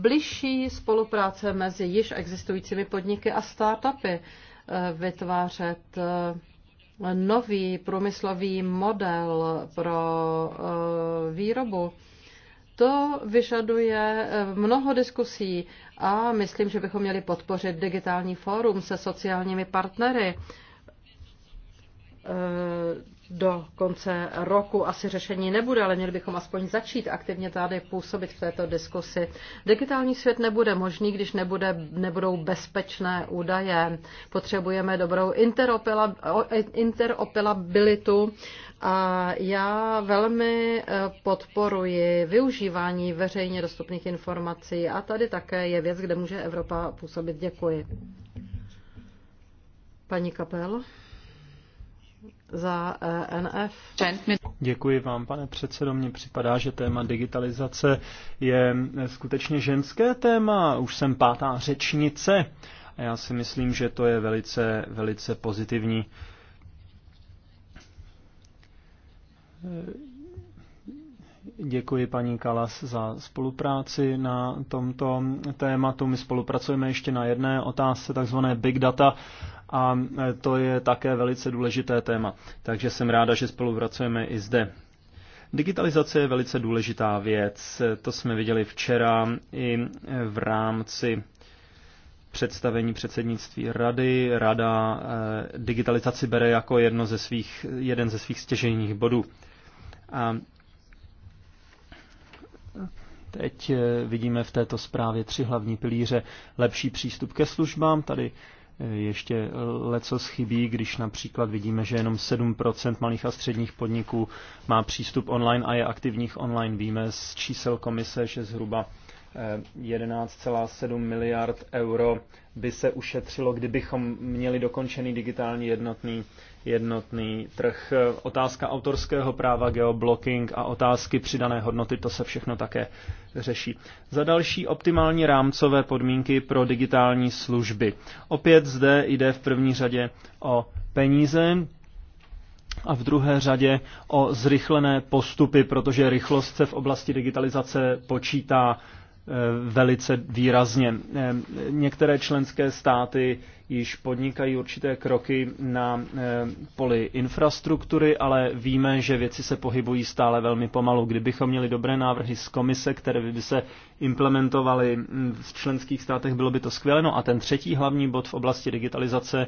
Bližší spolupráce mezi již existujícími podniky a startupy vytvářet nový průmyslový model pro eh, výrobu. To vyžaduje eh, mnoho diskusí a myslím, že bychom měli podpořit digitální fórum se sociálními partnery eh, do konce roku asi řešení nebude, ale měli bychom aspoň začít aktivně tady působit v této diskusi. Digitální svět nebude možný, když nebude, nebudou bezpečné údaje. Potřebujeme dobrou interoperabilitu a já velmi eh, podporuji využívání veřejně dostupných informací a tady také je věc, kde může Evropa působit. Děkuji. Paní Kapel za eh, NF. Děkuji vám, pane předsedo. Mně připadá, že téma digitalizace je eh, skutečně ženské téma. Už jsem pátá řečnice a já si myslím, že to je velice, velice pozitivní. Eh, děkuji paní Kalas za spolupráci na tomto tématu. My spolupracujeme ještě na jedné otázce, takzvané big data a e, to je také velice důležité téma. Takže jsem ráda, že spolupracujeme i zde. Digitalizace je velice důležitá věc. To jsme viděli včera i v rámci představení předsednictví rady. Rada e, digitalizaci bere jako jedno ze svých, jeden ze svých stěžejních bodů. A teď e, vidíme v této zprávě tři hlavní pilíře. Lepší přístup ke službám, tady ještě leco chybí, když například vidíme, že jenom 7% malých a středních podniků má přístup online a je aktivních online. Víme z čísel komise, že zhruba 11,7 eh, miliard euro by se ušetřilo, kdybychom měli dokončený digitální jednotný jednotný trh. Otázka autorského práva, geoblocking a otázky přidané hodnoty, to se všechno také řeší. Za další optimální rámcové podmínky pro digitální služby. Opět zde jde v první řadě o peníze, a v druhé řadě o zrychlené postupy, protože rychlost se v oblasti digitalizace počítá Eh, velice výrazně. Eh, některé členské státy již podnikají určité kroky na eh, poli infrastruktury, ale víme, že věci se pohybují stále velmi pomalu. Kdybychom měli dobré návrhy z komise, které by se implementovaly hm, v členských státech, bylo by to skvělé. No a ten třetí hlavní bod v oblasti digitalizace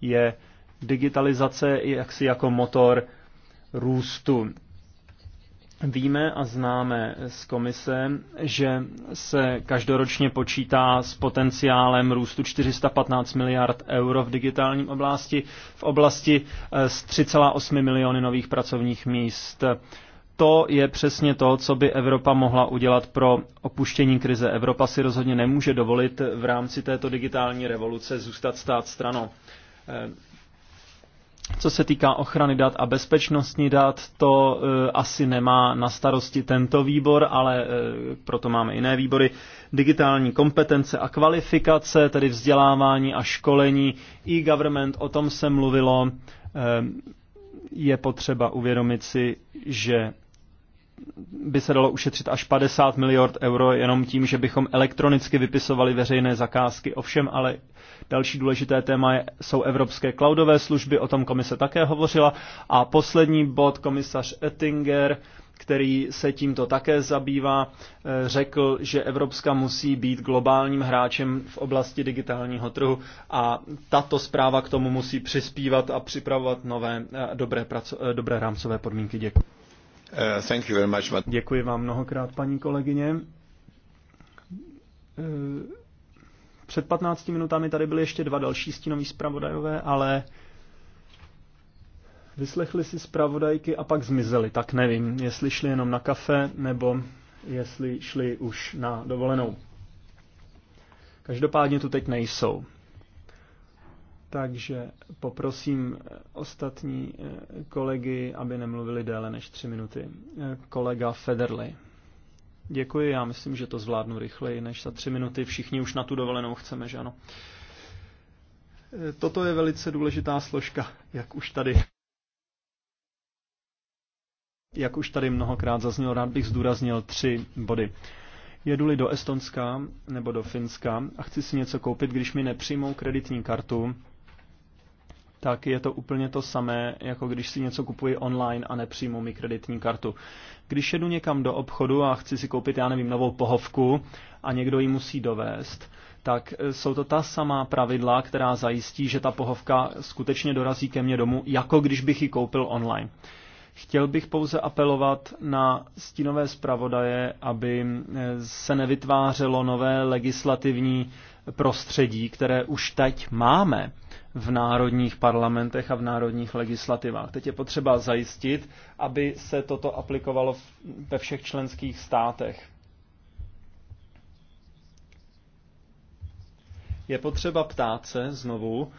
je digitalizace jaksi jako motor růstu Víme a známe z komise, že se každoročně počítá s potenciálem růstu 415 miliard euro v digitálním oblasti, v oblasti z eh, 3,8 miliony nových pracovních míst. To je přesně to, co by Evropa mohla udělat pro opuštění krize. Evropa si rozhodně nemůže dovolit v rámci této digitální revoluce zůstat stát stranou. Eh, co se týká ochrany dat a bezpečnostní dat, to e, asi nemá na starosti tento výbor, ale e, proto máme jiné výbory. Digitální kompetence a kvalifikace, tedy vzdělávání a školení, e-government, o tom se mluvilo. E, je potřeba uvědomit si, že by se dalo ušetřit až 50 miliard euro jenom tím, že bychom elektronicky vypisovali veřejné zakázky. Ovšem, ale další důležité téma je, jsou evropské cloudové služby, o tom komise také hovořila. A poslední bod, komisař Ettinger, který se tímto také zabývá, eh, řekl, že Evropska musí být globálním hráčem v oblasti digitálního trhu a tato zpráva k tomu musí přispívat a připravovat nové eh, dobré, praco- eh, dobré rámcové podmínky. Děkuji. Uh, Děkuji vám mnohokrát, paní kolegyně. Uh, před 15 minutami tady byly ještě dva další stínoví zpravodajové, ale vyslechli si zpravodajky a pak zmizeli. Tak nevím, jestli šli jenom na kafe, nebo jestli šli už na dovolenou. Každopádně tu teď nejsou. Takže poprosím eh, ostatní eh, kolegy, aby nemluvili déle než tři minuty. Eh, kolega Federly. Děkuji, já myslím, že to zvládnu rychleji než za tři minuty. Všichni už na tu dovolenou chceme, že ano. Toto je velice důležitá složka, jak už tady jak už tady mnohokrát zaznělo, rád bych zdůraznil tři body. Jedu-li do Estonska nebo do Finska a chci si něco koupit, když mi nepřijmou kreditní kartu, tak je to úplně to samé, jako když si něco kupuji online a nepřijmu mi kreditní kartu. Když jedu někam do obchodu a chci si koupit, já nevím, novou pohovku a někdo ji musí dovést, tak e, jsou to ta samá pravidla, která zajistí, že ta pohovka skutečně dorazí ke mně domů, jako když bych ji koupil online. Chtěl bych pouze apelovat na stínové zpravodaje, aby e, se nevytvářelo nové legislativní prostředí, které už teď máme v národních parlamentech a v národních legislativách. Teď je potřeba zajistit, aby se toto aplikovalo ve všech členských státech. Je potřeba ptát se znovu,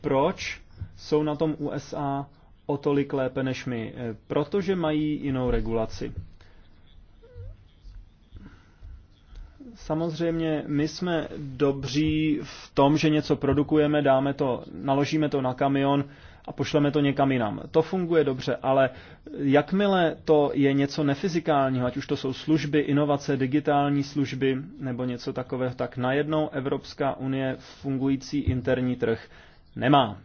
proč jsou na tom USA o tolik lépe než my. Eh, protože mají jinou regulaci. Samozřejmě my jsme dobří v tom, že něco produkujeme, dáme to, naložíme to na kamion a pošleme to někam jinam. To funguje dobře, ale jakmile to je něco nefyzikálního, ať už to jsou služby, inovace, digitální služby nebo něco takového, tak najednou Evropská unie fungující interní trh nemá.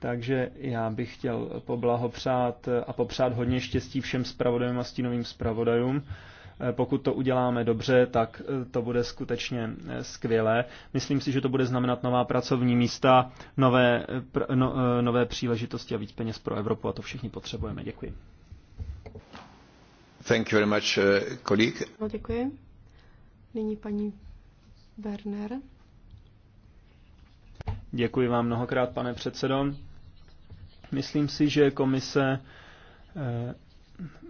Takže já bych chtěl poblahopřát a popřát hodně štěstí všem spravodajům a stínovým spravodajům. Eh, pokud to uděláme dobře, tak eh, to bude skutečně eh, skvělé. Myslím si, že to bude znamenat nová pracovní místa, nové, pr- no, nové příležitosti a víc peněz pro Evropu a to všichni potřebujeme. Děkuji. Thank you very much, colleague. No, děkuji. Nyní paní Werner. Děkuji vám mnohokrát, pane předsedo. Myslím si, že komise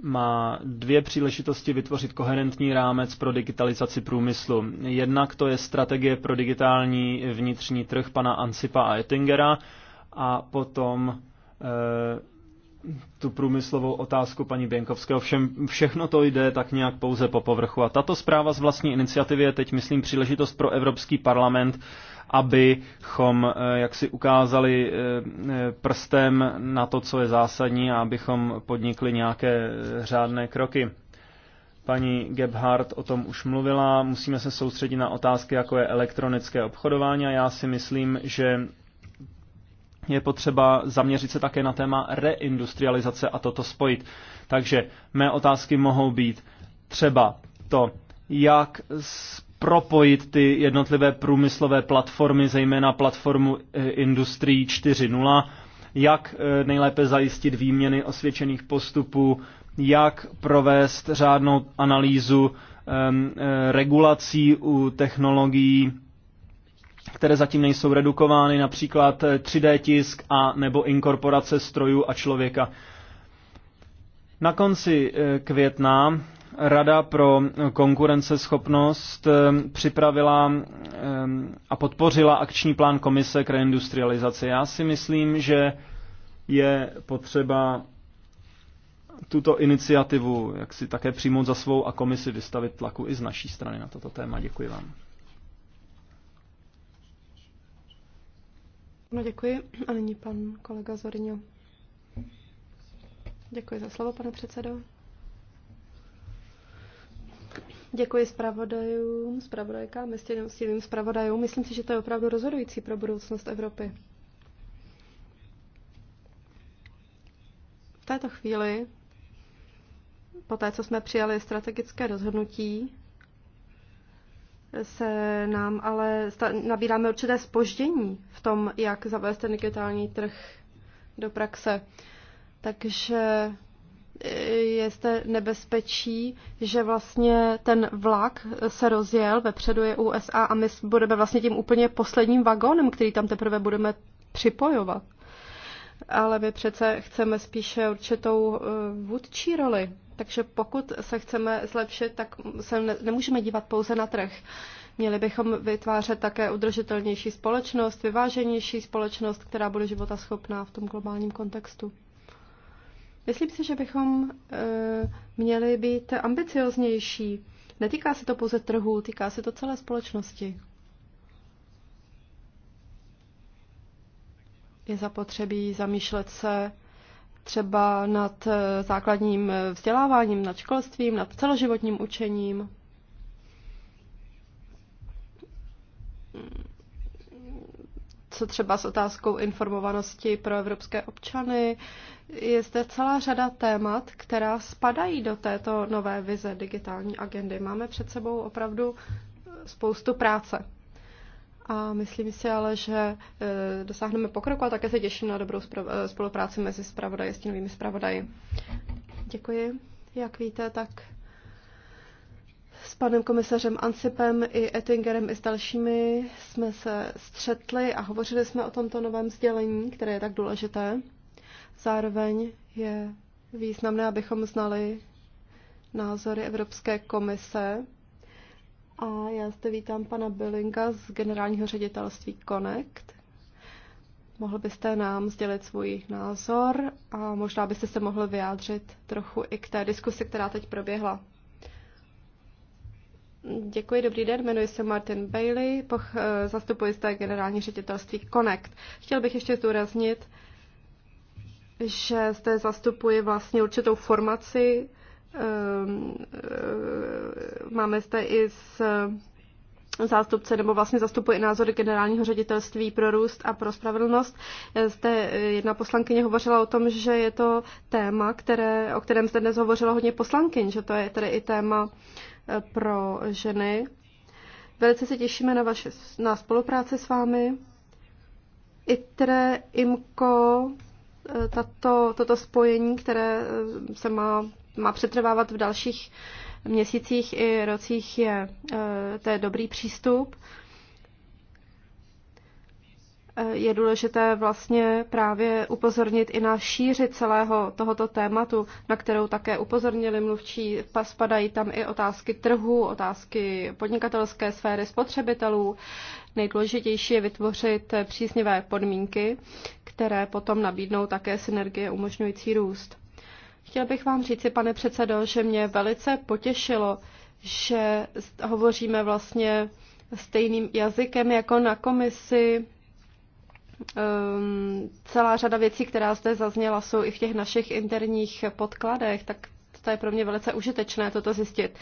má dvě příležitosti vytvořit koherentní rámec pro digitalizaci průmyslu. Jednak to je strategie pro digitální vnitřní trh pana Ansipa a Ettingera a potom eh, tu průmyslovou otázku paní Běnkovského. Všem, všechno to jde tak nějak pouze po povrchu. A tato zpráva z vlastní iniciativy je teď, myslím, příležitost pro Evropský parlament, abychom eh, jak si ukázali eh, eh, prstem na to, co je zásadní a abychom podnikli nějaké řádné kroky. Paní Gebhardt o tom už mluvila. Musíme se soustředit na otázky, jako je elektronické obchodování a já si myslím, že je potřeba zaměřit se také na téma reindustrializace a toto spojit. Takže mé otázky mohou být třeba to, jak propojit ty jednotlivé průmyslové platformy, zejména platformu eh, Industrii 4.0, jak eh, nejlépe zajistit výměny osvědčených postupů, jak provést řádnou analýzu ehm, eh, regulací u technologií které zatím nejsou redukovány, například 3D eh, tisk a nebo inkorporace strojů a člověka. Na konci eh, května Rada pro konkurenceschopnost eh, připravila a podpořila akční plán komise k reindustrializaci. Já si myslím, že je potřeba tuto iniciativu jak si také přijmout za svou a komisi vystavit tlaku i z naší strany na toto téma. Děkuji vám. No děkuji. A nyní pan kolega Zorňo. Děkuji za slovo, pane předsedo. Děkuji zpravodajům, zpravodajkám, stílým zpravodajům. Myslím si, že to je opravdu rozhodující pro budoucnost Evropy. V této chvíli, po té, co jsme přijali strategické rozhodnutí, se nám ale nabíráme určité spoždění v tom, jak zavést ten digitální trh do praxe. Takže e, je zde nebezpečí, že vlastně ten vlak se rozjel, vepředu je USA a my budeme vlastně tím úplně posledním vagónem, který tam teprve budeme připojovat ale my přece chceme spíše určitou eh, vůdčí roli. Takže pokud se chceme zlepšit, tak se ne, nemůžeme dívat pouze na trh. Měli bychom vytvářet také udržitelnější společnost, vyváženější společnost, která bude života schopná v tom globálním kontextu. Myslím si, že bychom e, měli být ambicioznější. Netýká se to pouze trhu, týká se to celé společnosti. je zapotřebí zamýšlet se třeba nad eh, základním eh, vzděláváním, nad školstvím, nad celoživotním učením. Co třeba s otázkou informovanosti pro evropské občany. Je zde celá řada témat, která spadají do této nové vize digitální agendy. Máme před sebou opravdu spoustu práce a myslím si ale, že e, dosáhneme pokroku a také se těším na dobrou e, spolupráci mezi zpravodaji, s novými zpravodaji. Děkuji. Jak víte, tak s panem komisařem Ansipem i Ettingerem i s dalšími jsme se střetli a hovořili jsme o tomto novém sdělení, které je tak důležité. Zároveň je významné, abychom znali názory Evropské komise a já zde vítám pana Billinga z generálního ředitelství Connect. Mohl byste nám sdělit svůj názor a možná byste se mohl vyjádřit trochu i k té diskusi, která teď proběhla. Děkuji, dobrý den, jmenuji se Martin Bailey, poch, zastupuji zde generální ředitelství Connect. Chtěl bych ještě zdůraznit, že zde zastupuji vlastně určitou formaci Ehm, ehm, máme zde i s zástupce, nebo vlastně zastupuje i názory generálního ředitelství pro růst a pro spravedlnost. Zde jedna poslankyně hovořila o tom, že je to téma, které, o kterém zde dnes hovořilo hodně poslankyň, že to je tedy i téma eh, pro ženy. Velice se těšíme na, vaše, na spolupráci s vámi. ITRE, IMKO, eh, tato, toto spojení, které eh, se má má přetrvávat v dalších měsících i rocích, je, e, to je dobrý přístup. E, je důležité vlastně právě upozornit i na šíři celého tohoto tématu, na kterou také upozornili mluvčí. Spadají tam i otázky trhu, otázky podnikatelské sféry spotřebitelů. Nejdůležitější je vytvořit příznivé podmínky, které potom nabídnou také synergie umožňující růst. Chtěl bych vám říci, pane předsedo, že mě velice potěšilo, že hovoříme vlastně stejným jazykem jako na komisi. Um, celá řada věcí, která zde zazněla, jsou i v těch našich interních podkladech, tak to je pro mě velice užitečné toto zjistit.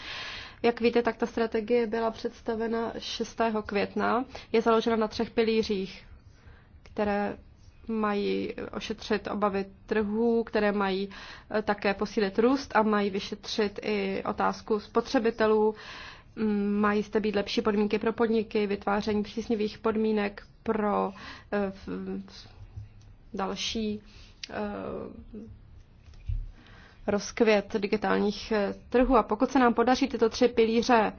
Jak víte, tak ta strategie byla představena 6. května. Je založena na třech pilířích, které mají ošetřit obavy trhů, které mají eh, také posílit růst a mají vyšetřit i otázku spotřebitelů. Mm, mají zde být lepší podmínky pro podniky, vytváření příznivých podmínek pro eh, další eh, rozkvět digitálních trhů. A pokud se nám podaří tyto tři pilíře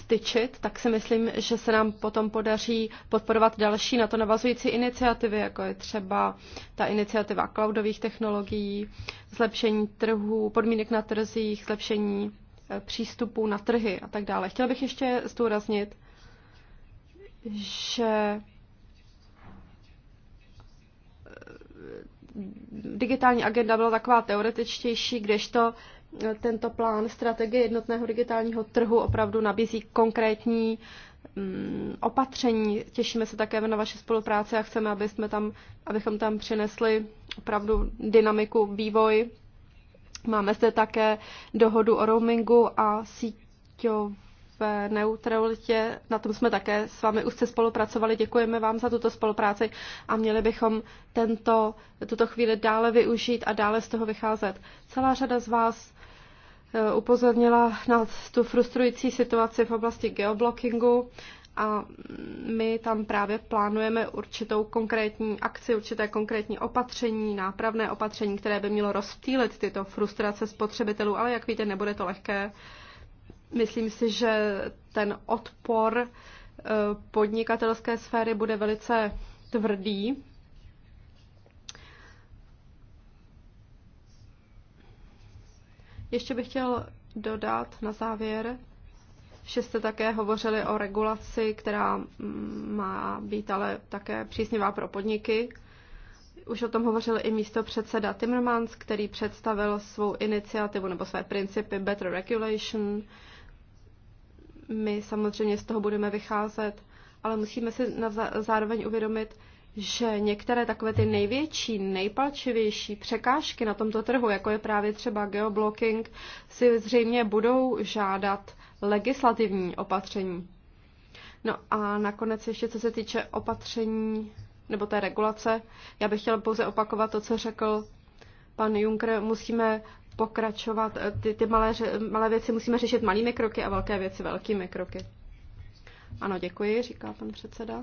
styčit, tak si myslím, že se nám potom podaří podporovat další na to navazující iniciativy, jako je třeba ta iniciativa cloudových technologií, zlepšení trhů, podmínek na trzích, zlepšení eh, přístupu na trhy a tak dále. Chtěla bych ještě zdůraznit, že eh, digitální agenda byla taková teoretičtější, kdežto tento plán strategie jednotného digitálního trhu opravdu nabízí konkrétní mm, opatření. Těšíme se také na vaše spolupráce a chceme, aby jsme tam, abychom tam přinesli opravdu dynamiku, vývoj. Máme zde také dohodu o roamingu a síťové neutralitě. Na tom jsme také s vámi úzce spolupracovali. Děkujeme vám za tuto spolupráci a měli bychom tento, tuto chvíli dále využít a dále z toho vycházet. Celá řada z vás Eh, upozornila na tu frustrující situaci v oblasti geoblockingu a my tam právě plánujeme určitou konkrétní akci, určité konkrétní opatření, nápravné opatření, které by mělo rozptýlit tyto frustrace spotřebitelů, ale jak víte, nebude to lehké. Myslím si, že ten odpor eh, podnikatelské sféry bude velice tvrdý, Ještě bych chtěl dodat na závěr, že jste také hovořili o regulaci, která mm, má být ale také příznivá pro podniky. Už o tom hovořil i místo předseda Timmermans, který představil svou iniciativu nebo své principy Better Regulation. My samozřejmě z toho budeme vycházet, ale musíme si zároveň uvědomit, že některé takové ty největší, nejpalčivější překážky na tomto trhu, jako je právě třeba geoblocking, si zřejmě budou žádat legislativní opatření. No a nakonec ještě co se týče opatření nebo té regulace, já bych chtěla pouze opakovat to, co řekl pan Juncker. Musíme pokračovat, ty, ty malé, malé věci musíme řešit malými kroky a velké věci velkými kroky. Ano, děkuji, říká pan předseda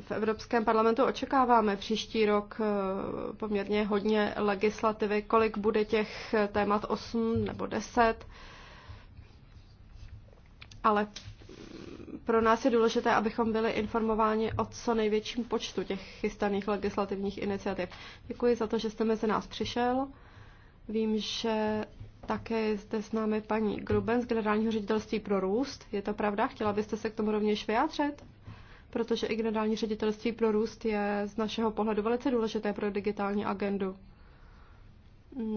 v Evropském parlamentu očekáváme příští rok eh, poměrně hodně legislativy. Kolik bude těch eh, témat 8 nebo 10? Ale pro nás je důležité, abychom byli informováni o co největším počtu těch chystaných legislativních iniciativ. Děkuji za to, že jste mezi nás přišel. Vím, že také je zde s námi paní Gruben z Generálního ředitelství pro růst. Je to pravda? Chtěla byste se k tomu rovněž vyjádřit? protože i generální ředitelství pro růst je z našeho pohledu velice důležité pro digitální agendu.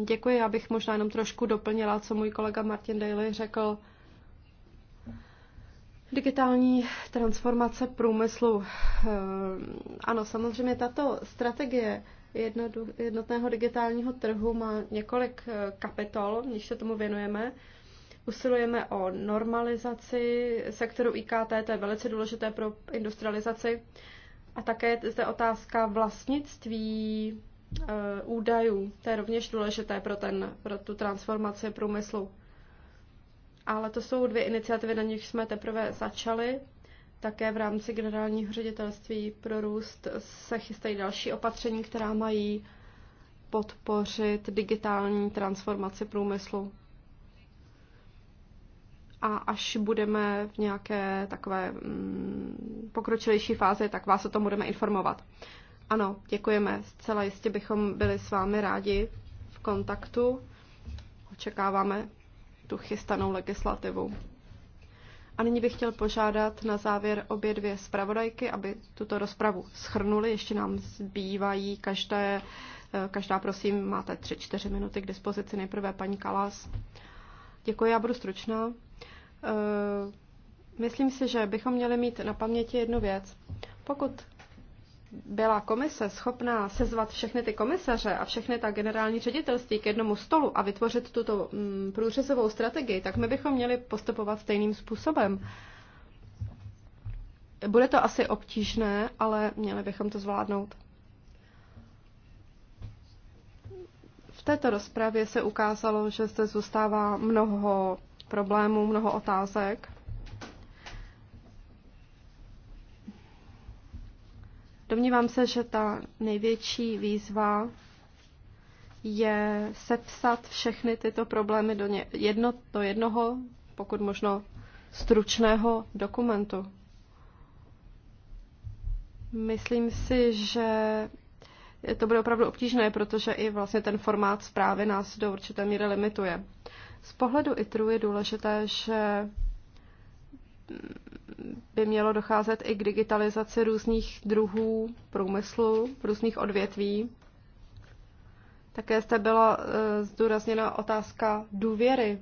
Děkuji, já bych možná jenom trošku doplnila, co můj kolega Martin Daly řekl. Digitální transformace průmyslu. Eh, ano, samozřejmě tato strategie jednotného digitálního trhu má několik eh, kapitol, v níž se tomu věnujeme. Usilujeme o normalizaci sektoru IKT, to je velice důležité pro industrializaci. A také je zde otázka vlastnictví e, údajů. To je rovněž důležité pro, ten, pro tu transformaci průmyslu. Ale to jsou dvě iniciativy, na nich jsme teprve začali. Také v rámci generálního ředitelství pro růst se chystají další opatření, která mají podpořit digitální transformaci průmyslu a až budeme v nějaké takové mm, pokročilejší fázi, tak vás o tom budeme informovat. Ano, děkujeme. Zcela jistě bychom byli s vámi rádi v kontaktu. Očekáváme tu chystanou legislativu. A nyní bych chtěl požádat na závěr obě dvě zpravodajky, aby tuto rozpravu schrnuli. Ještě nám zbývají každé, eh, každá, prosím, máte tři, čtyři minuty k dispozici. Nejprve paní Kalas. Děkuji, já budu stručná. Eh, myslím si, že bychom měli mít na paměti jednu věc. Pokud byla komise schopná sezvat všechny ty komisaře a všechny ta generální ředitelství k jednomu stolu a vytvořit tuto mm, průřezovou strategii, tak my bychom měli postupovat stejným způsobem. Bude to asi obtížné, ale měli bychom to zvládnout. V této rozpravě se ukázalo, že zde zůstává mnoho problémů, mnoho otázek. Domnívám se, že ta největší výzva je sepsat všechny tyto problémy do, ně, jedno, do jednoho, pokud možno stručného dokumentu. Myslím si, že to bude opravdu obtížné, protože i vlastně ten formát zprávy nás do určité míry limituje. Z pohledu ITRU je důležité, že by mělo docházet i k digitalizaci různých druhů průmyslu, různých odvětví. Také zde byla eh, zdůrazněna otázka důvěry.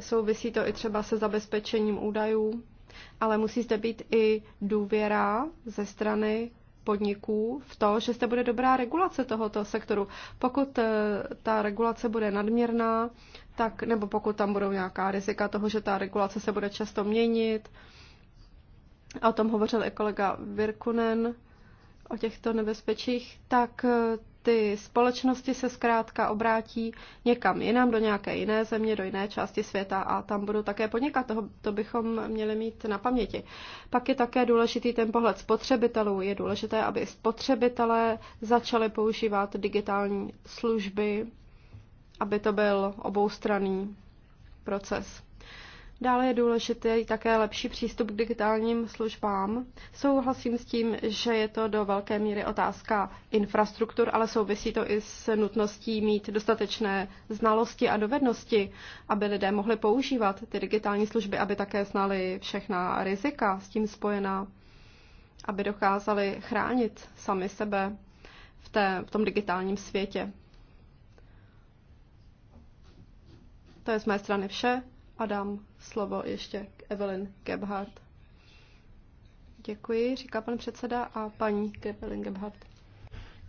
Souvisí to i třeba se zabezpečením údajů, ale musí zde být i důvěra ze strany podniků v to, že zde bude dobrá regulace tohoto sektoru. Pokud eh, ta regulace bude nadměrná, tak, nebo pokud tam budou nějaká rizika toho, že ta regulace se bude často měnit, a o tom hovořil i kolega Virkunen, o těchto nebezpečích, tak eh, ty společnosti se zkrátka obrátí někam jinam, do nějaké jiné země, do jiné části světa a tam budou také podnikat. Toho, to bychom měli mít na paměti. Pak je také důležitý ten pohled spotřebitelů. Je důležité, aby spotřebitelé začali používat digitální služby, aby to byl oboustranný proces. Dále je důležitý také lepší přístup k digitálním službám. Souhlasím s tím, že je to do velké míry otázka infrastruktur, ale souvisí to i s nutností mít dostatečné znalosti a dovednosti, aby lidé mohli používat ty digitální služby, aby také znali všechna rizika s tím spojená, aby dokázali chránit sami sebe v, té, v tom digitálním světě. To je z mé strany vše a dám slovo ještě k Evelyn Gebhardt. Děkuji, říká pan předseda a paní Evelyn Gebhardt.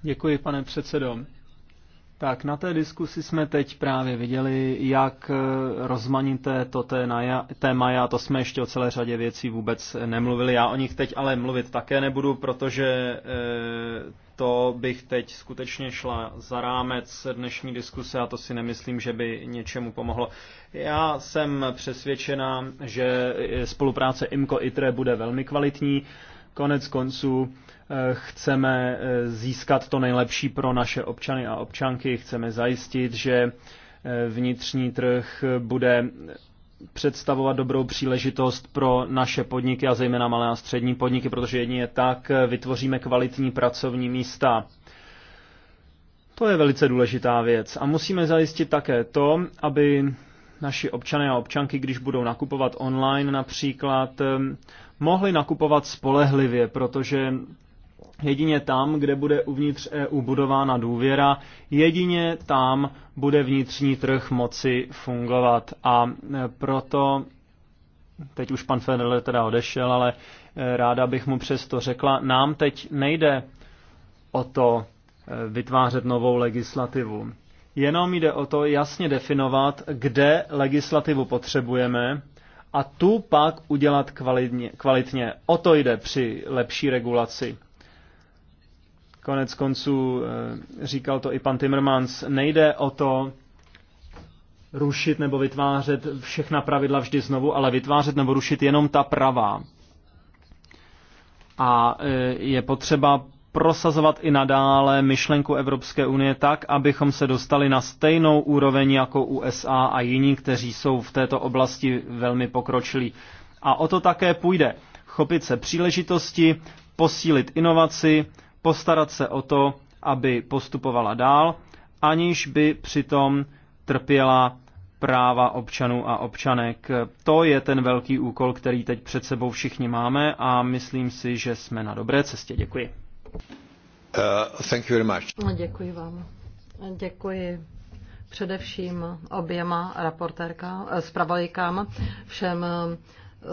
Děkuji, pane předsedo. Tak na té diskusi jsme teď právě viděli, jak rozmanité to téma je a to jsme ještě o celé řadě věcí vůbec nemluvili. Já o nich teď ale mluvit také nebudu, protože eh, to bych teď skutečně šla za rámec dnešní diskuse a to si nemyslím, že by něčemu pomohlo. Já jsem přesvědčena, že spolupráce IMCO-ITRE bude velmi kvalitní. Konec konců Eh, chceme eh, získat to nejlepší pro naše občany a občanky, chceme zajistit, že eh, vnitřní trh bude představovat dobrou příležitost pro naše podniky a zejména malé a střední podniky, protože jedině tak vytvoříme kvalitní pracovní místa. To je velice důležitá věc. A musíme zajistit také to, aby naši občany a občanky, když budou nakupovat online například, mohli nakupovat spolehlivě, protože Jedině tam, kde bude uvnitř EU budována důvěra, jedině tam bude vnitřní trh moci fungovat. A e, proto, teď už pan Federer teda odešel, ale e, ráda bych mu přesto řekla, nám teď nejde o to e, vytvářet novou legislativu. Jenom jde o to jasně definovat, kde legislativu potřebujeme a tu pak udělat kvalitně. kvalitně. O to jde při lepší regulaci. Konec konců eh, říkal to i pan Timmermans, nejde o to rušit nebo vytvářet všechna pravidla vždy znovu, ale vytvářet nebo rušit jenom ta pravá. A eh, je potřeba prosazovat i nadále myšlenku Evropské unie tak, abychom se dostali na stejnou úroveň jako USA a jiní, kteří jsou v této oblasti velmi pokročilí. A o to také půjde. Chopit se příležitosti, posílit inovaci, postarat se o to, aby postupovala dál, aniž by přitom trpěla práva občanů a občanek. To je ten velký úkol, který teď před sebou všichni máme a myslím si, že jsme na dobré cestě. Děkuji. Uh, thank you very much. No, děkuji vám. Děkuji především oběma raportérkám, eh, zpravodajkám, všem eh,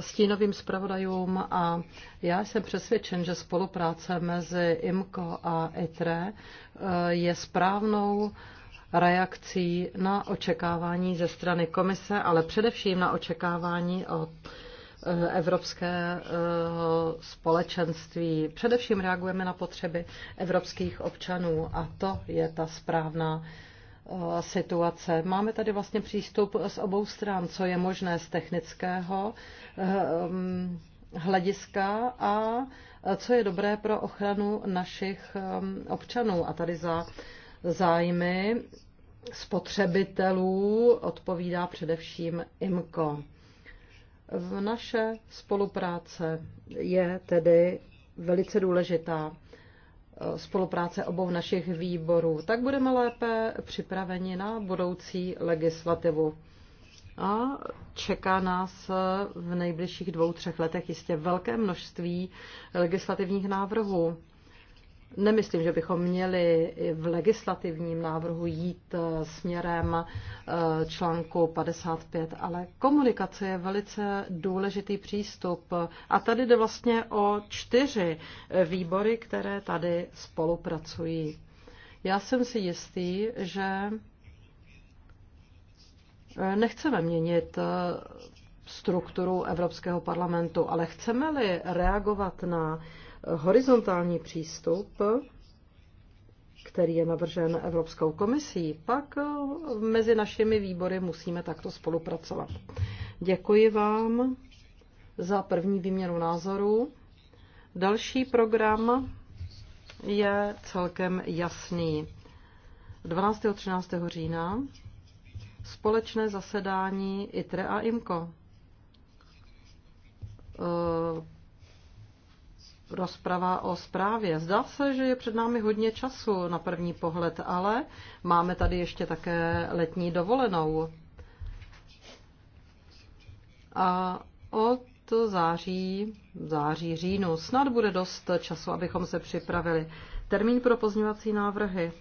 stínovým zpravodajům a já jsem přesvědčen, že spolupráce mezi IMCO a ITRE eh, je správnou reakcí na očekávání ze strany komise, ale především na očekávání od eh, evropského eh, společenství. Především reagujeme na potřeby evropských občanů a to je ta správná situace. Máme tady vlastně přístup z obou stran, co je možné z technického eh, eh, hlediska a co je dobré pro ochranu našich eh, občanů. A tady za zájmy spotřebitelů odpovídá především IMCO. V naše spolupráce je tedy velice důležitá spolupráce obou našich výborů, tak budeme lépe připraveni na budoucí legislativu. A čeká nás v nejbližších dvou, třech letech jistě velké množství legislativních návrhů. Nemyslím, že bychom měli v legislativním návrhu jít eh, směrem eh, článku 55, ale komunikace je velice důležitý přístup. A tady jde vlastně o čtyři eh, výbory, které tady spolupracují. Já jsem si jistý, že nechceme měnit strukturu Evropského parlamentu, ale chceme-li reagovat na horizontální přístup, který je navržen Evropskou komisí, pak eh, mezi našimi výbory musíme takto spolupracovat. Děkuji vám za první výměnu názorů. Další program je celkem jasný. 12. a 13. října společné zasedání ITRE a IMCO eh, rozprava o zprávě. Zdá se, že je před námi hodně času na první pohled, ale máme tady ještě také letní dovolenou. A od září, září, říjnu snad bude dost času, abychom se připravili. Termín pro pozměňovací návrhy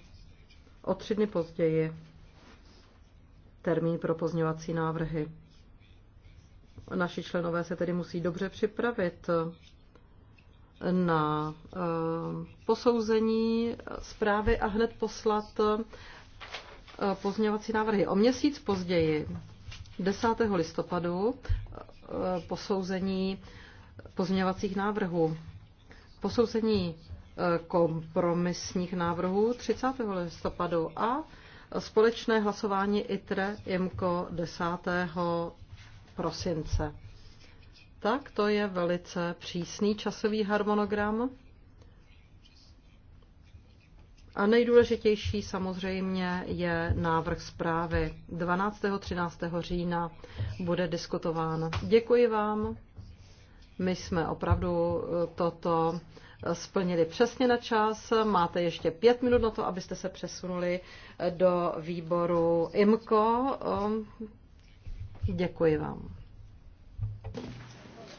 o tři dny později. Termín pro pozměňovací návrhy. Naši členové se tedy musí dobře připravit na eh, posouzení zprávy a hned poslat eh, pozměňovací návrhy. O měsíc později, 10. listopadu, eh, posouzení pozměňovacích návrhů. Posouzení kompromisních návrhů 30. listopadu a společné hlasování ITRE IMCO 10. prosince. Tak to je velice přísný časový harmonogram. A nejdůležitější samozřejmě je návrh zprávy. 12. 13. října bude diskutován. Děkuji vám. My jsme opravdu eh, toto eh, splnili přesně na čas. Máte ještě pět minut na to, abyste se přesunuli eh, do výboru IMCO. Děkuji vám.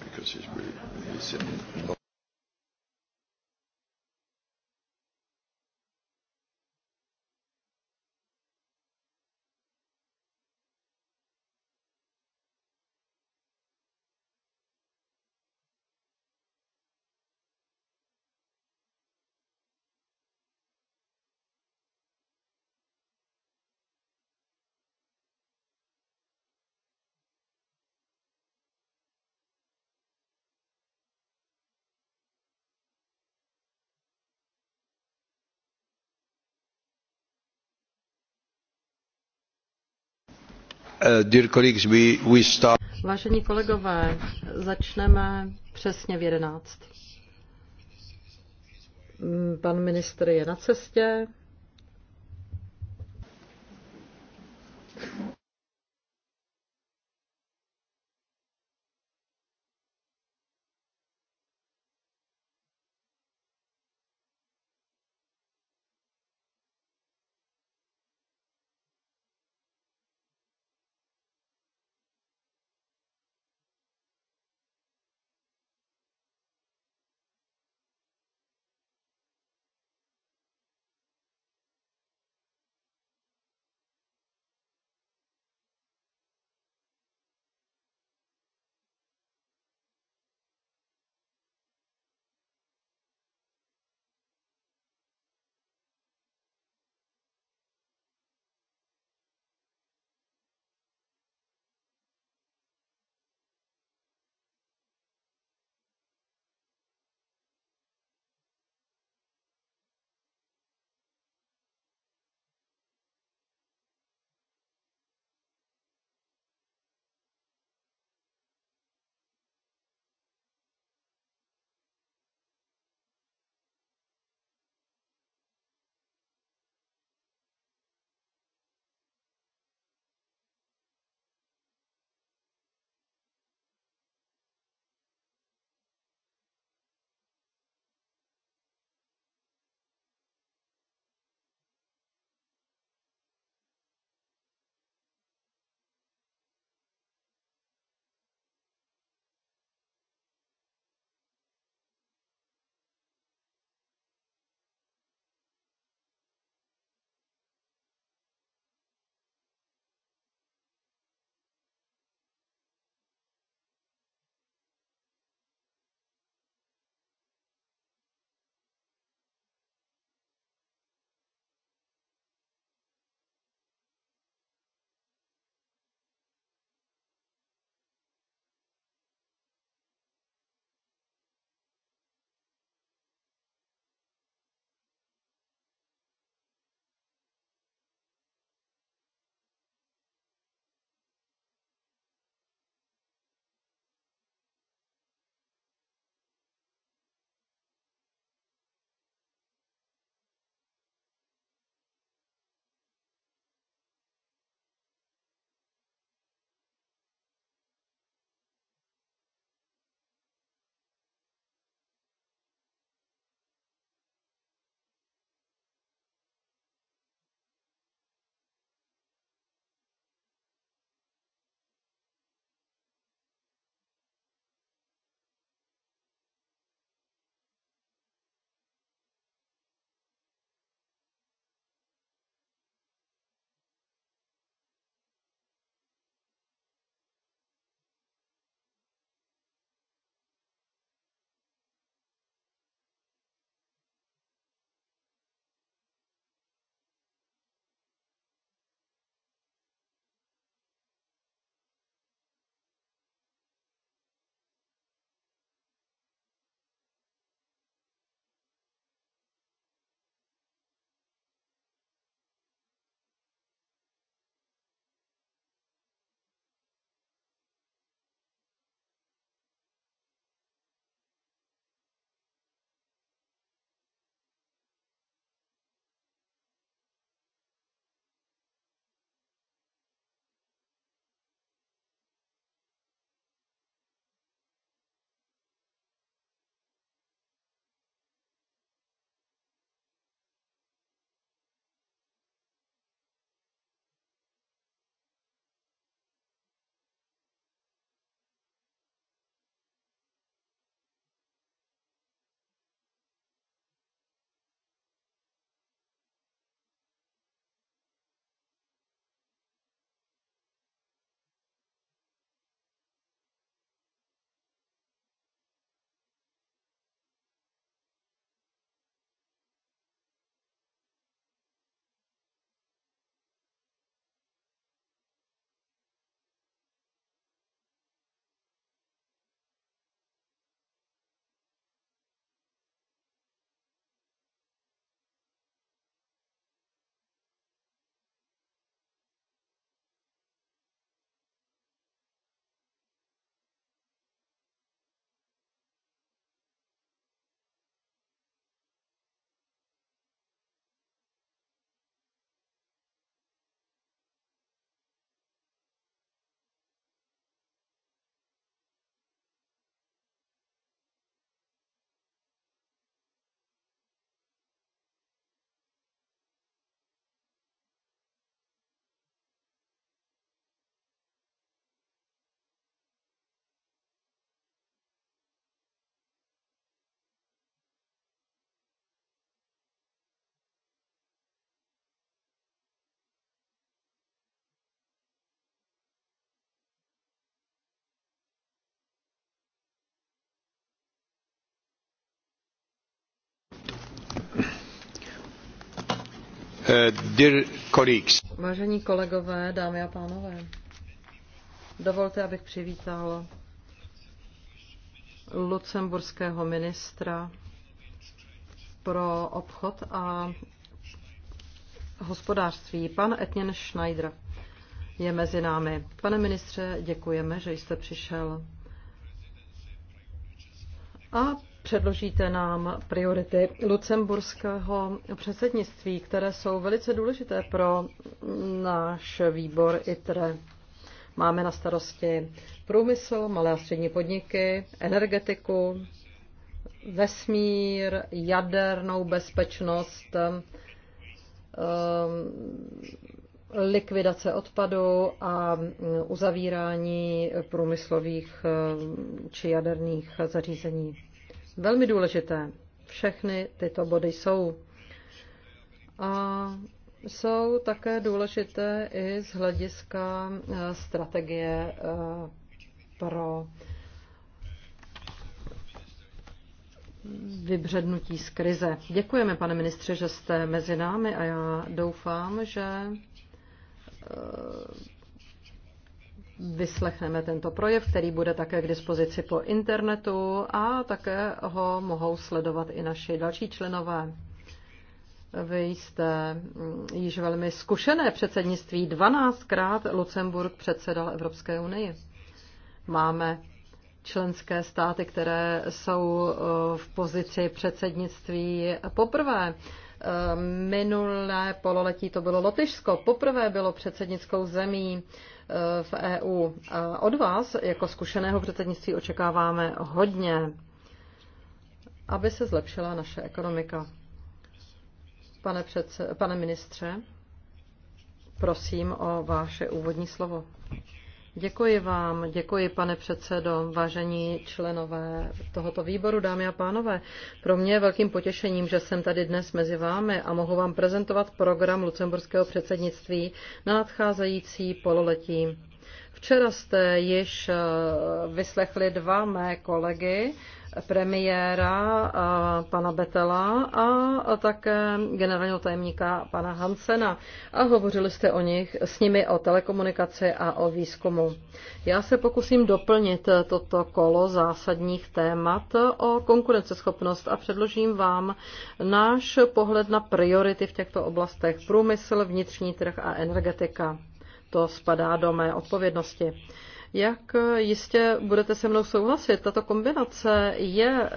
because he's really, he's Vážení kolegové, začneme přesně v 11. Pan ministr je na cestě. Eh, Vážení kolegové, dámy a pánové, dovolte, abych přivítal lucemburského ministra pro obchod a hospodářství, pan Etněn Schneider je mezi námi. Pane ministře, děkujeme, že jste přišel. A předložíte nám priority lucemburského předsednictví, které jsou velice důležité pro náš výbor ITRE. Máme na starosti průmysl, malé a střední podniky, energetiku, vesmír, jadernou bezpečnost, ehm, likvidace odpadu a uzavírání průmyslových ehm, či jaderných zařízení velmi důležité. Všechny tyto body jsou. A jsou také důležité i z hlediska eh, strategie eh, pro vybřednutí z krize. Děkujeme, pane ministře, že jste mezi námi a já doufám, že eh, vyslechneme tento projev, který bude také k dispozici po internetu a také ho mohou sledovat i naši další členové. Vy jste mm, již velmi zkušené předsednictví. 12krát Lucemburg předsedal Evropské unii. Máme členské státy, které jsou eh, v pozici předsednictví poprvé. Eh, minulé pololetí to bylo Lotyšsko. Poprvé bylo předsednickou zemí eh, v EU. A od vás, jako zkušeného předsednictví, očekáváme hodně, aby se zlepšila naše ekonomika. Pane, předse, pane ministře, prosím o vaše úvodní slovo. Děkuji vám, děkuji pane předsedo, vážení členové tohoto výboru, dámy a pánové. Pro mě je velkým potěšením, že jsem tady dnes mezi vámi a mohu vám prezentovat program lucemburského předsednictví na nadcházející pololetí. Včera jste již eh, vyslechli dva mé kolegy premiéra pana Betela a také generálního tajemníka pana Hansena a hovořili jste o nich, s nimi o telekomunikaci a o výzkumu. Já se pokusím doplnit toto kolo zásadních témat o konkurenceschopnost a předložím vám náš pohled na priority v těchto oblastech průmysl, vnitřní trh a energetika. To spadá do mé odpovědnosti. Jak eh, jistě budete se mnou souhlasit, tato kombinace je eh,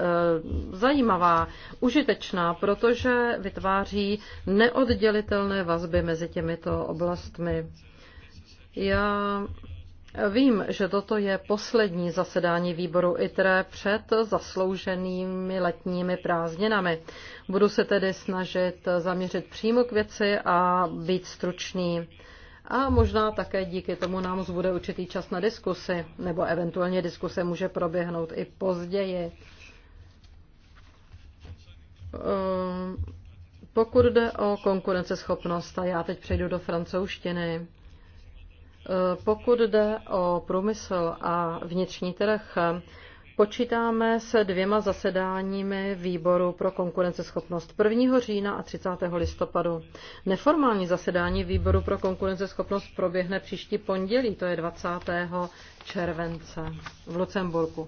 zajímavá, užitečná, protože vytváří neoddělitelné vazby mezi těmito oblastmi. Já Vím, že toto je poslední zasedání výboru ITRE před zaslouženými letními prázdninami. Budu se tedy snažit zaměřit přímo k věci a být stručný a možná také díky tomu nám zbude určitý čas na diskusy, nebo eventuálně diskuse může proběhnout i později. Ehm, pokud jde o konkurenceschopnost, a já teď přejdu do francouzštiny, ehm, pokud jde o průmysl a vnitřní trh, Počítáme se dvěma zasedáními výboru pro konkurenceschopnost 1. října a 30. listopadu. Neformální zasedání výboru pro konkurenceschopnost proběhne příští pondělí, to je 20. července v Lucemburku.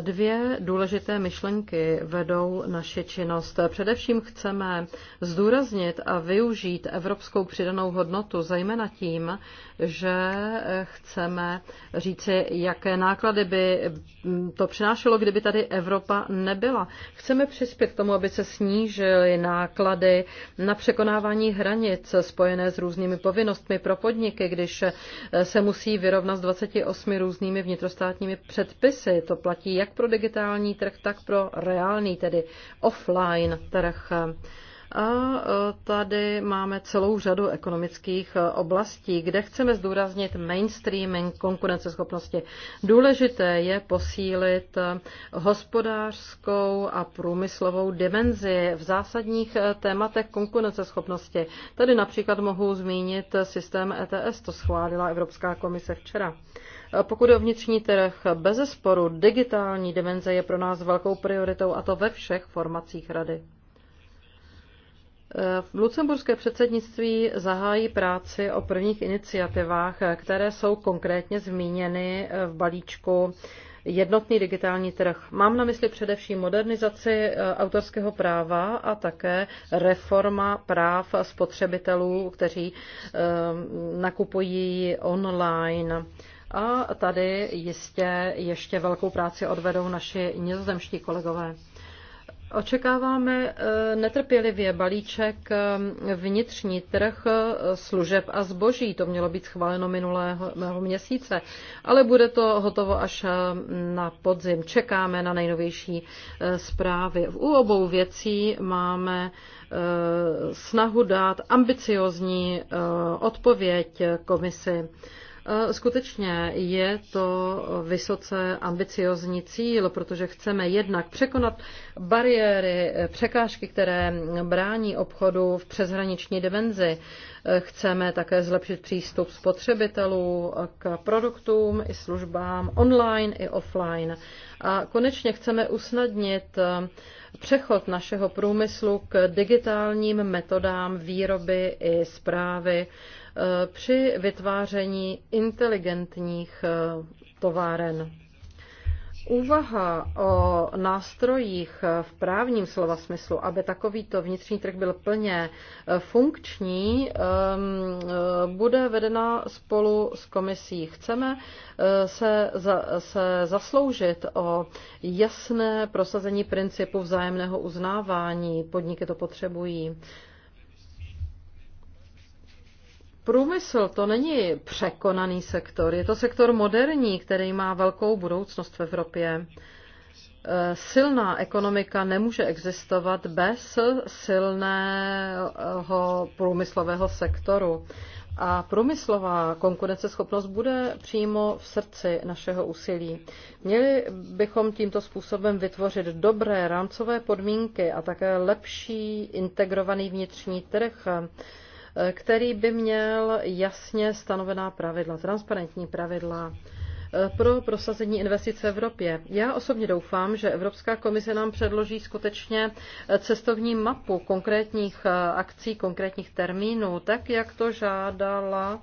Dvě důležité myšlenky vedou naše činnost. Především chceme zdůraznit a využít evropskou přidanou hodnotu, zejména tím, že chceme říci, jaké náklady by to přinášelo, kdyby tady Evropa nebyla. Chceme přispět k tomu, aby se snížily náklady na překonávání hranic spojené s různými povinnostmi pro podniky, když se musí vyrovnat s 28 různými vnitrostátními předpisy. To platí platí jak pro digitální trh, tak pro reálný, tedy offline trh. A e, tady máme celou řadu ekonomických e, oblastí, kde chceme zdůraznit mainstreaming konkurenceschopnosti. Důležité je posílit e, hospodářskou a průmyslovou dimenzi v zásadních tématech konkurenceschopnosti. Tady například mohu zmínit systém ETS, to schválila Evropská komise včera. Pokud je o vnitřní trh, bez sporu digitální dimenze je pro nás velkou prioritou a to ve všech formacích rady. V lucemburské předsednictví zahájí práci o prvních iniciativách, které jsou konkrétně zmíněny v balíčku jednotný digitální trh. Mám na mysli především modernizaci eh, autorského práva a také reforma práv spotřebitelů, kteří eh, nakupují online. A tady jistě ještě velkou práci odvedou naši nizozemští kolegové. Očekáváme eh, netrpělivě balíček eh, vnitřní trh eh, služeb a zboží. To mělo být schváleno minulého měsíce, ale bude to hotovo až na podzim. Čekáme na nejnovější zprávy. U obou věcí máme snahu dát ambiciozní odpověď komisi Eh, skutečně je to vysoce ambiciozní cíl, protože chceme jednak překonat bariéry, eh, překážky, které brání obchodu v přeshraniční dimenzi. Eh, chceme také zlepšit přístup spotřebitelů k produktům i službám online i offline. A konečně chceme usnadnit přechod našeho průmyslu k digitálním metodám výroby i zprávy Eh, při vytváření inteligentních eh, továren. Úvaha o nástrojích eh, v právním slova smyslu, aby takovýto vnitřní trh byl plně funkční, ehm, bude vedena spolu s komisí. Chceme se, za, se zasloužit o jasné prosazení principu vzájemného uznávání. Podniky to potřebují. Průmysl to není překonaný sektor, je to sektor moderní, který má velkou budoucnost v Evropě. Eh, silná ekonomika nemůže existovat bez silného průmyslového sektoru. A průmyslová konkurenceschopnost bude přímo v srdci našeho úsilí. Měli bychom tímto způsobem vytvořit dobré rámcové podmínky a také lepší integrovaný vnitřní trh který by měl jasně stanovená pravidla, transparentní pravidla eh, pro prosazení investic v Evropě. Já osobně doufám, že Evropská komise nám předloží skutečně eh, cestovní mapu konkrétních eh, akcí, konkrétních termínů, tak jak to žádala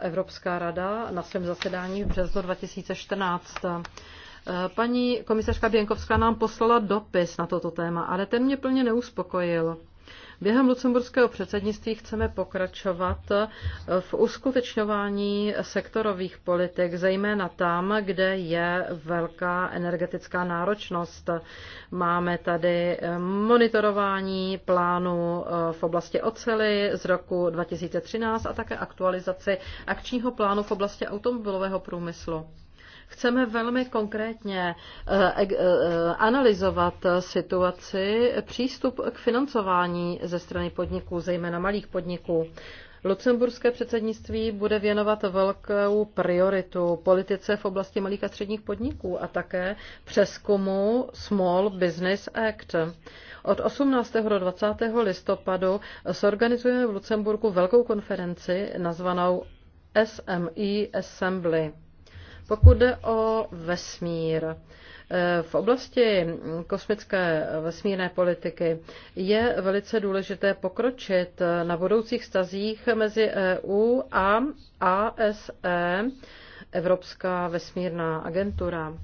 Evropská rada na svém zasedání v březnu 2014. Paní komisařka Běnkovská nám poslala dopis na toto téma, ale ten mě plně neuspokojil. Během lucemburského předsednictví chceme pokračovat v uskutečňování sektorových politik, zejména tam, kde je velká energetická náročnost. Máme tady monitorování plánu v oblasti ocely z roku 2013 a také aktualizaci akčního plánu v oblasti automobilového průmyslu. Chceme velmi konkrétně eh, eh, eh, analyzovat situaci, přístup k financování ze strany podniků, zejména malých podniků. Lucemburské předsednictví bude věnovat velkou prioritu politice v oblasti malých a středních podniků a také přeskumu Small Business Act. Od 18. do 20. listopadu sorganizujeme v Lucemburku velkou konferenci nazvanou SME Assembly. Pokud jde o vesmír, eh, v oblasti kosmické vesmírné politiky je velice důležité pokročit na budoucích stazích mezi EU a ASE, Evropská vesmírná agentura.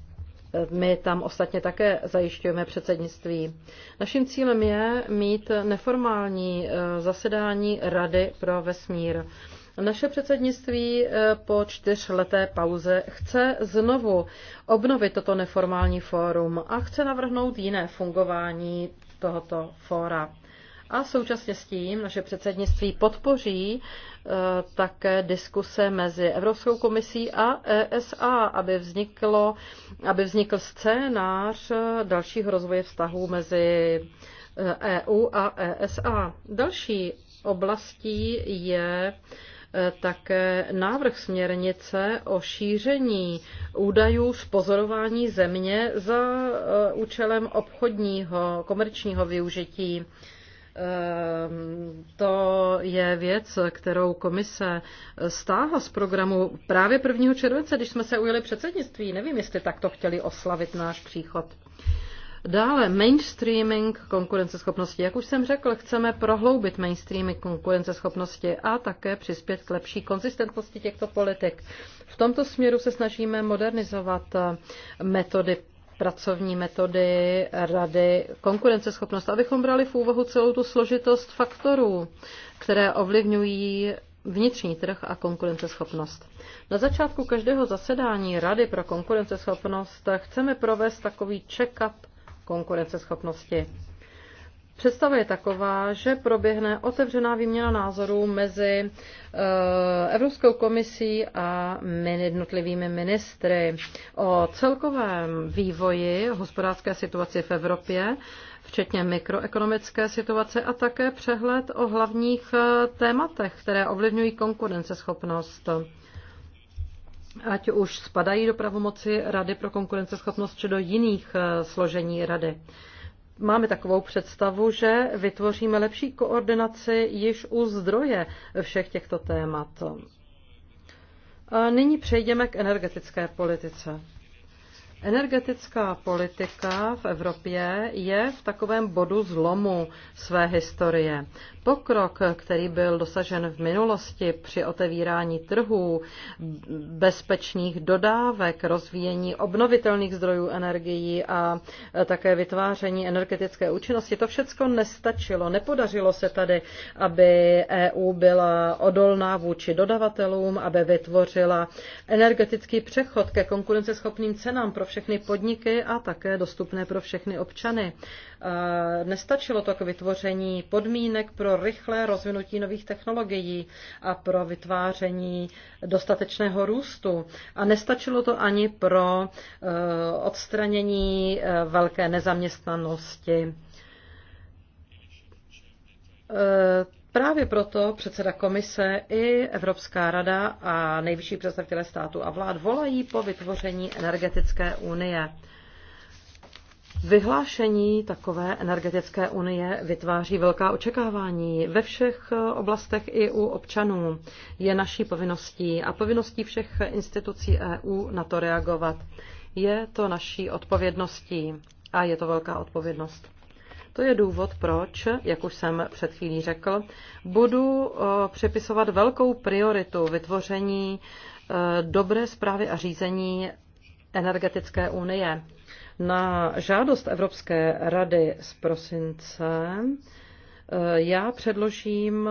Eh, my tam ostatně také zajišťujeme předsednictví. Naším cílem je mít neformální eh, zasedání Rady pro vesmír. Naše předsednictví eh, po čtyřleté pauze chce znovu obnovit toto neformální fórum a chce navrhnout jiné fungování tohoto fóra. A současně s tím naše předsednictví podpoří eh, také diskuse mezi Evropskou komisí a ESA, aby, vzniklo, aby vznikl scénář eh, dalších rozvoje vztahů mezi EU e a ESA. Další oblastí je E, také návrh směrnice o šíření údajů z pozorování země za e, účelem obchodního, komerčního využití. E, to je věc, kterou komise stáhla z programu právě 1. července, když jsme se ujeli předsednictví. Nevím, jestli takto chtěli oslavit náš příchod. Dále mainstreaming konkurenceschopnosti. Jak už jsem řekl, chceme prohloubit mainstreaming konkurenceschopnosti a také přispět k lepší konzistentnosti těchto politik. V tomto směru se snažíme modernizovat eh, metody pracovní metody rady konkurenceschopnost, abychom brali v úvahu celou tu složitost faktorů, které ovlivňují vnitřní trh a konkurenceschopnost. Na začátku každého zasedání Rady pro konkurenceschopnost chceme provést takový check-up konkurenceschopnosti. Představa je taková, že proběhne otevřená výměna názorů mezi eh, Evropskou komisí a jednotlivými ministry o celkovém vývoji hospodářské situaci v Evropě, včetně mikroekonomické situace a také přehled o hlavních eh, tématech, které ovlivňují konkurenceschopnost ať už spadají do pravomoci Rady pro konkurenceschopnost či do jiných eh, složení Rady. Máme takovou představu, že vytvoříme lepší koordinaci již u zdroje všech těchto témat. Nyní přejdeme k energetické politice. Energetická politika v Evropě je v takovém bodu zlomu své historie. Pokrok, který byl dosažen v minulosti při otevírání trhů, bezpečných dodávek, rozvíjení obnovitelných zdrojů energií a také vytváření energetické účinnosti, to všechno nestačilo. Nepodařilo se tady, aby EU byla odolná vůči dodavatelům, aby vytvořila energetický přechod ke konkurenceschopným cenám pro všechny všechny podniky a také dostupné pro všechny občany. E, nestačilo to k vytvoření podmínek pro rychlé rozvinutí nových technologií a pro vytváření dostatečného růstu. A nestačilo to ani pro e, odstranění e, velké nezaměstnanosti Právě proto předseda komise i Evropská rada a nejvyšší představitelé státu a vlád volají po vytvoření energetické unie. Vyhlášení takové energetické unie vytváří velká očekávání ve všech oblastech i u občanů. Je naší povinností a povinností všech institucí EU na to reagovat. Je to naší odpovědností a je to velká odpovědnost. To je důvod, proč, jak už jsem před chvílí řekl, budu eh, přepisovat velkou prioritu vytvoření eh, dobré zprávy a řízení energetické unie. Na žádost Evropské rady z prosince eh, já předložím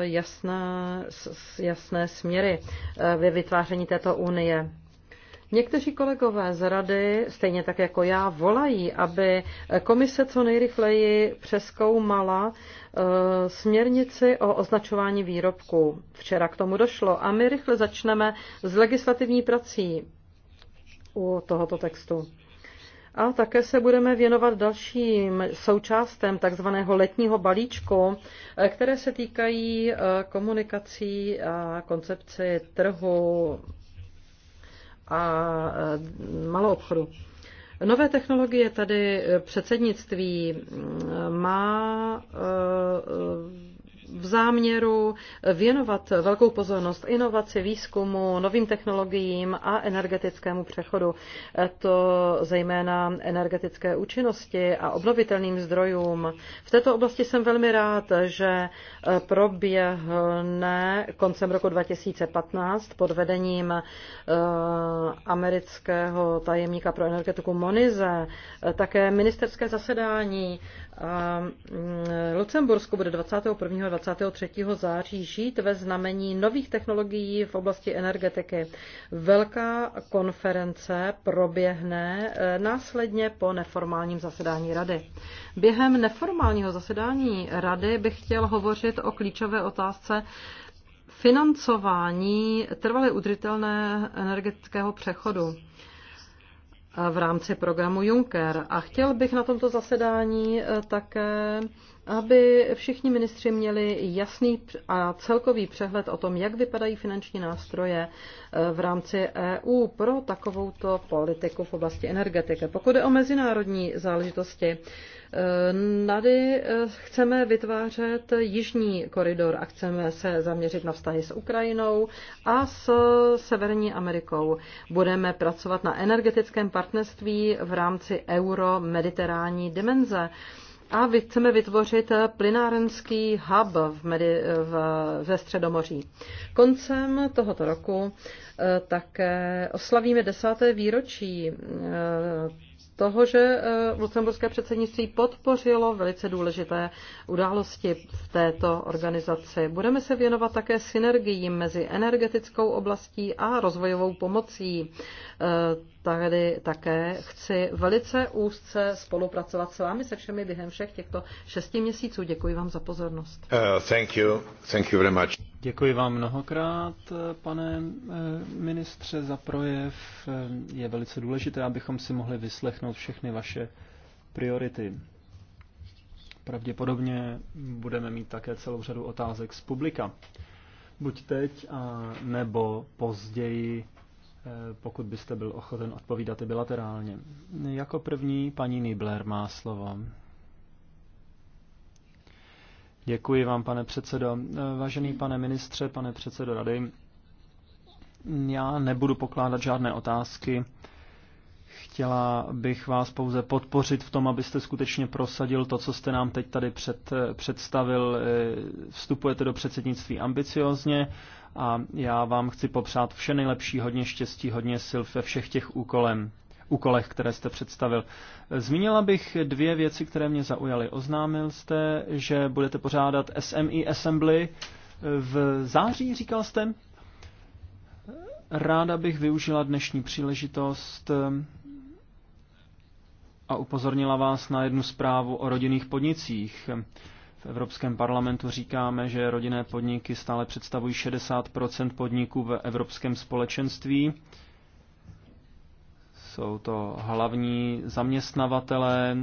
jasné, jasné směry ve vytváření této unie. Někteří kolegové z rady, stejně tak jako já, volají, aby komise co nejrychleji přeskoumala eh, směrnici o označování výrobků. Včera k tomu došlo a my rychle začneme s legislativní prací u tohoto textu. A také se budeme věnovat dalším součástem takzvaného letního balíčku, eh, které se týkají eh, komunikací a koncepci trhu a e, malou obchodu. Nové technologie tady e, předsednictví má e, v záměru věnovat velkou pozornost inovaci, výzkumu, novým technologiím a energetickému přechodu. E, to zejména energetické účinnosti a obnovitelným zdrojům. V této oblasti jsem velmi rád, že e, proběhne koncem roku 2015 pod vedením e, amerického tajemníka pro energetiku Monize také ministerské zasedání a mm, Lucembursko bude 21. a 23. září žít ve znamení nových technologií v oblasti energetiky. Velká konference proběhne e, následně po neformálním zasedání rady. Během neformálního zasedání rady bych chtěl hovořit o klíčové otázce financování trvale udržitelné energetického přechodu v rámci programu Juncker. A chtěl bych na tomto zasedání eh, také, aby všichni ministři měli jasný a celkový přehled o tom, jak vypadají finanční nástroje eh, v rámci EU pro takovouto politiku v oblasti energetiky. Pokud je o mezinárodní záležitosti, Nady eh, chceme vytvářet jižní koridor a chceme se zaměřit na vztahy s Ukrajinou a s Severní Amerikou. Budeme pracovat na energetickém partnerství v rámci euro-mediterální dimenze. A chceme vytvořit plynárenský hub v medi, v, ve Středomoří. Koncem tohoto roku eh, také oslavíme desáté výročí eh, toho, že eh, lucemburské předsednictví podpořilo velice důležité události v této organizaci. Budeme se věnovat také synergiím mezi energetickou oblastí a rozvojovou pomocí eh, tady také chci velice úzce spolupracovat s vámi se všemi během všech těchto šesti měsíců. Děkuji vám za pozornost. Uh, thank you. Thank you very much. Děkuji vám mnohokrát, pane eh, ministře, za projev. Eh, je velice důležité, abychom si mohli vyslechnout všechny vaše priority. Pravděpodobně budeme mít také celou řadu otázek z publika. Buď teď, a nebo později Eh, pokud byste byl ochoten odpovídat i bilaterálně. Jako první paní Nibler má slovo. Děkuji vám, pane předsedo. Eh, vážený pane ministře, pane předsedo rady, já nebudu pokládat žádné otázky. Chtěla bych vás pouze podpořit v tom, abyste skutečně prosadil to, co jste nám teď tady před, eh, představil. Vstupujete do předsednictví ambiciozně a já vám chci popřát vše nejlepší, hodně štěstí, hodně sil ve všech těch úkolem, úkolech, které jste představil. Zmínila bych dvě věci, které mě zaujaly. Oznámil jste, že budete pořádat SMI Assembly v září, říkal jste? Ráda bych využila dnešní příležitost eh, a upozornila vás na jednu zprávu o rodinných podnicích. V Evropském parlamentu říkáme, že rodinné podniky stále představují 60 podniků v Evropském společenství. Jsou to hlavní zaměstnavatelé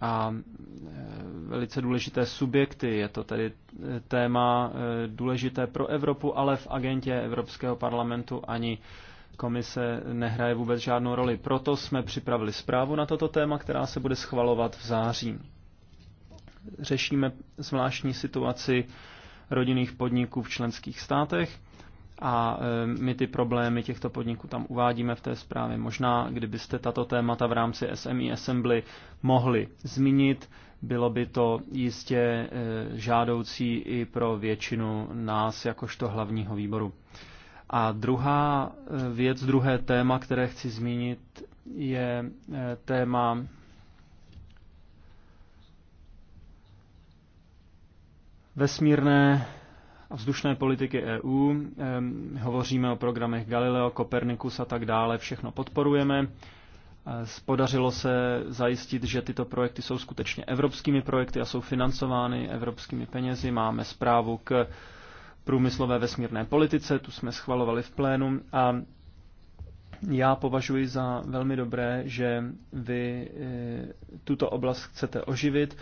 a e, velice důležité subjekty. Je to tedy e, téma e, důležité pro Evropu, ale v agentě Evropského parlamentu ani komise nehraje vůbec žádnou roli. Proto jsme připravili zprávu na toto téma, která se bude schvalovat v září řešíme zvláštní situaci rodinných podniků v členských státech a e, my ty problémy těchto podniků tam uvádíme v té zprávě. Možná, kdybyste tato témata v rámci SMI Assembly mohli zmínit, bylo by to jistě e, žádoucí i pro většinu nás jakožto hlavního výboru. A druhá e, věc, druhé téma, které chci zmínit, je téma vesmírné a vzdušné politiky EU. Hovoříme o programech Galileo, Copernicus a tak dále. Všechno podporujeme. E, podařilo se zajistit, že tyto projekty jsou skutečně evropskými projekty a jsou financovány evropskými penězi. Máme zprávu k průmyslové vesmírné politice, tu jsme schvalovali v plénu a já považuji za velmi dobré, že vy e, tuto oblast chcete oživit.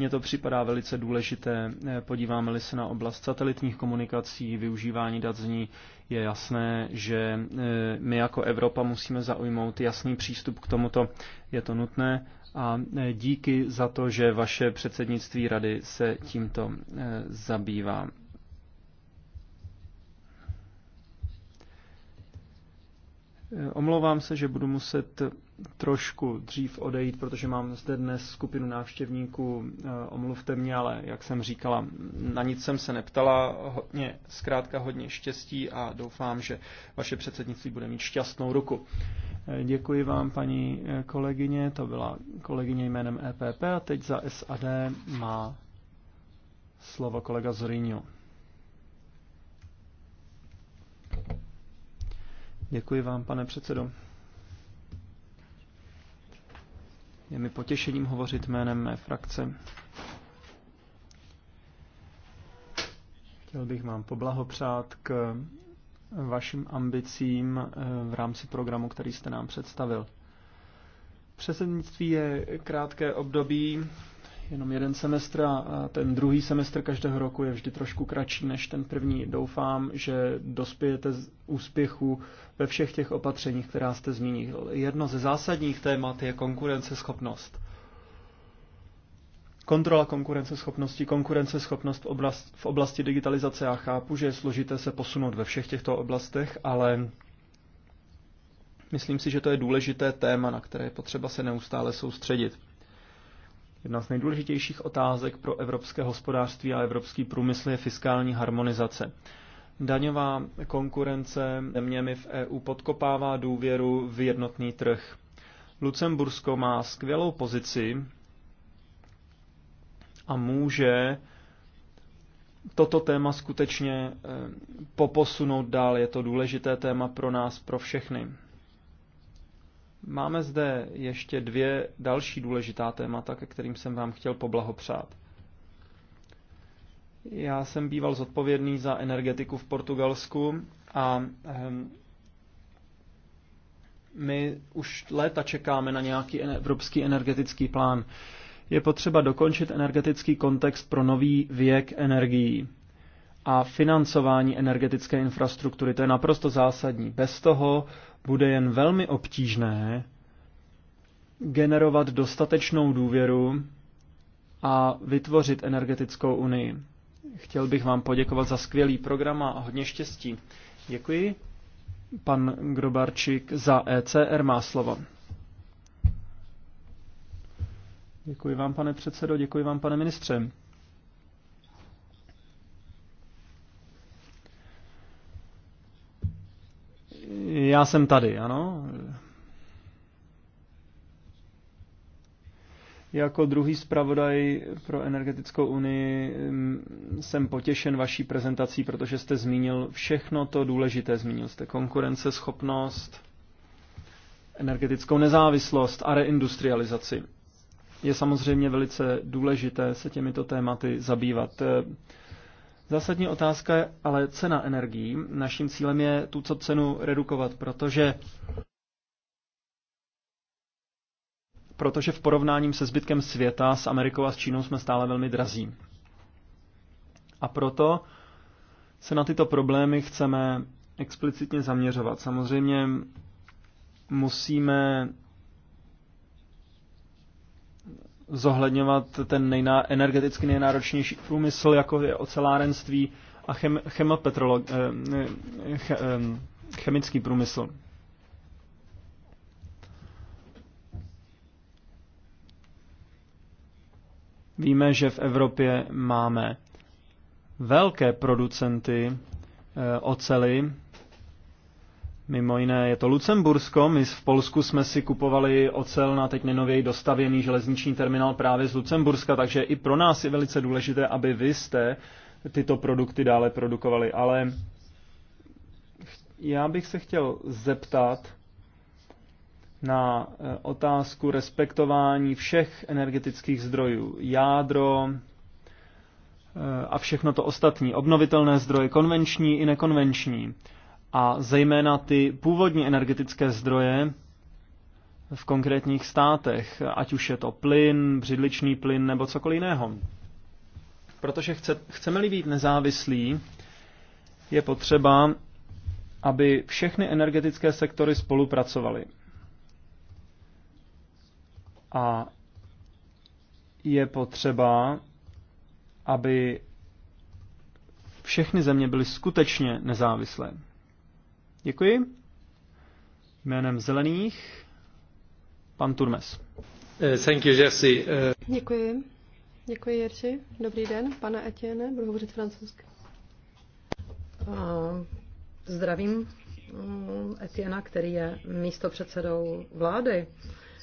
Mně to připadá velice důležité. Eh, podíváme-li se na oblast satelitních komunikací, využívání dat z ní, je jasné, že eh, my jako Evropa musíme zaujmout jasný přístup k tomuto. Je to nutné a eh, díky za to, že vaše předsednictví rady se tímto zabývá. Omlouvám se, že budu muset trošku dřív odejít, protože mám zde dnes skupinu návštěvníků. Eh, omluvte mě, ale jak jsem říkala, na nic jsem se neptala. Hodně, zkrátka hodně štěstí a doufám, že vaše předsednictví bude mít šťastnou ruku. Eh, děkuji vám, paní eh, kolegyně. To byla kolegyně jménem EPP a teď za SAD má slovo kolega Zorinio. Děkuji vám, pane předsedo. Je mi potěšením hovořit jménem mé frakce. Chtěl bych vám poblahopřát k vašim ambicím eh, v rámci programu, který jste nám představil. Předsednictví je krátké období, jenom jeden semestr a ten druhý semestr každého roku je vždy trošku kratší než ten první. Doufám, že dospějete z úspěchu ve všech těch opatřeních, která jste zmínil. Jedno ze zásadních témat je konkurenceschopnost. Kontrola konkurenceschopnosti, konkurenceschopnost v oblasti, v oblasti digitalizace. Já chápu, že je složité se posunout ve všech těchto oblastech, ale myslím si, že to je důležité téma, na které je potřeba se neustále soustředit. Jedna z nejdůležitějších otázek pro evropské hospodářství a evropský průmysl je fiskální harmonizace. Daňová konkurence zeměmi v EU podkopává důvěru v jednotný trh. Lucembursko má skvělou pozici a může toto téma skutečně eh, poposunout dál. Je to důležité téma pro nás, pro všechny. Máme zde ještě dvě další důležitá témata, ke kterým jsem vám chtěl poblahopřát. Já jsem býval zodpovědný za energetiku v Portugalsku a ehm, my už léta čekáme na nějaký evropský energetický plán. Je potřeba dokončit energetický kontext pro nový věk energií a financování energetické infrastruktury. To je naprosto zásadní. Bez toho bude jen velmi obtížné generovat dostatečnou důvěru a vytvořit energetickou unii. Chtěl bych vám poděkovat za skvělý program a hodně štěstí. Děkuji. Pan Grobarčík za ECR má slovo. Děkuji vám, pane předsedo, děkuji vám, pane ministře. Já jsem tady, ano. Jako druhý zpravodaj pro energetickou unii mm, jsem potěšen vaší prezentací, protože jste zmínil všechno to důležité. Zmínil jste konkurenceschopnost, energetickou nezávislost a reindustrializaci. Je samozřejmě velice důležité se těmito tématy zabývat. Zásadní otázka je ale cena energií. Naším cílem je tu co cenu redukovat, protože protože v porovnáním se zbytkem světa, s Amerikou a s Čínou jsme stále velmi drazí. A proto se na tyto problémy chceme explicitně zaměřovat. Samozřejmě musíme zohledňovat ten nejná, energeticky nejnáročnější průmysl, jako je ocelárenství a chem, chemopetrolo, eh, eh, che, eh, chemický průmysl. Víme, že v Evropě máme velké producenty ocely, Mimo jiné je to Lucembursko. My v Polsku jsme si kupovali ocel na teď nenověji dostavěný železniční terminál právě z Lucemburska, takže i pro nás je velice důležité, aby vy jste tyto produkty dále produkovali. Ale já bych se chtěl zeptat na eh, otázku respektování všech energetických zdrojů. Jádro, eh, a všechno to ostatní. Obnovitelné zdroje, konvenční i nekonvenční a zejména ty původní energetické zdroje v konkrétních státech, ať už je to plyn, břidličný plyn nebo cokoliv jiného. Protože chce, chceme-li být nezávislí, je potřeba, aby všechny energetické sektory spolupracovaly. A je potřeba, aby všechny země byly skutečně nezávislé. Děkuji. Jménem Zelených, pan Turmes. Eh, thank you, Jesse. Eh, Děkuji. Děkuji, Jerzy. Dobrý den, pane Etienne, budu hovořit francouzsky. Zdravím mm, Etiena, který je místo předsedou vlády.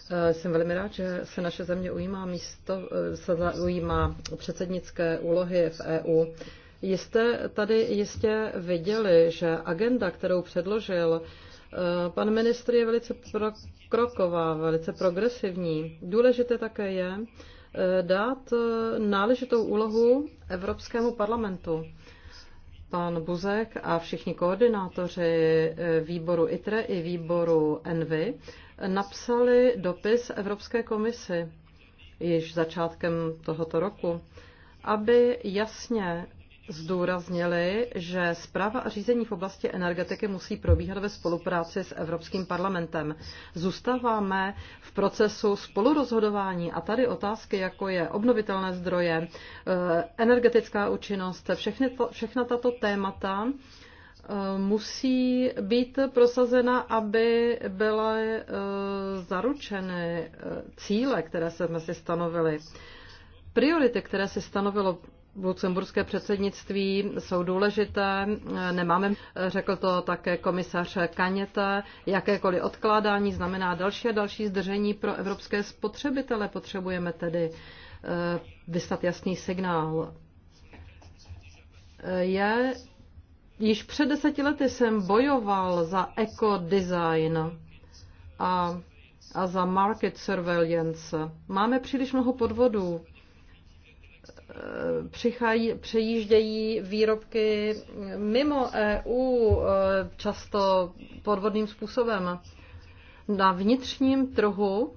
Eh, jsem velmi rád, že se naše země ujímá, místo, se ujímá předsednické úlohy v EU. Jste tady jistě viděli, že agenda, kterou předložil eh, pan ministr, je velice kroková, velice progresivní. Důležité také je eh, dát eh, náležitou úlohu Evropskému parlamentu. Pan Buzek a všichni koordinátoři výboru ITRE i výboru ENVY napsali dopis Evropské komisi již začátkem tohoto roku, aby jasně zdůraznili, že zpráva a řízení v oblasti energetiky musí probíhat ve spolupráci s Evropským parlamentem. Zůstáváme v procesu spolurozhodování a tady otázky, jako je obnovitelné zdroje, eh, energetická účinnost, všechny to, všechna tato témata eh, musí být prosazena, aby byly eh, zaručeny cíle, které jsme si stanovili. Priority, které si stanovilo lucemburské předsednictví jsou důležité. Nemáme, řekl to také komisař Kaněta, jakékoliv odkládání znamená další a další zdržení pro evropské spotřebitele. Potřebujeme tedy eh, vystat jasný signál. Eh, je, již před deseti lety jsem bojoval za ekodesign a, a za market surveillance. Máme příliš mnoho podvodů přichají, přejíždějí výrobky mimo EU e, často podvodným způsobem. Na vnitřním trhu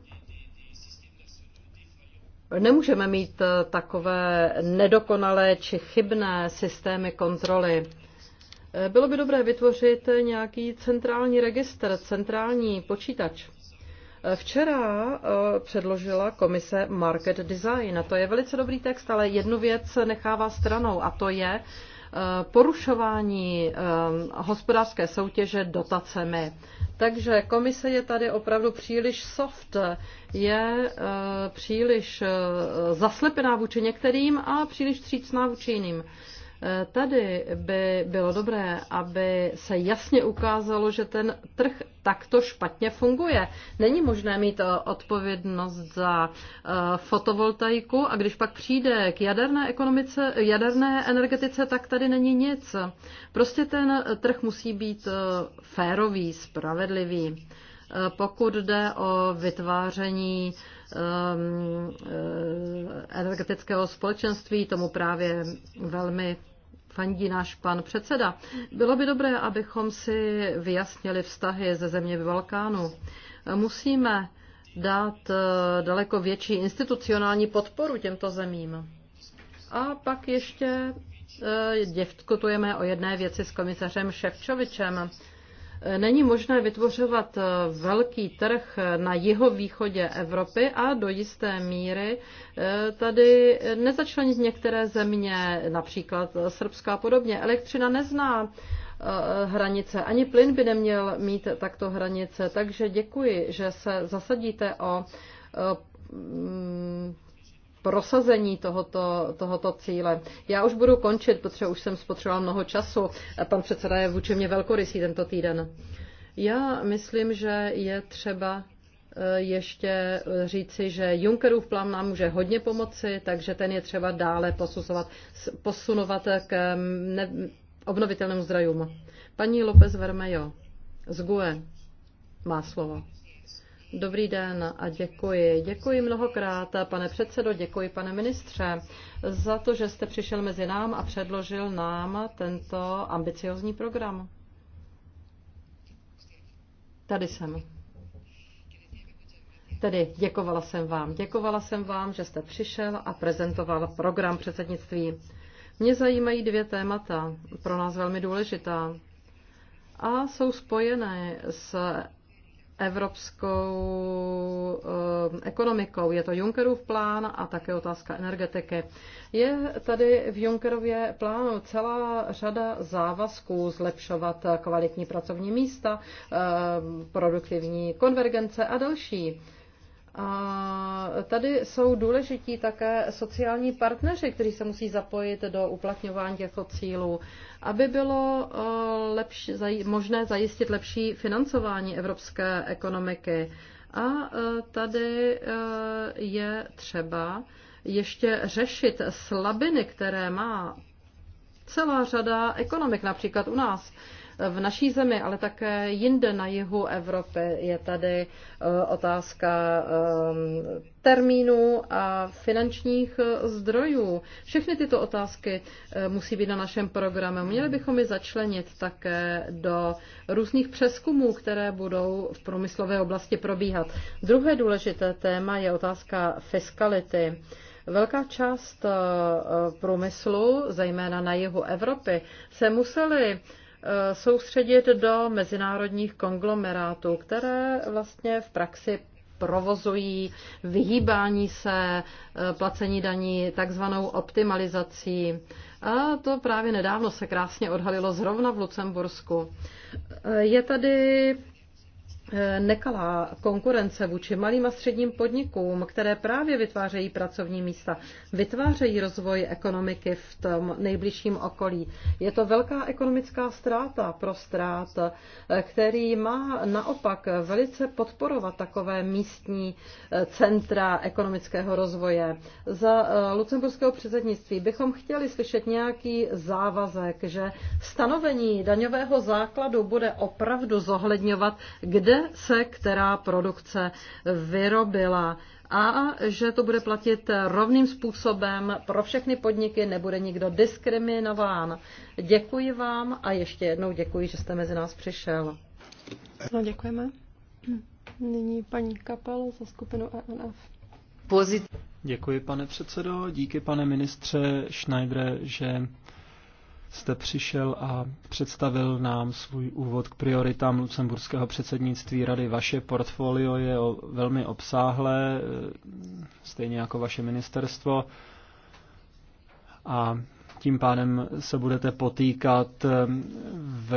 nemůžeme mít e, takové nedokonalé či chybné systémy kontroly. E, bylo by dobré vytvořit nějaký centrální registr, centrální počítač Včera eh, předložila komise Market Design. To je velice dobrý text, ale jednu věc nechává stranou a to je eh, porušování eh, hospodářské soutěže dotacemi. Takže komise je tady opravdu příliš soft, je příliš zaslepená vůči některým a příliš třícná vůči jiným. Tady by bylo dobré, aby se jasně ukázalo, že ten trh takto špatně funguje. Není možné mít eh, odpovědnost za eh, fotovoltaiku a když pak přijde k jaderné, ekonomice, jaderné energetice, tak tady není nic. Prostě ten trh musí být eh, férový, spravedlivý. Pokud jde o vytváření ehm, energetického společenství, tomu právě velmi fandí náš pan předseda. Bylo by dobré, abychom si vyjasnili vztahy ze země Balkánu. Musíme dát eh, daleko větší institucionální podporu těmto zemím. A pak ještě eh, diskutujeme o jedné věci s komisařem Ševčovičem. Není možné vytvořovat eh, velký trh na jihovýchodě Evropy a do jisté míry eh, tady nezačlenit některé země, například eh, Srbská a podobně. Elektřina nezná hranice. Ani plyn by neměl mít takto hranice. Takže děkuji, že se zasadíte o prosazení tohoto, tohoto cíle. Já už budu končit, protože už jsem spotřeboval mnoho času. Pan předseda je vůči mě velkorysý tento týden. Já myslím, že je třeba eh, ještě říci, že Junckerův plán nám může hodně pomoci, takže ten je třeba dále posuzovat, posunovat k mm, ne, obnovitelným zdrojům. Paní López Vermejo z GUE má slovo. Dobrý den a děkuji. Děkuji mnohokrát, pane předsedo, děkuji, pane ministře, za to, že jste přišel mezi nám a předložil nám tento ambiciozní program. Tady jsem. Tedy děkovala jsem vám. Děkovala jsem vám, že jste přišel a prezentoval program předsednictví. Mě zajímají dvě témata, pro nás velmi důležitá a jsou spojené s evropskou eh, ekonomikou. Je to Junckerův plán a také otázka energetiky. Je tady v Junckerově plánu celá řada závazků zlepšovat kvalitní pracovní místa, eh, produktivní konvergence a další. A tady jsou důležití také sociální partneři, kteří se musí zapojit do uplatňování těchto cílů, aby bylo eh, lepší, možné zajistit lepší financování evropské ekonomiky. A eh, tady eh, je třeba ještě řešit slabiny, které má celá řada ekonomik, například u nás v naší zemi, ale také jinde na jihu Evropy. Je tady eh, otázka eh, termínů a finančních eh, zdrojů. Všechny tyto otázky musí být na našem programu. Měli bychom je začlenit také do různých přeskumů, které budou v průmyslové oblasti probíhat. Druhé důležité téma je otázka fiskality. Velká část průmyslu, zejména na jihu Evropy, se museli Eh, soustředit do mezinárodních konglomerátů, které vlastně v praxi provozují vyhýbání se eh, placení daní takzvanou optimalizací. A to právě nedávno se krásně odhalilo zrovna v Lucembursku. Eh, je tady Eh, nekalá konkurence vůči malým a středním podnikům, které právě vytvářejí pracovní místa, vytvářejí rozvoj ekonomiky v tom nejbližším okolí. Je to velká ekonomická ztráta pro strát, eh, který má naopak velice podporovat takové místní eh, centra ekonomického rozvoje. Za lucemburského předsednictví bychom chtěli slyšet nějaký závazek, že stanovení daňového základu bude opravdu zohledňovat, kde se která produkce vyrobila a že to bude platit rovným způsobem pro všechny podniky, nebude nikdo diskriminován. Děkuji vám a ještě jednou děkuji, že jste mezi nás přišel. No, děkujeme. Nyní paní Kapel za skupinu ANF. E Pozit. Děkuji, pane předsedo. Díky, pane ministře Schneider, že jste přišel a představil nám svůj úvod k prioritám lucemburského předsednictví rady. Vaše portfolio je velmi obsáhlé, e, stejně jako vaše ministerstvo. A tím pádem se budete potýkat e, v,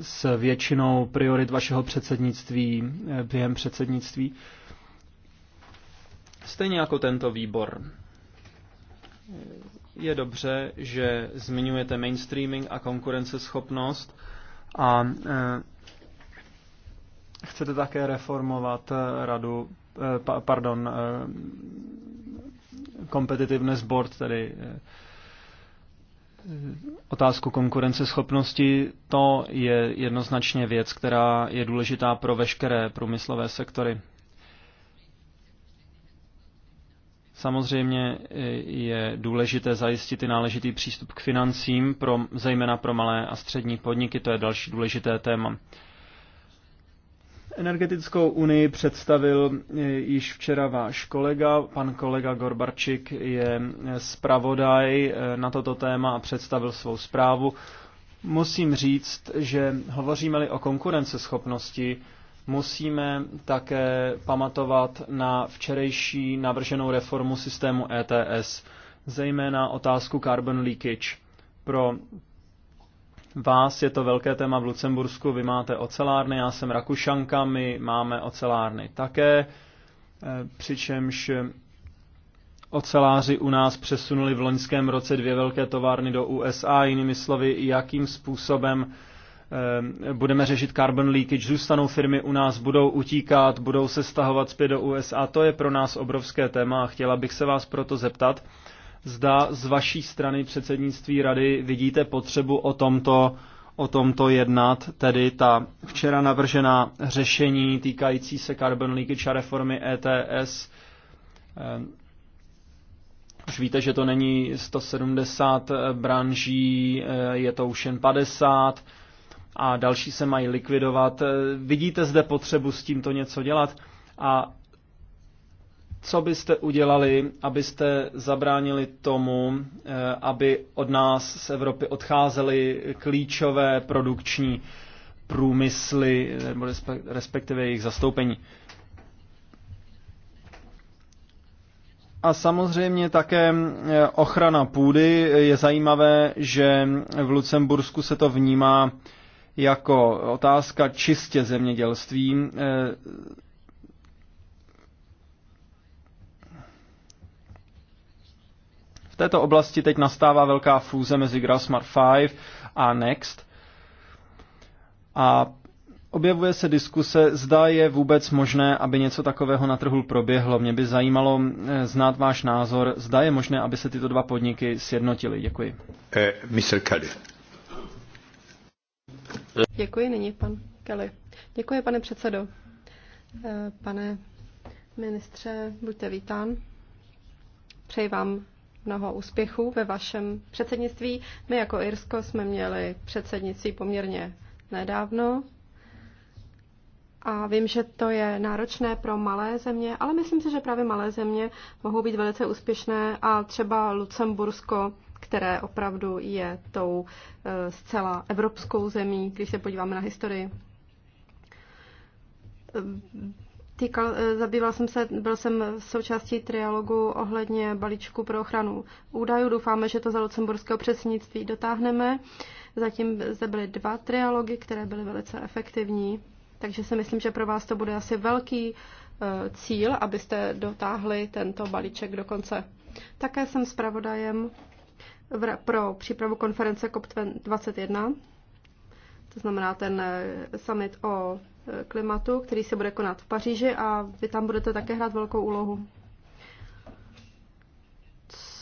s většinou priorit vašeho předsednictví e, během předsednictví. Stejně jako tento výbor je dobře, že zmiňujete mainstreaming a konkurenceschopnost a e, chcete také reformovat e, radu, e, pardon, competitiveness board, tedy otázku konkurenceschopnosti, to je jednoznačně věc, která je důležitá pro veškeré průmyslové sektory. Samozřejmě eh, je důležité zajistit i náležitý přístup k financím, pro, zejména pro malé a střední podniky, to je další důležité téma. Energetickou unii představil eh, již včera váš kolega. Pan kolega Gorbarčik je eh, zpravodaj na toto téma a představil svou zprávu. Musím říct, že hovoříme-li o konkurenceschopnosti, Musíme také pamatovat na včerejší navrženou reformu systému ETS, zejména otázku carbon leakage. Pro vás je to velké téma v Lucembursku, vy máte ocelárny, já jsem Rakušanka, my máme ocelárny také, eh, přičemž oceláři u nás přesunuli v loňském roce dvě velké továrny do USA, jinými slovy, jakým způsobem Eh, budeme řešit carbon leakage, zůstanou firmy u nás, budou utíkat, budou se stahovat zpět do USA. To je pro nás obrovské téma a chtěla bych se vás proto zeptat, zda z vaší strany předsednictví rady vidíte potřebu o tomto o tomto jednat, tedy ta včera navržená řešení týkající se carbon leakage a reformy ETS. Eh, už víte, že to není 170 eh, branží, je to už jen 50 a další se mají likvidovat. Eh, vidíte zde potřebu s tímto něco dělat? A co byste udělali, abyste zabránili tomu, eh, aby od nás z Evropy odcházely klíčové produkční průmysly, nebo respektive jejich zastoupení? A samozřejmě také eh, ochrana půdy. Je zajímavé, že v Lucembursku se to vnímá jako otázka čistě zemědělství. Eh, v této oblasti teď nastává velká fúze mezi Grasmar 5 a Next. A Objevuje se diskuse, zda je vůbec možné, aby něco takového na trhu proběhlo. Mě by zajímalo eh, znát váš názor, zda je možné, aby se tyto dva podniky sjednotily. Děkuji. Eh, Mr. Kelly. Děkuji, nyní pan Kelly. Děkuji, pane předsedo. Eh, pane ministře, buďte vítán. Přeji vám mnoho úspěchů ve vašem předsednictví. My jako Irsko jsme měli předsednictví poměrně nedávno. A vím, že to je náročné pro malé země, ale myslím si, že právě malé země mohou být velice úspěšné a třeba Lucembursko které opravdu je tou eh, zcela evropskou zemí, když se podíváme na historii. Týkal, eh, zabýval jsem se, byl jsem součástí trialogu ohledně balíčku pro ochranu údajů. Doufáme, že to za lucemburského předsednictví dotáhneme. Zatím zde byly dva trialogy, které byly velice efektivní. Takže si myslím, že pro vás to bude asi velký eh, cíl, abyste dotáhli tento balíček do konce. Také jsem zpravodajem v, pro přípravu konference COP21, to znamená ten eh, summit o eh, klimatu, který se bude konat v Paříži a vy tam budete také hrát velkou úlohu.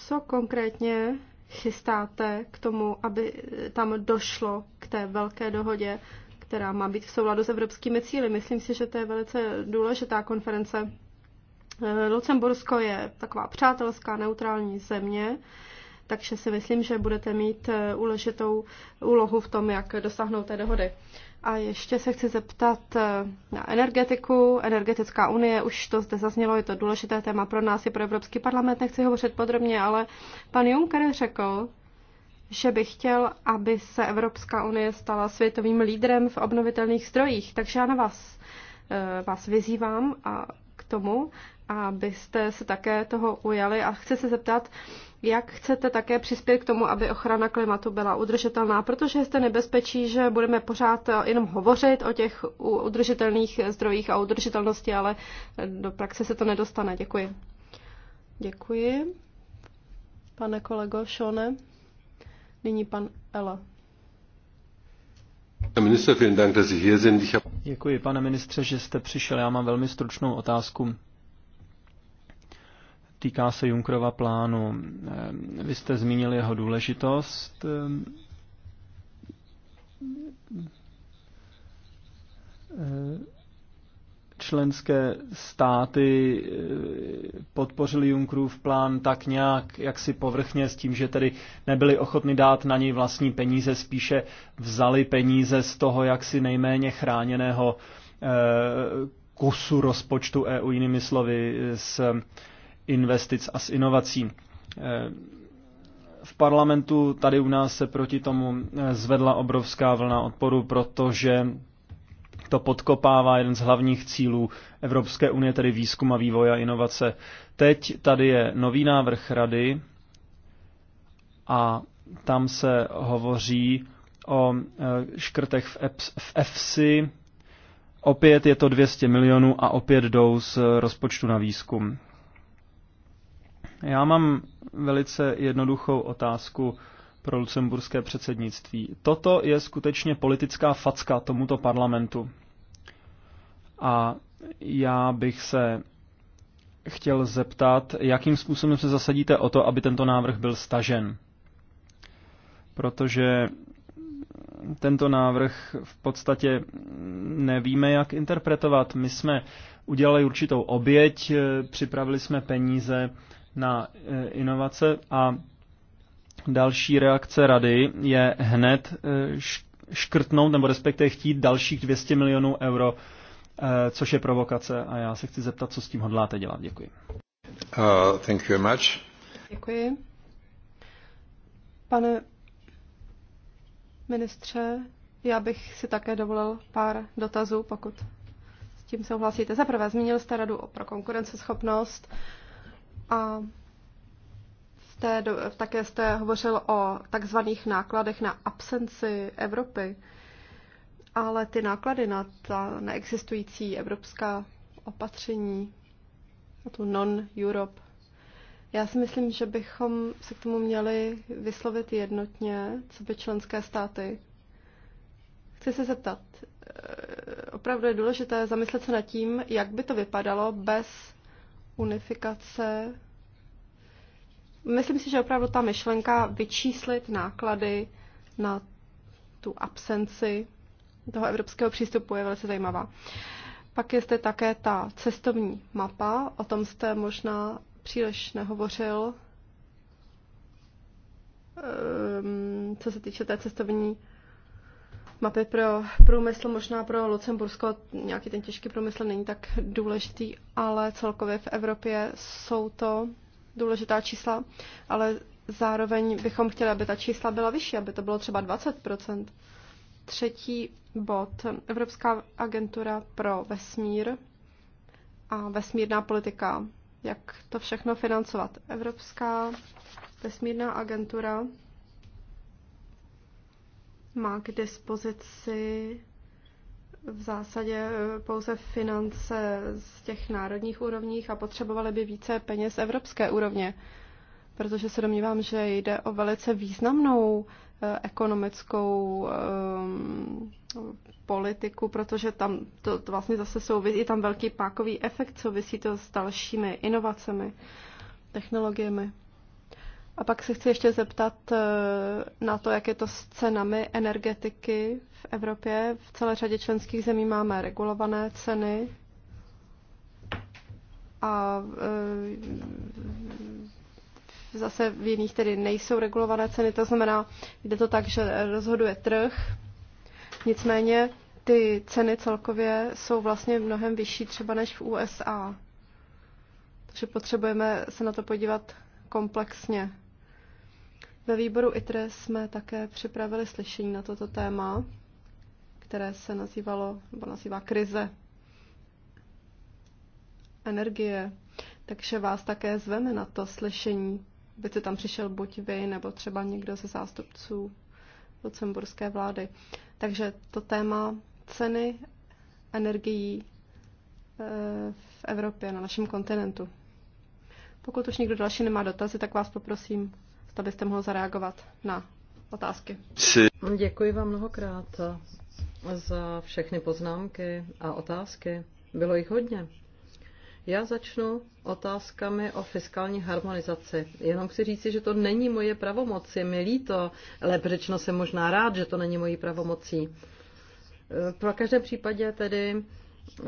Co konkrétně chystáte k tomu, aby eh, tam došlo k té velké dohodě, která má být v souladu s evropskými cíly? Myslím si, že to je velice důležitá konference. Lucembursko je taková přátelská, neutrální země, takže si myslím, že budete mít eh, uležitou úlohu v tom, jak dosáhnout té dohody. A ještě se chci zeptat eh, na energetiku. Energetická unie, už to zde zaznělo, je to důležité téma pro nás i pro Evropský parlament, nechci hovořit podrobně, ale pan Juncker řekl, že by chtěl, aby se Evropská unie stala světovým lídrem v obnovitelných zdrojích. Takže já na vás, eh, vás vyzývám a k tomu, abyste se také toho ujali a chci se zeptat, jak chcete také přispět k tomu, aby ochrana klimatu byla udržitelná, protože jste nebezpečí, že budeme pořád jenom hovořit o těch udržitelných zdrojích a udržitelnosti, ale do praxe se to nedostane. Děkuji. Děkuji. Pane kolego Šone. Nyní pan Ela. Děkuji, pane ministře, že jste přišel. Já mám velmi stručnou otázku. Týká se Junkrova plánu. Eh, vy jste zmínil jeho důležitost. Eh, členské státy eh, podpořili Junkrův plán tak nějak jaksi povrchně s tím, že tedy nebyli ochotni dát na něj vlastní peníze, spíše vzali peníze z toho jaksi nejméně chráněného kusu rozpočtu EU, jinými slovy z investic a s inovací. Eh, v parlamentu tady u nás se proti tomu eh, zvedla obrovská vlna odporu, protože to podkopává jeden z hlavních cílů Evropské unie, tedy výzkum a vývoj a inovace. Teď tady je nový návrh rady a tam se hovoří o eh, škrtech v, v EFSI. Opět je to 200 milionů a opět jdou z rozpočtu na výzkum. Já mám velice jednoduchou otázku pro lucemburské předsednictví. Toto je skutečně politická facka tomuto parlamentu. A já bych se chtěl zeptat, jakým způsobem se zasadíte o to, aby tento návrh byl stažen. Protože tento návrh v podstatě nevíme, jak interpretovat. My jsme udělali určitou oběť, připravili jsme peníze na eh, inovace a další reakce rady je hned eh, škrtnout nebo respektive chtít dalších 200 milionů euro, eh, což je provokace a já se chci zeptat, co s tím hodláte dělat. Děkuji. Uh, thank you very much. Děkuji. Pane ministře, já bych si také dovolil pár dotazů, pokud s tím souhlasíte. Za prvé, zmínil jste radu pro konkurenceschopnost. A jste, také jste hovořil o takzvaných nákladech na absenci Evropy, ale ty náklady na ta neexistující evropská opatření, na tu non-Europe, já si myslím, že bychom se k tomu měli vyslovit jednotně, co by členské státy. Chci se zeptat, eh, opravdu je důležité zamyslet se nad tím, jak by to vypadalo bez unifikace. Myslím si, že opravdu ta myšlenka vyčíslit náklady na tu absenci toho evropského přístupu je velice zajímavá. Pak je zde také ta cestovní mapa, o tom jste možná příliš nehovořil, ehm, co se týče té cestovní mapy pro průmysl, možná pro Lucembursko nějaký ten těžký průmysl není tak důležitý, ale celkově v Evropě jsou to důležitá čísla, ale zároveň bychom chtěli, aby ta čísla byla vyšší, aby to bylo třeba 20%. Třetí bod. Evropská agentura pro vesmír a vesmírná politika. Jak to všechno financovat? Evropská vesmírná agentura má k dispozici v zásadě e, pouze finance z těch národních úrovních a potřebovali by více peněz evropské úrovně, protože se domnívám, že jde o velice významnou e, ekonomickou um, politiku, protože tam to, to vlastně zase souvisí, tam velký pákový efekt, souvisí to s dalšími inovacemi, technologiemi. A pak se chci ještě zeptat eh, na to, jak je to s cenami energetiky v Evropě. V celé řadě členských zemí máme regulované ceny a eh, zase v jiných tedy nejsou regulované ceny. To znamená, jde to tak, že rozhoduje trh. Nicméně ty ceny celkově jsou vlastně mnohem vyšší třeba než v USA. Takže potřebujeme se na to podívat komplexně. Ve výboru ITRE jsme také připravili slyšení na toto téma, které se nazývalo, nebo nazývá krize energie. Takže vás také zveme na to slyšení. se tam přišel buď vy, nebo třeba někdo ze zástupců lucemburské vlády. Takže to téma ceny energií eh, v Evropě, na našem kontinentu. Pokud už někdo další nemá dotazy, tak vás poprosím zda byste mohl zareagovat na otázky. Děkuji vám mnohokrát za všechny poznámky a otázky. Bylo jich hodně. Já začnu otázkami o fiskální harmonizaci. Jenom chci říci, že to není moje pravomoci. milí líto, ale řečeno jsem možná rád, že to není mojí pravomocí. Pro každém případě tedy eh,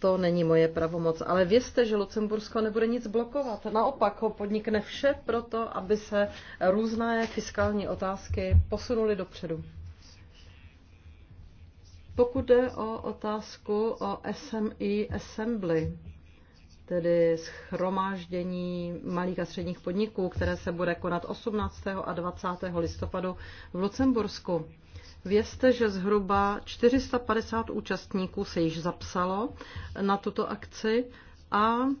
to není moje pravomoc. Ale vězte, že Lucembursko nebude nic blokovat. Naopak ho podnikne vše proto, aby se různé fiskální otázky posunuly dopředu. Pokud jde o otázku o SMI Assembly, tedy schromáždění malých a středních podniků, které se bude konat 18. a 20. listopadu v Lucembursku. Vězte, že zhruba 450 účastníků se již zapsalo na tuto akci a e,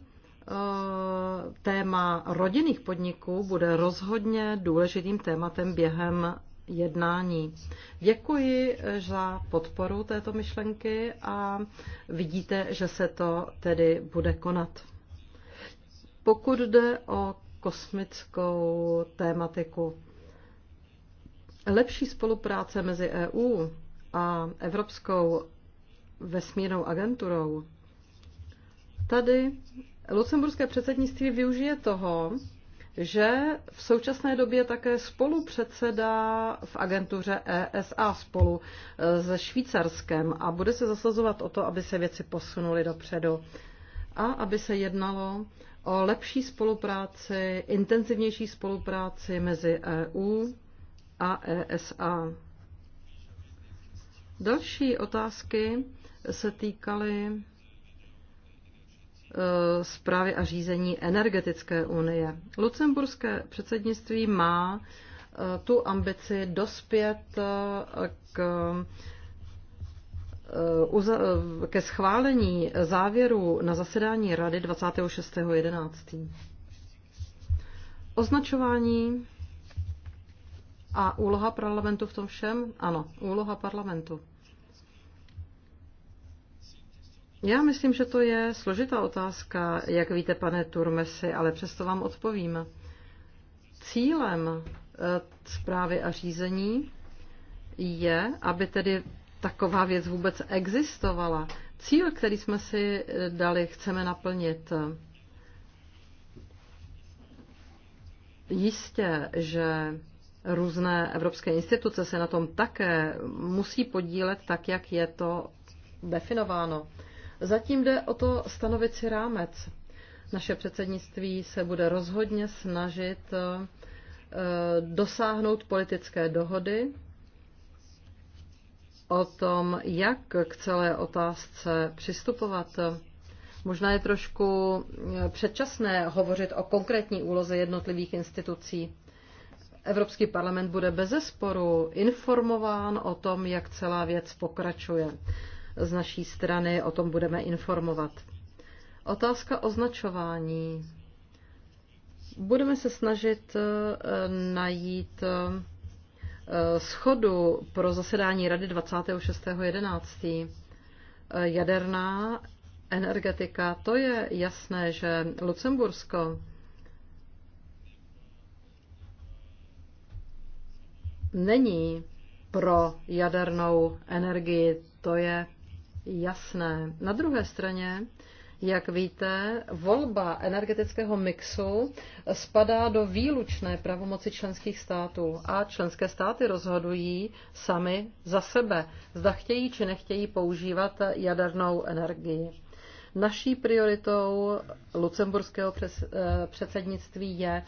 téma rodinných podniků bude rozhodně důležitým tématem během jednání. Děkuji e, za podporu této myšlenky a vidíte, že se to tedy bude konat. Pokud jde o kosmickou tématiku, Lepší spolupráce mezi EU a Evropskou vesmírnou agenturou. Tady lucemburské předsednictví využije toho, že v současné době také spolu předsedá v agentuře ESA spolu eh, se Švýcarskem a bude se zasazovat o to, aby se věci posunuly dopředu a aby se jednalo o lepší spolupráci, intenzivnější spolupráci mezi EU a ESA. Další otázky se týkaly e, zprávy a řízení energetické unie. Lucemburské předsednictví má e, tu ambici dospět e, k, ke schválení závěru na zasedání Rady 26.11. Označování a úloha parlamentu v tom všem? Ano, úloha parlamentu. Já myslím, že to je složitá otázka, jak víte, pane Turmesi, ale přesto vám odpovím. Cílem eh, zprávy a řízení je, aby tedy taková věc vůbec existovala. Cíl, který jsme si eh, dali, chceme naplnit. Jistě, že Různé evropské instituce se na tom také musí podílet tak, jak je to definováno. Zatím jde o to stanovit si rámec. Naše předsednictví se bude rozhodně snažit eh, dosáhnout politické dohody o tom, jak k celé otázce přistupovat. Možná je trošku eh, předčasné hovořit o konkrétní úloze jednotlivých institucí. Evropský parlament bude bezesporu informován o tom, jak celá věc pokračuje. Z naší strany o tom budeme informovat. Otázka označování. Budeme se snažit eh, najít eh, schodu pro zasedání Rady 26.11. Eh, jaderná energetika, to je jasné, že Lucembursko není pro jadernou energii, to je jasné. Na druhé straně, jak víte, volba energetického mixu spadá do výlučné pravomoci členských států a členské státy rozhodují sami za sebe, zda chtějí či nechtějí používat jadernou energii. Naší prioritou lucemburského eh, předsednictví je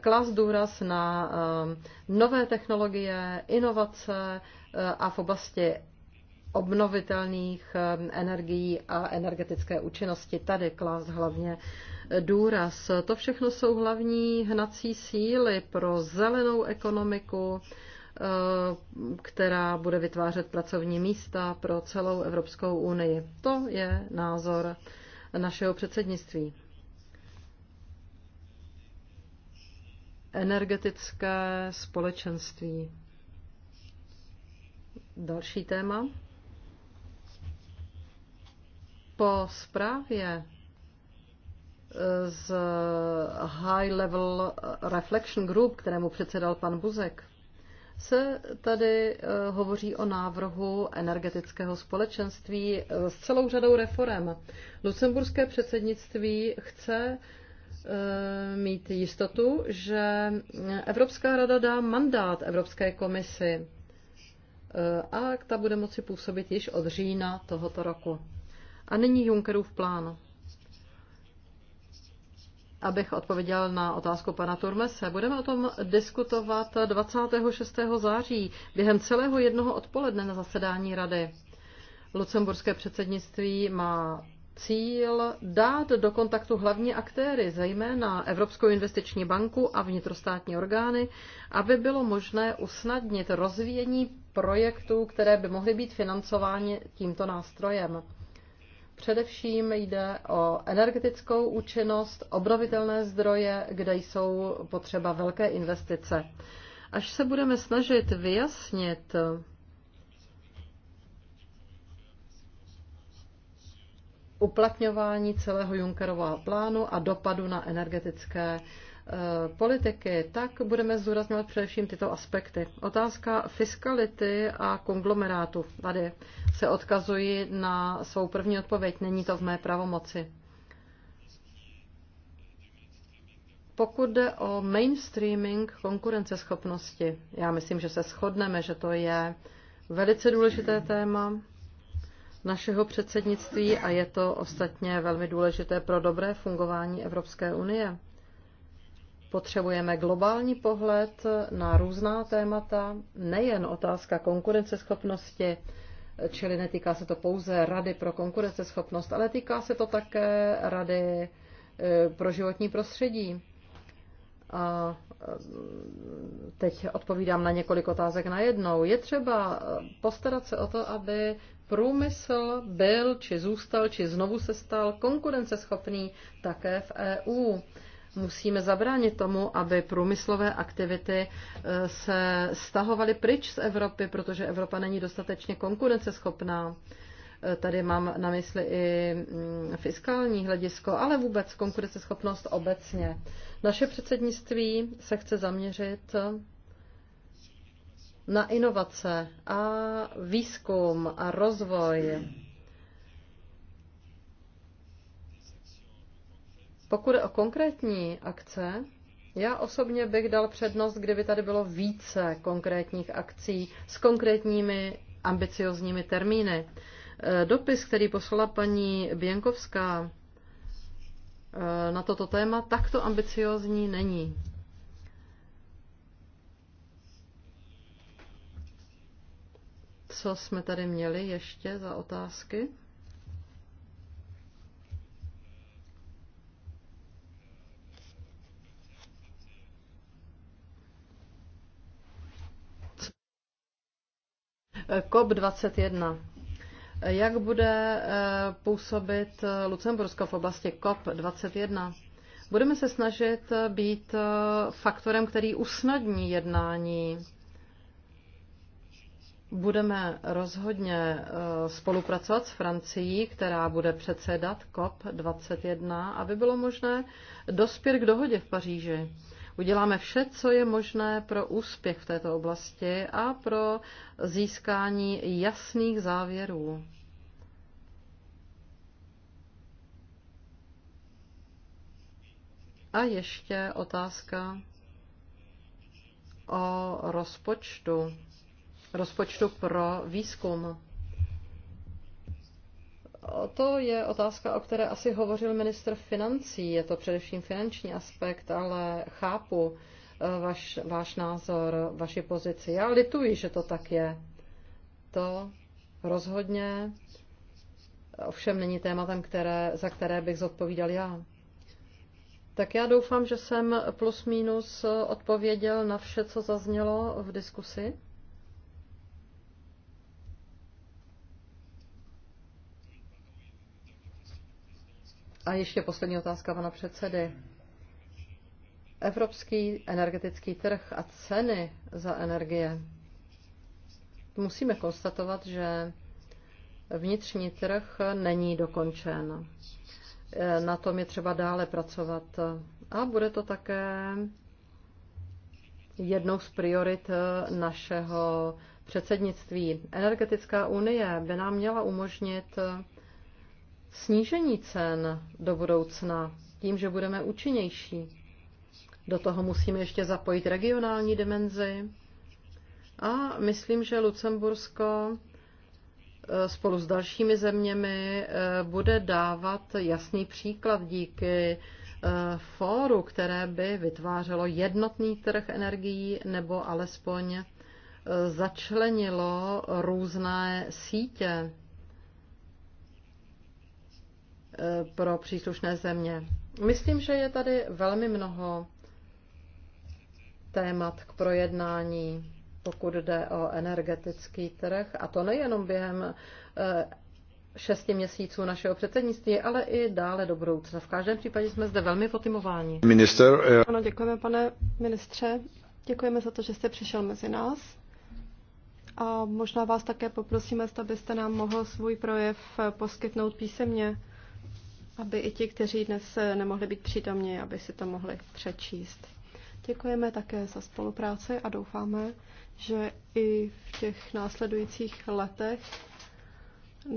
klas důraz na eh, nové technologie, inovace eh, a v oblasti obnovitelných energií a energetické účinnosti. Tady klas hlavně důraz. To všechno jsou hlavní hnací síly pro zelenou ekonomiku, Eh, která bude vytvářet pracovní místa pro celou Evropskou unii. To je názor našeho předsednictví. Energetické společenství. Další téma. Po zprávě eh, z High Level Reflection Group, kterému předsedal pan Buzek, se tady eh, hovoří o návrhu energetického společenství eh, s celou řadou reform. Lucemburské předsednictví chce eh, mít jistotu, že Evropská rada dá mandát Evropské komisi a ta bude moci působit již od října tohoto roku. A nyní Junckerův plán. Abych odpověděl na otázku pana Turmese, budeme o tom diskutovat 26. září během celého jednoho odpoledne na zasedání rady. Lucemburské předsednictví má cíl dát do kontaktu hlavní aktéry, zejména Evropskou investiční banku a vnitrostátní orgány, aby bylo možné usnadnit rozvíjení projektů, které by mohly být financovány tímto nástrojem. Především jde o energetickou účinnost, obnovitelné zdroje, kde jsou potřeba velké investice. Až se budeme snažit vyjasnit, uplatňování celého Junckerova plánu a dopadu na energetické Eh, politiky, tak budeme zdůrazňovat především tyto aspekty. Otázka fiskality a konglomerátu. Tady se odkazuji na svou první odpověď. Není to v mé pravomoci. Pokud jde o mainstreaming konkurenceschopnosti, já myslím, že se shodneme, že to je velice důležité téma našeho předsednictví a je to ostatně velmi důležité pro dobré fungování Evropské unie. Potřebujeme globální pohled na různá témata, nejen otázka konkurenceschopnosti, čili netýká se to pouze Rady pro konkurenceschopnost, ale týká se to také Rady eh, pro životní prostředí. A eh, teď odpovídám na několik otázek na jednou. Je třeba eh, postarat se o to, aby průmysl byl, či zůstal, či znovu se stal konkurenceschopný také v EU. Musíme zabránit tomu, aby průmyslové aktivity e, se stahovaly pryč z Evropy, protože Evropa není dostatečně konkurenceschopná. E, tady mám na mysli i mm, fiskální hledisko, ale vůbec konkurenceschopnost obecně. Naše předsednictví se chce zaměřit na inovace a výzkum a rozvoj Pokud je o konkrétní akce, já osobně bych dal přednost, kdyby tady bylo více konkrétních akcí s konkrétními ambiciozními termíny. E, dopis, který poslala paní Běnkovská e, na toto téma, takto ambiciozní není. Co jsme tady měli ještě za otázky? COP21. Jak bude eh, působit Lucembursko v oblasti COP21? Budeme se snažit eh, být eh, faktorem, který usnadní jednání. Budeme rozhodně spolupracovat s Francií, která bude předsedat COP21, aby bylo možné dospět k dohodě v Paříži uděláme vše, co je možné pro úspěch v této oblasti a pro získání jasných závěrů. A ještě otázka o rozpočtu, rozpočtu pro výzkum. To je otázka, o které asi hovořil ministr financí. Je to především finanční aspekt, ale chápu eh, vaš, váš názor, vaši pozici. Já lituji, že to tak je. To rozhodně ovšem není tématem, které, za které bych zodpovídal já. Tak já doufám, že jsem plus minus odpověděl na vše, co zaznělo v diskusi. A ještě poslední otázka pana předsedy. Evropský energetický trh a ceny za energie. Musíme konstatovat, že vnitřní trh není dokončen. Na tom je třeba dále pracovat. A bude to také jednou z priorit našeho předsednictví. Energetická unie by nám měla umožnit snížení cen do budoucna tím, že budeme účinnější. Do toho musíme ještě zapojit regionální dimenzi. A myslím, že Lucembursko eh, spolu s dalšími zeměmi eh, bude dávat jasný příklad díky eh, fóru, které by vytvářelo jednotný trh energií nebo alespoň začlenilo různé sítě Eh, pro příslušné země. Myslím, že je tady velmi mnoho témat k projednání, pokud jde o energetický trh, a to nejenom během eh, šesti měsíců našeho předsednictví, ale i dále do budoucna. V každém případě jsme zde velmi potimováni. Minister, uh... Ano, děkujeme, pane ministře. Děkujeme za to, že jste přišel mezi nás. A možná vás také poprosíme, abyste nám mohl svůj projev poskytnout písemně aby i ti, kteří dnes eh, nemohli být přítomní, aby si to mohli přečíst. Děkujeme také za spolupráci a doufáme, že i v těch následujících letech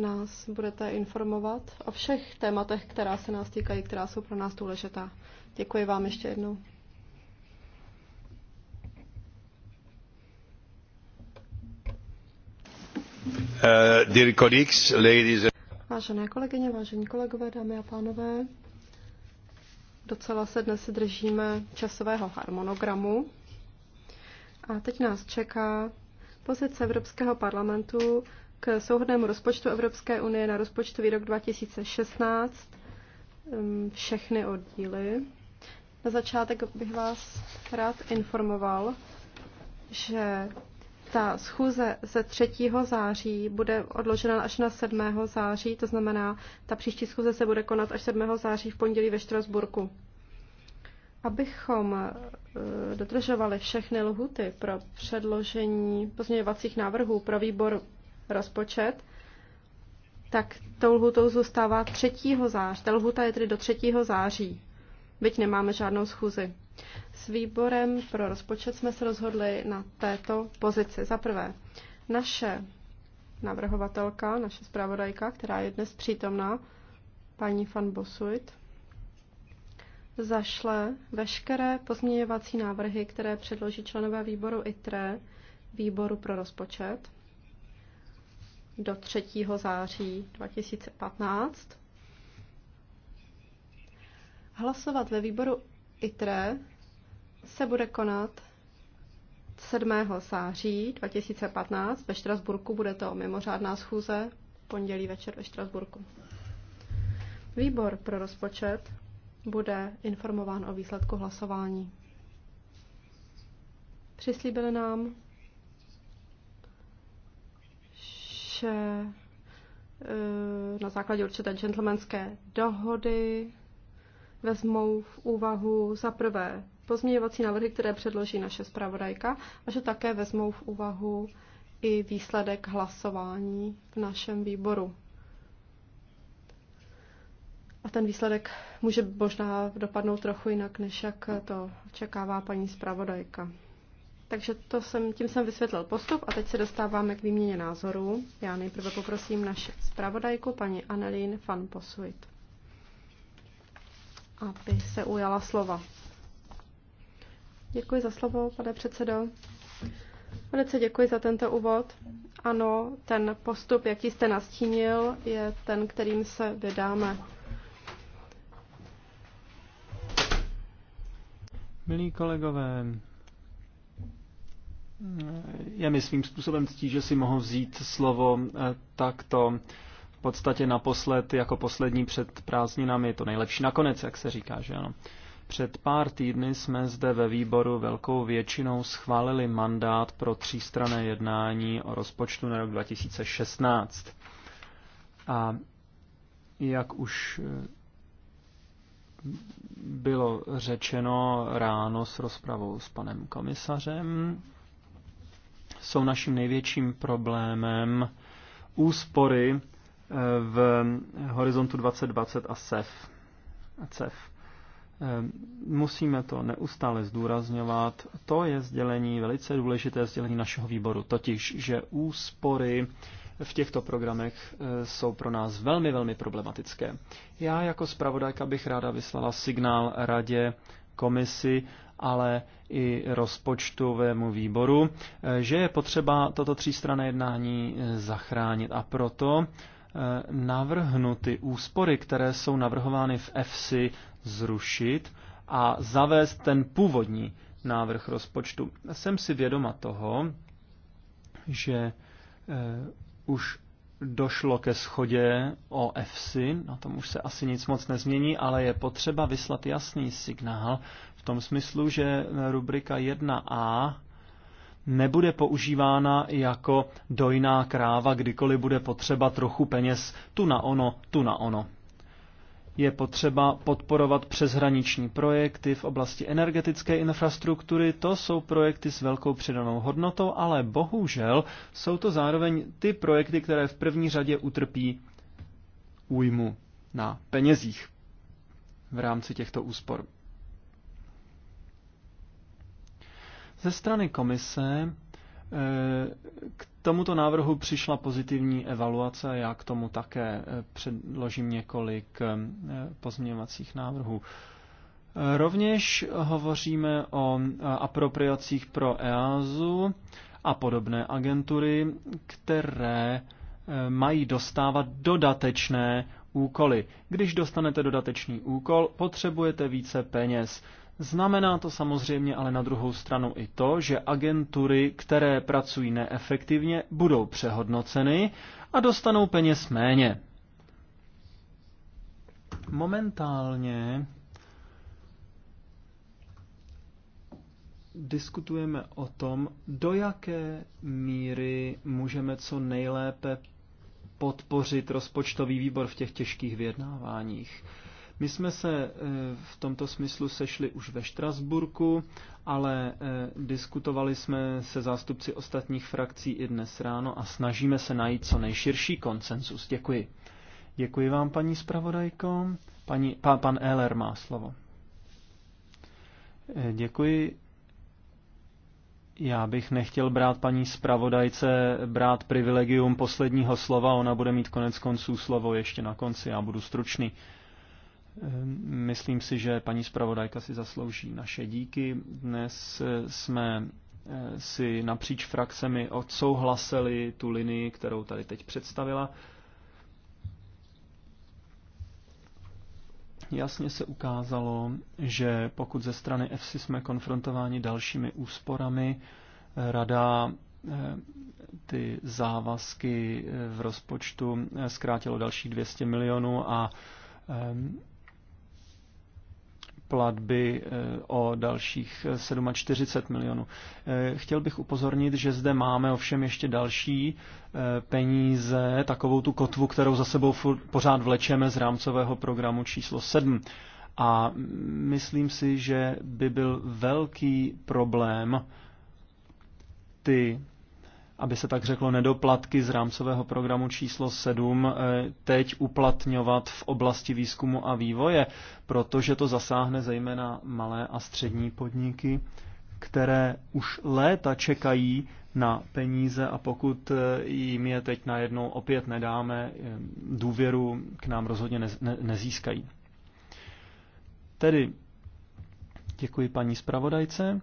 nás budete informovat o všech tématech, která se nás týkají, která jsou pro nás důležitá. Děkuji vám ještě jednou. Uh, dear colleagues, ladies Vážené kolegyně, vážení kolegové, dámy a pánové, docela se dnes držíme časového harmonogramu. A teď nás čeká pozice Evropského parlamentu k souhodnému rozpočtu Evropské unie na rozpočtový rok 2016, všechny oddíly. Na začátek bych vás rád informoval, že ta schůze ze 3. září bude odložena až na 7. září, to znamená, ta příští schůze se bude konat až 7. září v pondělí ve Štrasburku. Abychom eh, dodržovali všechny lhuty pro předložení pozměňovacích návrhů pro výbor rozpočet, tak tou lhutou zůstává 3. září. Ta lhuta je tedy do 3. září, byť nemáme žádnou schůzi. S výborem pro rozpočet jsme se rozhodli na této pozici. Za prvé, naše navrhovatelka, naše zpravodajka, která je dnes přítomná, paní van Bosuit, zašle veškeré pozměňovací návrhy, které předloží členové výboru ITRE, výboru pro rozpočet, do 3. září 2015. Hlasovat ve výboru ITRE se bude konat 7. září 2015 ve Štrasburku. Bude to mimořádná schůze pondělí večer ve Štrasburku. Výbor pro rozpočet bude informován o výsledku hlasování. Přislíbili nám, že eh, na základě určité gentlemanské dohody vezmou v úvahu za prvé pozměňovací návrhy, které předloží naše zpravodajka a že také vezmou v úvahu i výsledek hlasování v našem výboru. A ten výsledek může možná dopadnout trochu jinak, než jak to očekává paní zpravodajka. Takže to jsem, tím jsem vysvětlil postup a teď se dostáváme k výměně názorů. Já nejprve poprosím naši zpravodajku, paní Annelín van Posuit aby se ujala slova. Děkuji za slovo, pane předsedo. Velice děkuji za tento úvod. Ano, ten postup, jaký jste nastínil, je ten, kterým se vydáme. Milí kolegové, je mi svým způsobem ctí, že si mohu vzít slovo eh, takto podstatě naposled jako poslední před prázdninami je to nejlepší nakonec, jak se říká, že ano. Před pár týdny jsme zde ve výboru velkou většinou schválili mandát pro třístrané jednání o rozpočtu na rok 2016. A jak už eh, bylo řečeno ráno s rozpravou s panem komisařem, jsou naším největším problémem úspory v Horizontu 2020 a CEF. CEF. Ehm, musíme to neustále zdůrazňovat. To je sdělení, velice důležité sdělení našeho výboru, totiž, že úspory v těchto programech ehm, jsou pro nás velmi, velmi problematické. Já jako zpravodajka bych ráda vyslala signál radě, komisi, ale i rozpočtovému výboru, ehm, že je potřeba toto třístrané jednání zachránit. A proto Eh, navrhnuty úspory, které jsou navrhovány v EFSI, zrušit a zavést ten původní návrh rozpočtu. Jsem si vědoma toho, že eh, už došlo ke schodě o EFSI, na tom už se asi nic moc nezmění, ale je potřeba vyslat jasný signál v tom smyslu, že rubrika 1a nebude používána jako dojná kráva, kdykoliv bude potřeba trochu peněz tu na ono, tu na ono. Je potřeba podporovat přeshraniční projekty v oblasti energetické infrastruktury. To jsou projekty s velkou přidanou hodnotou, ale bohužel jsou to zároveň ty projekty, které v první řadě utrpí újmu na penězích v rámci těchto úspor. Ze strany komise eh, k tomuto návrhu přišla pozitivní evaluace, já k tomu také eh, předložím několik eh, pozměňovacích návrhů. Rovněž hovoříme o apropriacích pro EASu a podobné agentury, které mají dostávat dodatečné úkoly. Když dostanete dodatečný úkol, potřebujete více peněz. Znamená to samozřejmě ale na druhou stranu i to, že agentury, které pracují neefektivně, budou přehodnoceny a dostanou peněz méně. Momentálně diskutujeme o tom, do jaké míry můžeme co nejlépe podpořit rozpočtový výbor v těch těžkých vyjednáváních. My jsme se eh, v tomto smyslu sešli už ve Štrasburku, ale eh, diskutovali jsme se zástupci ostatních frakcí i dnes ráno a snažíme se najít co nejširší konsensus. Děkuji. Děkuji vám, paní zpravodajko. Paní, pa, pan Eller má slovo. Eh, děkuji. Já bych nechtěl brát paní zpravodajce, brát privilegium posledního slova, ona bude mít konec konců slovo ještě na konci, já budu stručný. Eh, Ehm, myslím si, že paní zpravodajka si zaslouží naše díky. Dnes eh, jsme eh, si napříč frakcemi odsouhlasili tu linii, kterou tady teď představila. Jasně se ukázalo, že pokud ze strany EFSI jsme konfrontováni dalšími úsporami, rada eh, ty závazky v rozpočtu zkrátilo dalších 200 milionů a ehm, platby eh, o dalších 47 eh, milionů. Eh, chtěl bych upozornit, že zde máme ovšem ještě další peníze, takovou tu kotvu, kterou za sebou pořád vlečeme z rámcového programu číslo 7. A myslím si, že by byl velký problém ty aby se tak řeklo, nedoplatky z rámcového programu číslo 7 eh, teď uplatňovat v oblasti výzkumu a vývoje, protože to zasáhne zejména malé a střední podniky, které už léta čekají na peníze a pokud eh, jim je teď najednou opět nedáme, eh, důvěru k nám rozhodně ne, nezískají. Tedy děkuji paní zpravodajce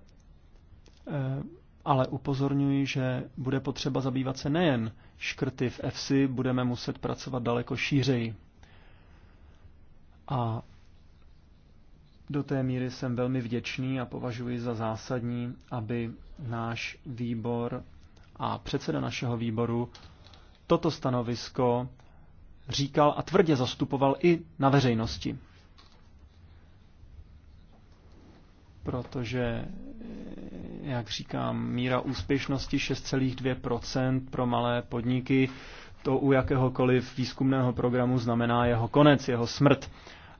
ale upozorňuji, že bude potřeba zabývat se nejen škrty v EFSI, budeme muset pracovat daleko šířeji. A do té míry jsem velmi vděčný a považuji za zásadní, aby náš výbor a předseda našeho výboru toto stanovisko říkal a tvrdě zastupoval i na veřejnosti. Protože jak říkám, míra úspěšnosti 6,2% pro malé podniky. To u jakéhokoliv výzkumného programu znamená jeho konec, jeho smrt.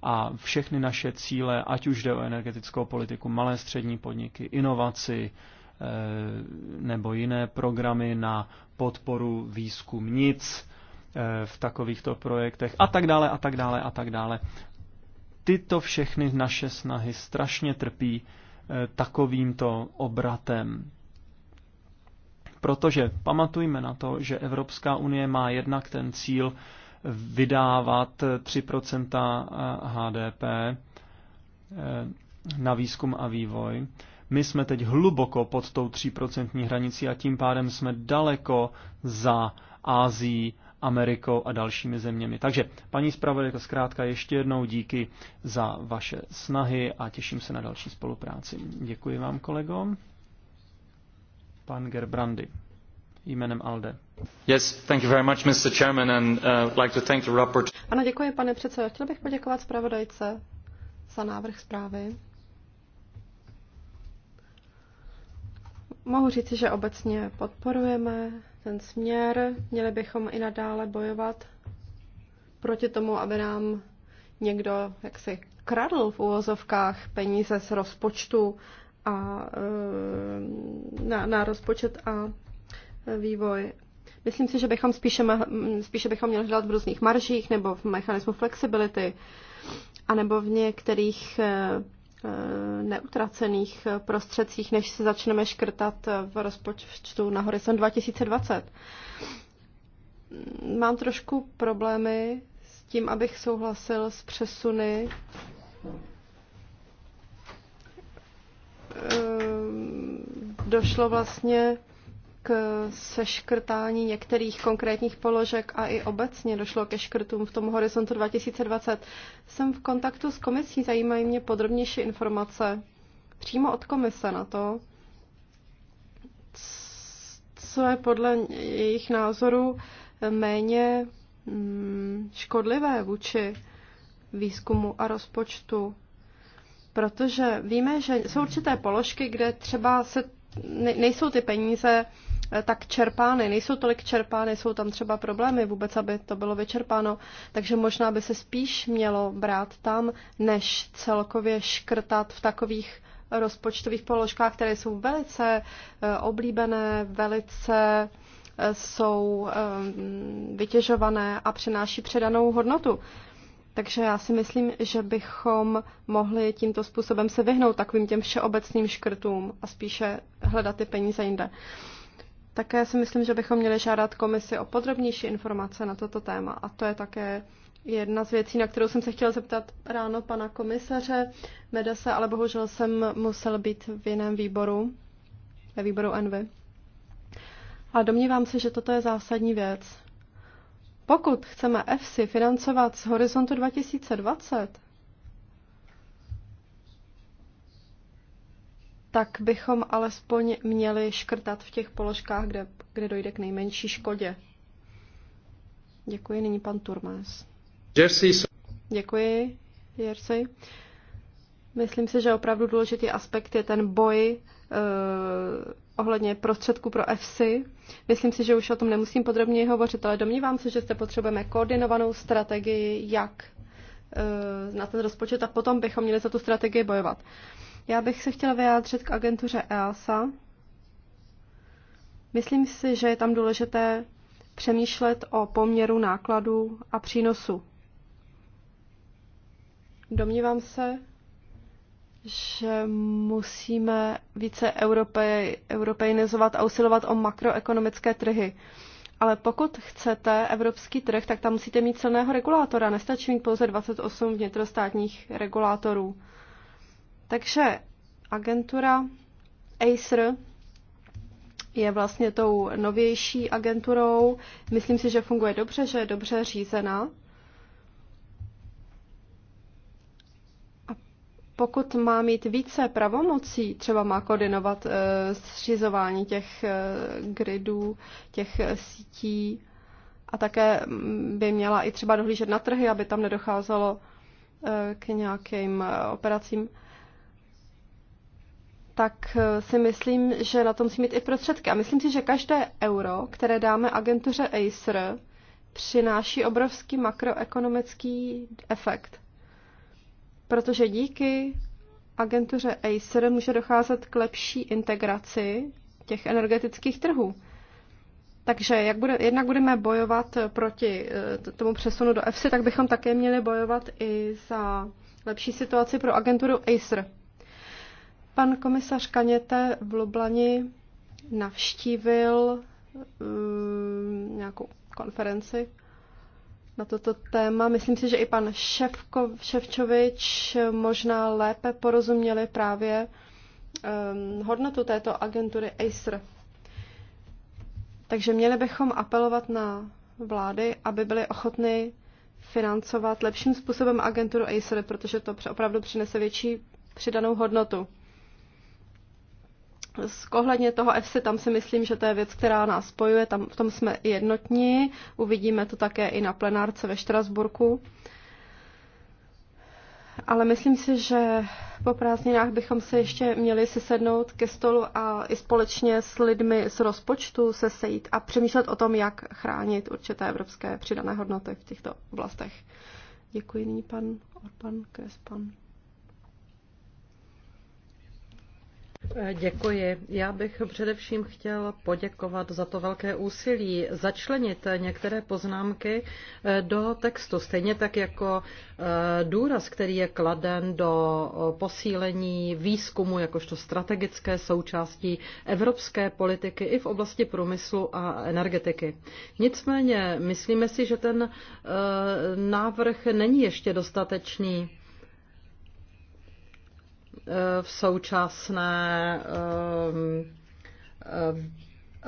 A všechny naše cíle, ať už jde o energetickou politiku, malé střední podniky, inovaci eh, nebo jiné programy na podporu výzkumnic eh, v takovýchto projektech a tak dále a tak dále a tak dále. Tyto všechny naše snahy strašně trpí Eh, takovýmto obratem. Protože pamatujme na to, že Evropská unie má jednak ten cíl vydávat 3% HDP eh, na výzkum a vývoj. My jsme teď hluboko pod tou 3% hranicí a tím pádem jsme daleko za Ázií Amerikou a dalšími zeměmi. Takže, paní zpravodajka, zkrátka ještě jednou díky za vaše snahy a těším se na další spolupráci. Děkuji vám, kolego. Pan Gerbrandy jménem ALDE. Yes, thank you very much, Mr. Chairman, and uh, like to thank the report. Ano, děkuji, pane předsedo. Chtěl bych poděkovat zpravodajce za návrh zprávy. Mohu říci, že obecně podporujeme ten směr. Měli bychom i nadále bojovat proti tomu, aby nám někdo jaksi kradl v úvozovkách peníze z rozpočtu a eh, na, na rozpočet a eh, vývoj. Myslím si, že bychom spíše, spíše bychom měli hledat v různých maržích nebo v mechanismu flexibility, anebo v některých eh, Eh, neutracených prostředcích, než se začneme škrtat v rozpočtu na horizont 2020. Mám trošku problémy s tím, abych souhlasil s přesuny eh, došlo vlastně k seškrtání některých konkrétních položek a i obecně došlo ke škrtům v tom horizontu 2020. Jsem v kontaktu s komisí, zajímají mě podrobnější informace přímo od komise na to, co je podle jejich názoru méně mm, škodlivé vůči výzkumu a rozpočtu. Protože víme, že jsou určité položky, kde třeba se nejsou ty peníze Eh, tak čerpány, nejsou tolik čerpány, jsou tam třeba problémy vůbec, aby to bylo vyčerpáno, takže možná by se spíš mělo brát tam, než celkově škrtat v takových rozpočtových položkách, které jsou velice eh, oblíbené, velice eh, jsou vytěžované a přináší předanou hodnotu. Takže já si myslím, že bychom mohli tímto způsobem se vyhnout takovým těm všeobecným škrtům a spíše hledat ty peníze jinde. Také si myslím, že bychom měli žádat komisi o podrobnější informace na toto téma a to je také jedna z věcí, na kterou jsem se chtěla zeptat ráno pana komisaře Medese, ale bohužel jsem musel být v jiném výboru, ve výboru Envy. A domnívám se, že toto je zásadní věc. Pokud chceme EFSI financovat z horizontu 2020, tak bychom alespoň měli škrtat v těch položkách, kde, kde dojde k nejmenší škodě. Děkuji, nyní pan Turmes. Děkuji, Jersey. Myslím si, že opravdu důležitý aspekt je ten boj uh, ohledně prostředků pro EFSI. Myslím si, že už o tom nemusím podrobněji hovořit, ale domnívám se, že zde potřebujeme koordinovanou strategii, jak uh, na ten rozpočet a potom bychom měli za tu strategii bojovat. Uh, já bych se chtěla vyjádřit k agentuře EASA. Myslím si, že je tam důležité přemýšlet o poměru nákladů a přínosu. Domnívám se, že musíme více Europej, europejnizovat a usilovat o makroekonomické trhy. Ale pokud chcete evropský trh, tak tam musíte mít silného regulátora. Nestačí mít pouze 28 vnitrostátních regulátorů. Takže agentura Acer je vlastně tou novější agenturou. Myslím si, že funguje dobře, že je dobře řízená. pokud má mít více pravomocí, třeba má koordinovat e, zřizování těch e, gridů, těch e, sítí a také mm, by měla i třeba dohlížet na trhy, aby tam nedocházelo e, k nějakým e, operacím. E, tak eh, si myslím, že na to musí mít i prostředky. A myslím si, že každé euro, které dáme agentuře Acer, přináší obrovský makroekonomický efekt. Protože díky agentuře Acer může docházet k lepší integraci těch energetických trhů. Takže jak bude, jednak budeme bojovat proti eh, tomu přesunu do EFSI, tak bychom také měli bojovat i za lepší situaci pro agenturu Acer. Pan komisař Kaněte v Lublani navštívil um, nějakou konferenci na toto téma. Myslím si, že i pan Ševko, Ševčovič možná lépe porozuměli právě um, hodnotu této agentury ACER. Takže měli bychom apelovat na vlády, aby byly ochotny financovat lepším způsobem agenturu ACER, protože to opravdu přinese větší přidanou hodnotu. Kohledně toho EFSI, tam si myslím, že to je věc, která nás spojuje, tam, v tom jsme jednotní, uvidíme to také i na plenárce ve Štrasburku. Ale myslím si, že po prázdninách bychom se ještě měli sesednout ke stolu a i společně s lidmi z rozpočtu se sejít a přemýšlet o tom, jak chránit určité evropské přidané hodnoty v těchto oblastech. Děkuji nyní pan Orban Krespan. Eh, děkuji. Já bych především chtěl poděkovat za to velké úsilí začlenit některé poznámky eh, do textu, stejně tak jako eh, důraz, který je kladen do posílení výzkumu jakožto strategické součástí evropské politiky i v oblasti průmyslu a energetiky. Nicméně myslíme si, že ten návrh není ještě dostatečný v současné eh, eh,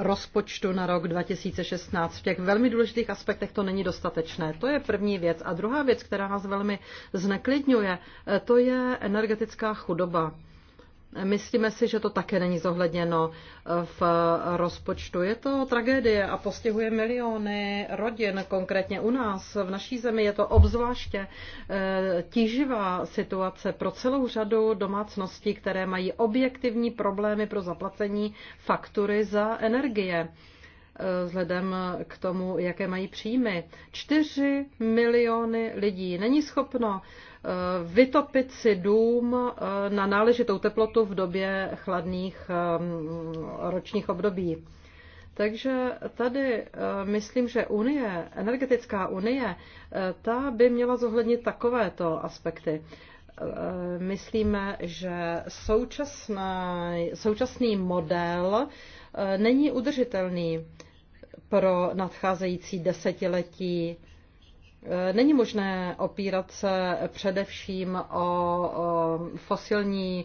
rozpočtu na rok 2016. V těch velmi důležitých aspektech to není dostatečné. To je první věc. A druhá věc, která nás velmi zneklidňuje, eh, to je energetická chudoba. Myslíme si, že to také není zohledněno eh, v eh, rozpočtu. Je to tragédie a postihuje miliony rodin, konkrétně u nás. V naší zemi je to obzvláště eh, tíživá situace pro celou řadu domácností, které mají objektivní problémy pro zaplacení faktury za energie vzhledem k tomu, jaké mají příjmy. 4 miliony lidí není schopno Eh, vytopit si dům eh, na náležitou teplotu v době chladných eh, ročních období. Takže tady myslím, že Unie, energetická unie, ta by měla zohlednit takovéto aspekty. Myslíme, že současná, současný model není udržitelný pro nadcházející desetiletí Eh, není možné opírat se především o fosilní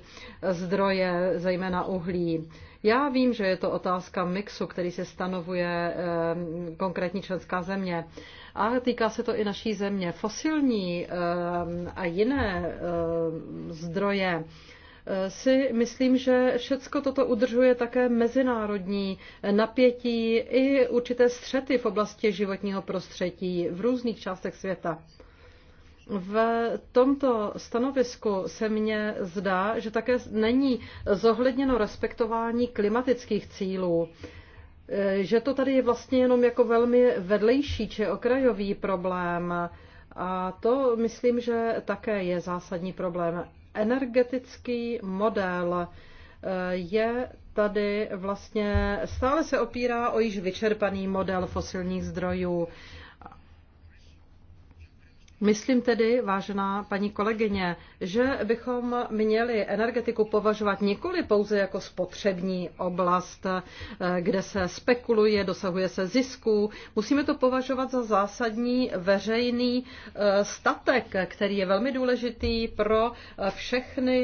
zdroje, zejména uhlí. Já vím, že je to otázka mixu, který se stanovuje eh, konkrétní členská země. A týká se to i naší země. Fosilní eh, a jiné zdroje si myslím, že všecko toto udržuje také mezinárodní napětí i určité střety v oblasti životního prostředí v různých částech světa. V tomto stanovisku se mně zdá, že také není zohledněno respektování klimatických cílů že to tady je vlastně jenom jako velmi vedlejší či okrajový problém. A to myslím, že také je zásadní problém energetický model eh, je tady vlastně stále se opírá o již vyčerpaný model fosilních zdrojů. Myslím tedy, vážená paní kolegyně, že bychom měli energetiku považovat nikoli pouze jako spotřební oblast, eh, kde se spekuluje, dosahuje se zisků. Musíme to považovat za zásadní veřejný eh, statek, který je velmi důležitý pro eh, všechny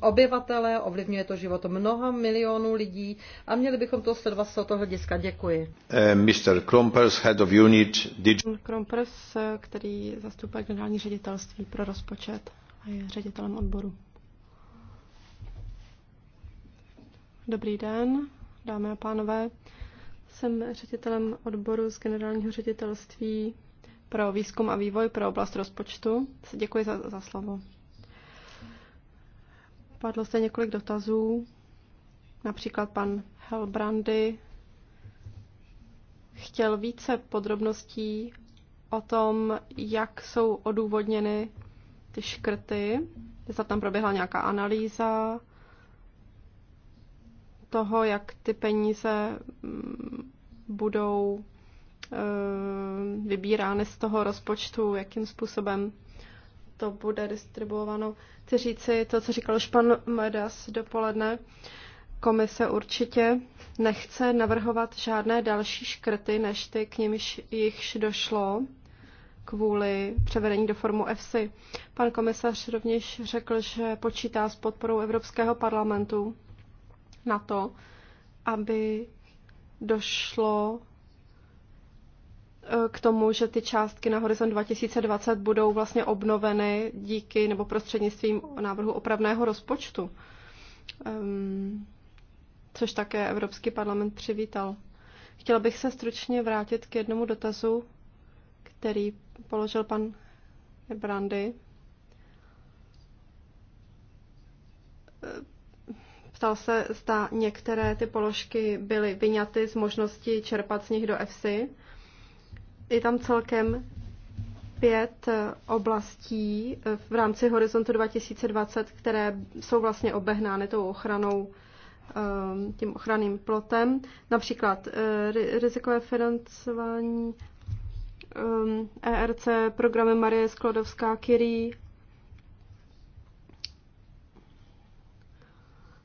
obyvatele, ovlivňuje to život mnoha milionů lidí a měli bychom to sledovat z tohoto hlediska. Děkuji. Uh, Mr. Krompers, head of unit, did... Krompers, který který zastupuje generální ředitelství pro rozpočet a je ředitelem odboru. Dobrý den, dámy a pánové. Jsem ředitelem odboru z generálního ředitelství pro výzkum a vývoj pro oblast rozpočtu. Děkuji za, za slovo. Padlo se několik dotazů. Například pan Helbrandy chtěl více podrobností o tom, jak jsou odůvodněny ty škrty, zda tam proběhla nějaká analýza toho, jak ty peníze mm, budou eh, vybírány z toho rozpočtu, jakým způsobem to bude distribuováno. Chci říci to, co říkal už pan Medas dopoledne. Komise určitě nechce navrhovat žádné další škrty, než ty, k nimž jichž došlo kvůli převedení do formu EFSI. Pan komisař rovněž řekl, že počítá s podporou Evropského parlamentu na to, aby došlo eh, k tomu, že ty částky na horizont 2020 budou vlastně obnoveny díky nebo prostřednictvím návrhu opravného rozpočtu, ehm, což také Evropský parlament přivítal. Chtěla bych se stručně vrátit k jednomu dotazu který položil pan Brandy. Ptal se, zda některé ty položky byly vyňaty z možnosti čerpat z nich do EFSI. Je tam celkem pět oblastí v rámci Horizontu 2020, které jsou vlastně obehnány tou ochranou, ehm, tím ochranným plotem. Například eh, rizikové financování, um, ERC, programy Marie Sklodovská Curie.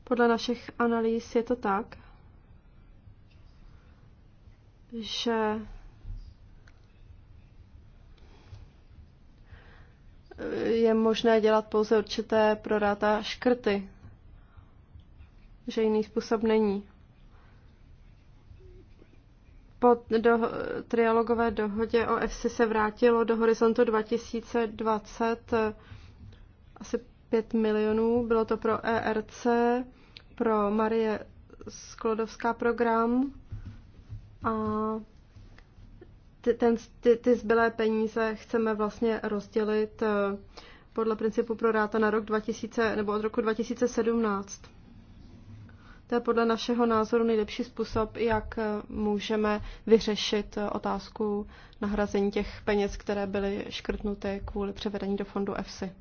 Podle našich analýz je to tak, že je možné dělat pouze určité prodáta škrty, že jiný způsob není po do, trialogové dohodě o EFSI se vrátilo do horizontu 2020 eh, asi 5 milionů. Bylo to pro ERC, pro Marie Sklodovská program a ty, ten, ty, ty zbylé peníze chceme vlastně rozdělit eh, podle principu pro ráta na rok 2000, nebo od roku 2017. To je podle našeho názoru nejlepší způsob, jak můžeme vyřešit otázku nahrazení těch peněz, které byly škrtnuté kvůli převedení do fondu EFSI.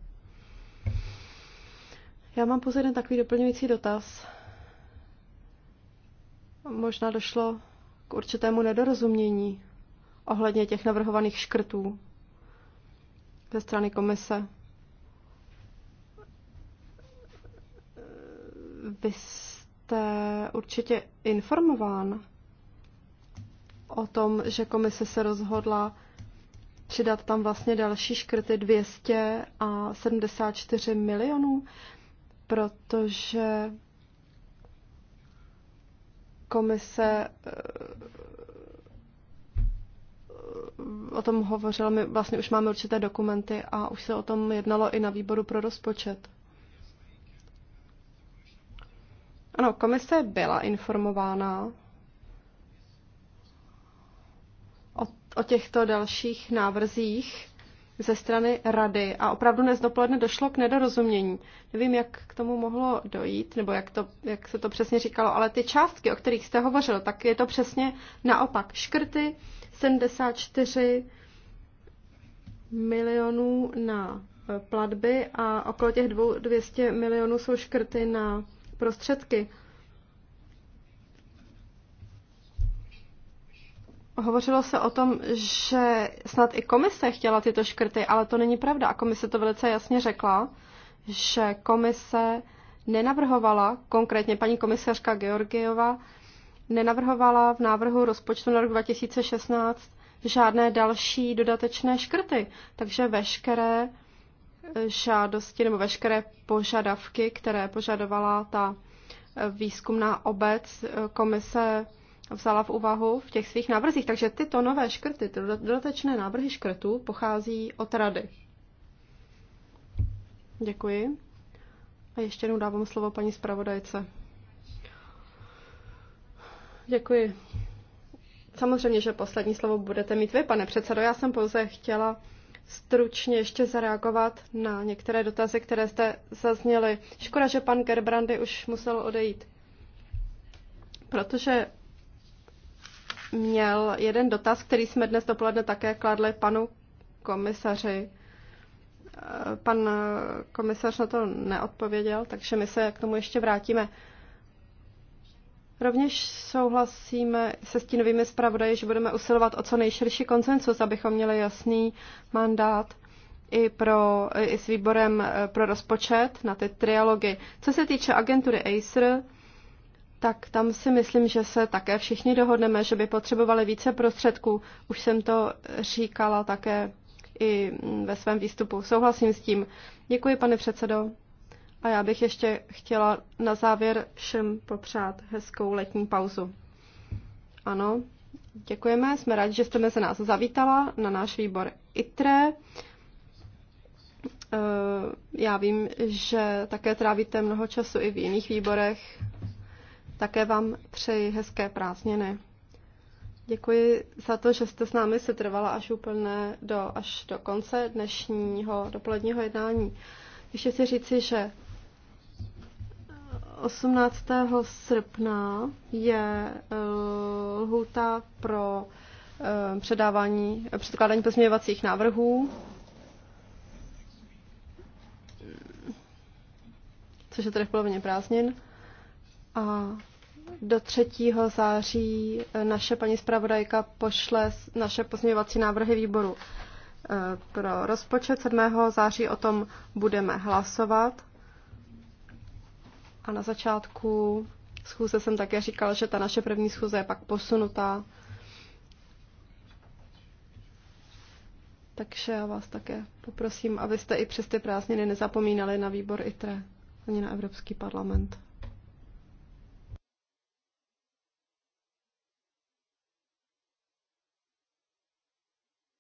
Já mám pouze jeden takový doplňující dotaz. Možná došlo k určitému nedorozumění ohledně těch navrhovaných škrtů ze strany komise. Vy jste určitě informován o tom, že komise se rozhodla přidat tam vlastně další škrty 200 a 74 milionů, protože komise eh, o tom hovořila, my vlastně už máme určité dokumenty a už se o tom jednalo i na výboru pro rozpočet. Ano, komise byla informována o, o těchto dalších návrzích ze strany rady a opravdu dnes dopoledne došlo k nedorozumění. Nevím, jak k tomu mohlo dojít, nebo jak, to, jak se to přesně říkalo, ale ty částky, o kterých jste hovořil, tak je to přesně naopak. Škrty 74 milionů na platby a okolo těch 200 milionů jsou škrty na prostředky. Hovořilo se o tom, že snad i komise chtěla tyto škrty, ale to není pravda. A komise to velice jasně řekla, že komise nenavrhovala, konkrétně paní komisařka Georgieva, nenavrhovala v návrhu rozpočtu na rok 2016 žádné další dodatečné škrty. Takže veškeré žádosti nebo veškeré požadavky, které požadovala ta výzkumná obec, komise vzala v úvahu v těch svých návrzích. Takže tyto nové škrty, ty dodatečné návrhy škrtů pochází od rady. Děkuji. A ještě jednou dávám slovo paní zpravodajce. Děkuji. Samozřejmě, že poslední slovo budete mít vy, pane předsedo. Já jsem pouze chtěla stručně ještě zareagovat na některé dotazy, které jste zazněli. Škoda, že pan Gerbrandy už musel odejít, protože měl jeden dotaz, který jsme dnes dopoledne také kladli panu komisaři. Pan komisař na to neodpověděl, takže my se k tomu ještě vrátíme. Rovněž souhlasíme se stínovými zpravodaji, že budeme usilovat o co nejširší konsensus, abychom měli jasný mandát i, pro, i s výborem eh, pro rozpočet na ty trialogy. Co se týče agentury Acer, tak tam si myslím, že se také všichni dohodneme, že by potřebovali více prostředků. Už jsem to říkala také i mm, ve svém výstupu. Souhlasím s tím. Děkuji, pane předsedo. A já bych ještě chtěla na závěr všem popřát hezkou letní pauzu. Ano, děkujeme, jsme rádi, že jste mezi nás zavítala na náš výbor ITRE. Eh, já vím, že také trávíte mnoho času i v jiných výborech. Také vám přeji hezké prázdniny. Děkuji za to, že jste s námi se trvala až úplně do, až do konce dnešního dopoledního jednání. Ještě si říci, že 18. srpna je eh, lhůta pro eh, předávání, předkládání pozměňovacích návrhů, což je tedy v polovině prázdnin. A do 3. září eh, naše paní zpravodajka pošle naše pozměňovací návrhy výboru pro rozpočet. 7. září o tom budeme hlasovat a na začátku schůze jsem také říkal, že ta naše první schůze je pak posunutá. Takže já vás také poprosím, abyste i přes ty prázdniny nezapomínali na výbor ITRE, ani na Evropský parlament.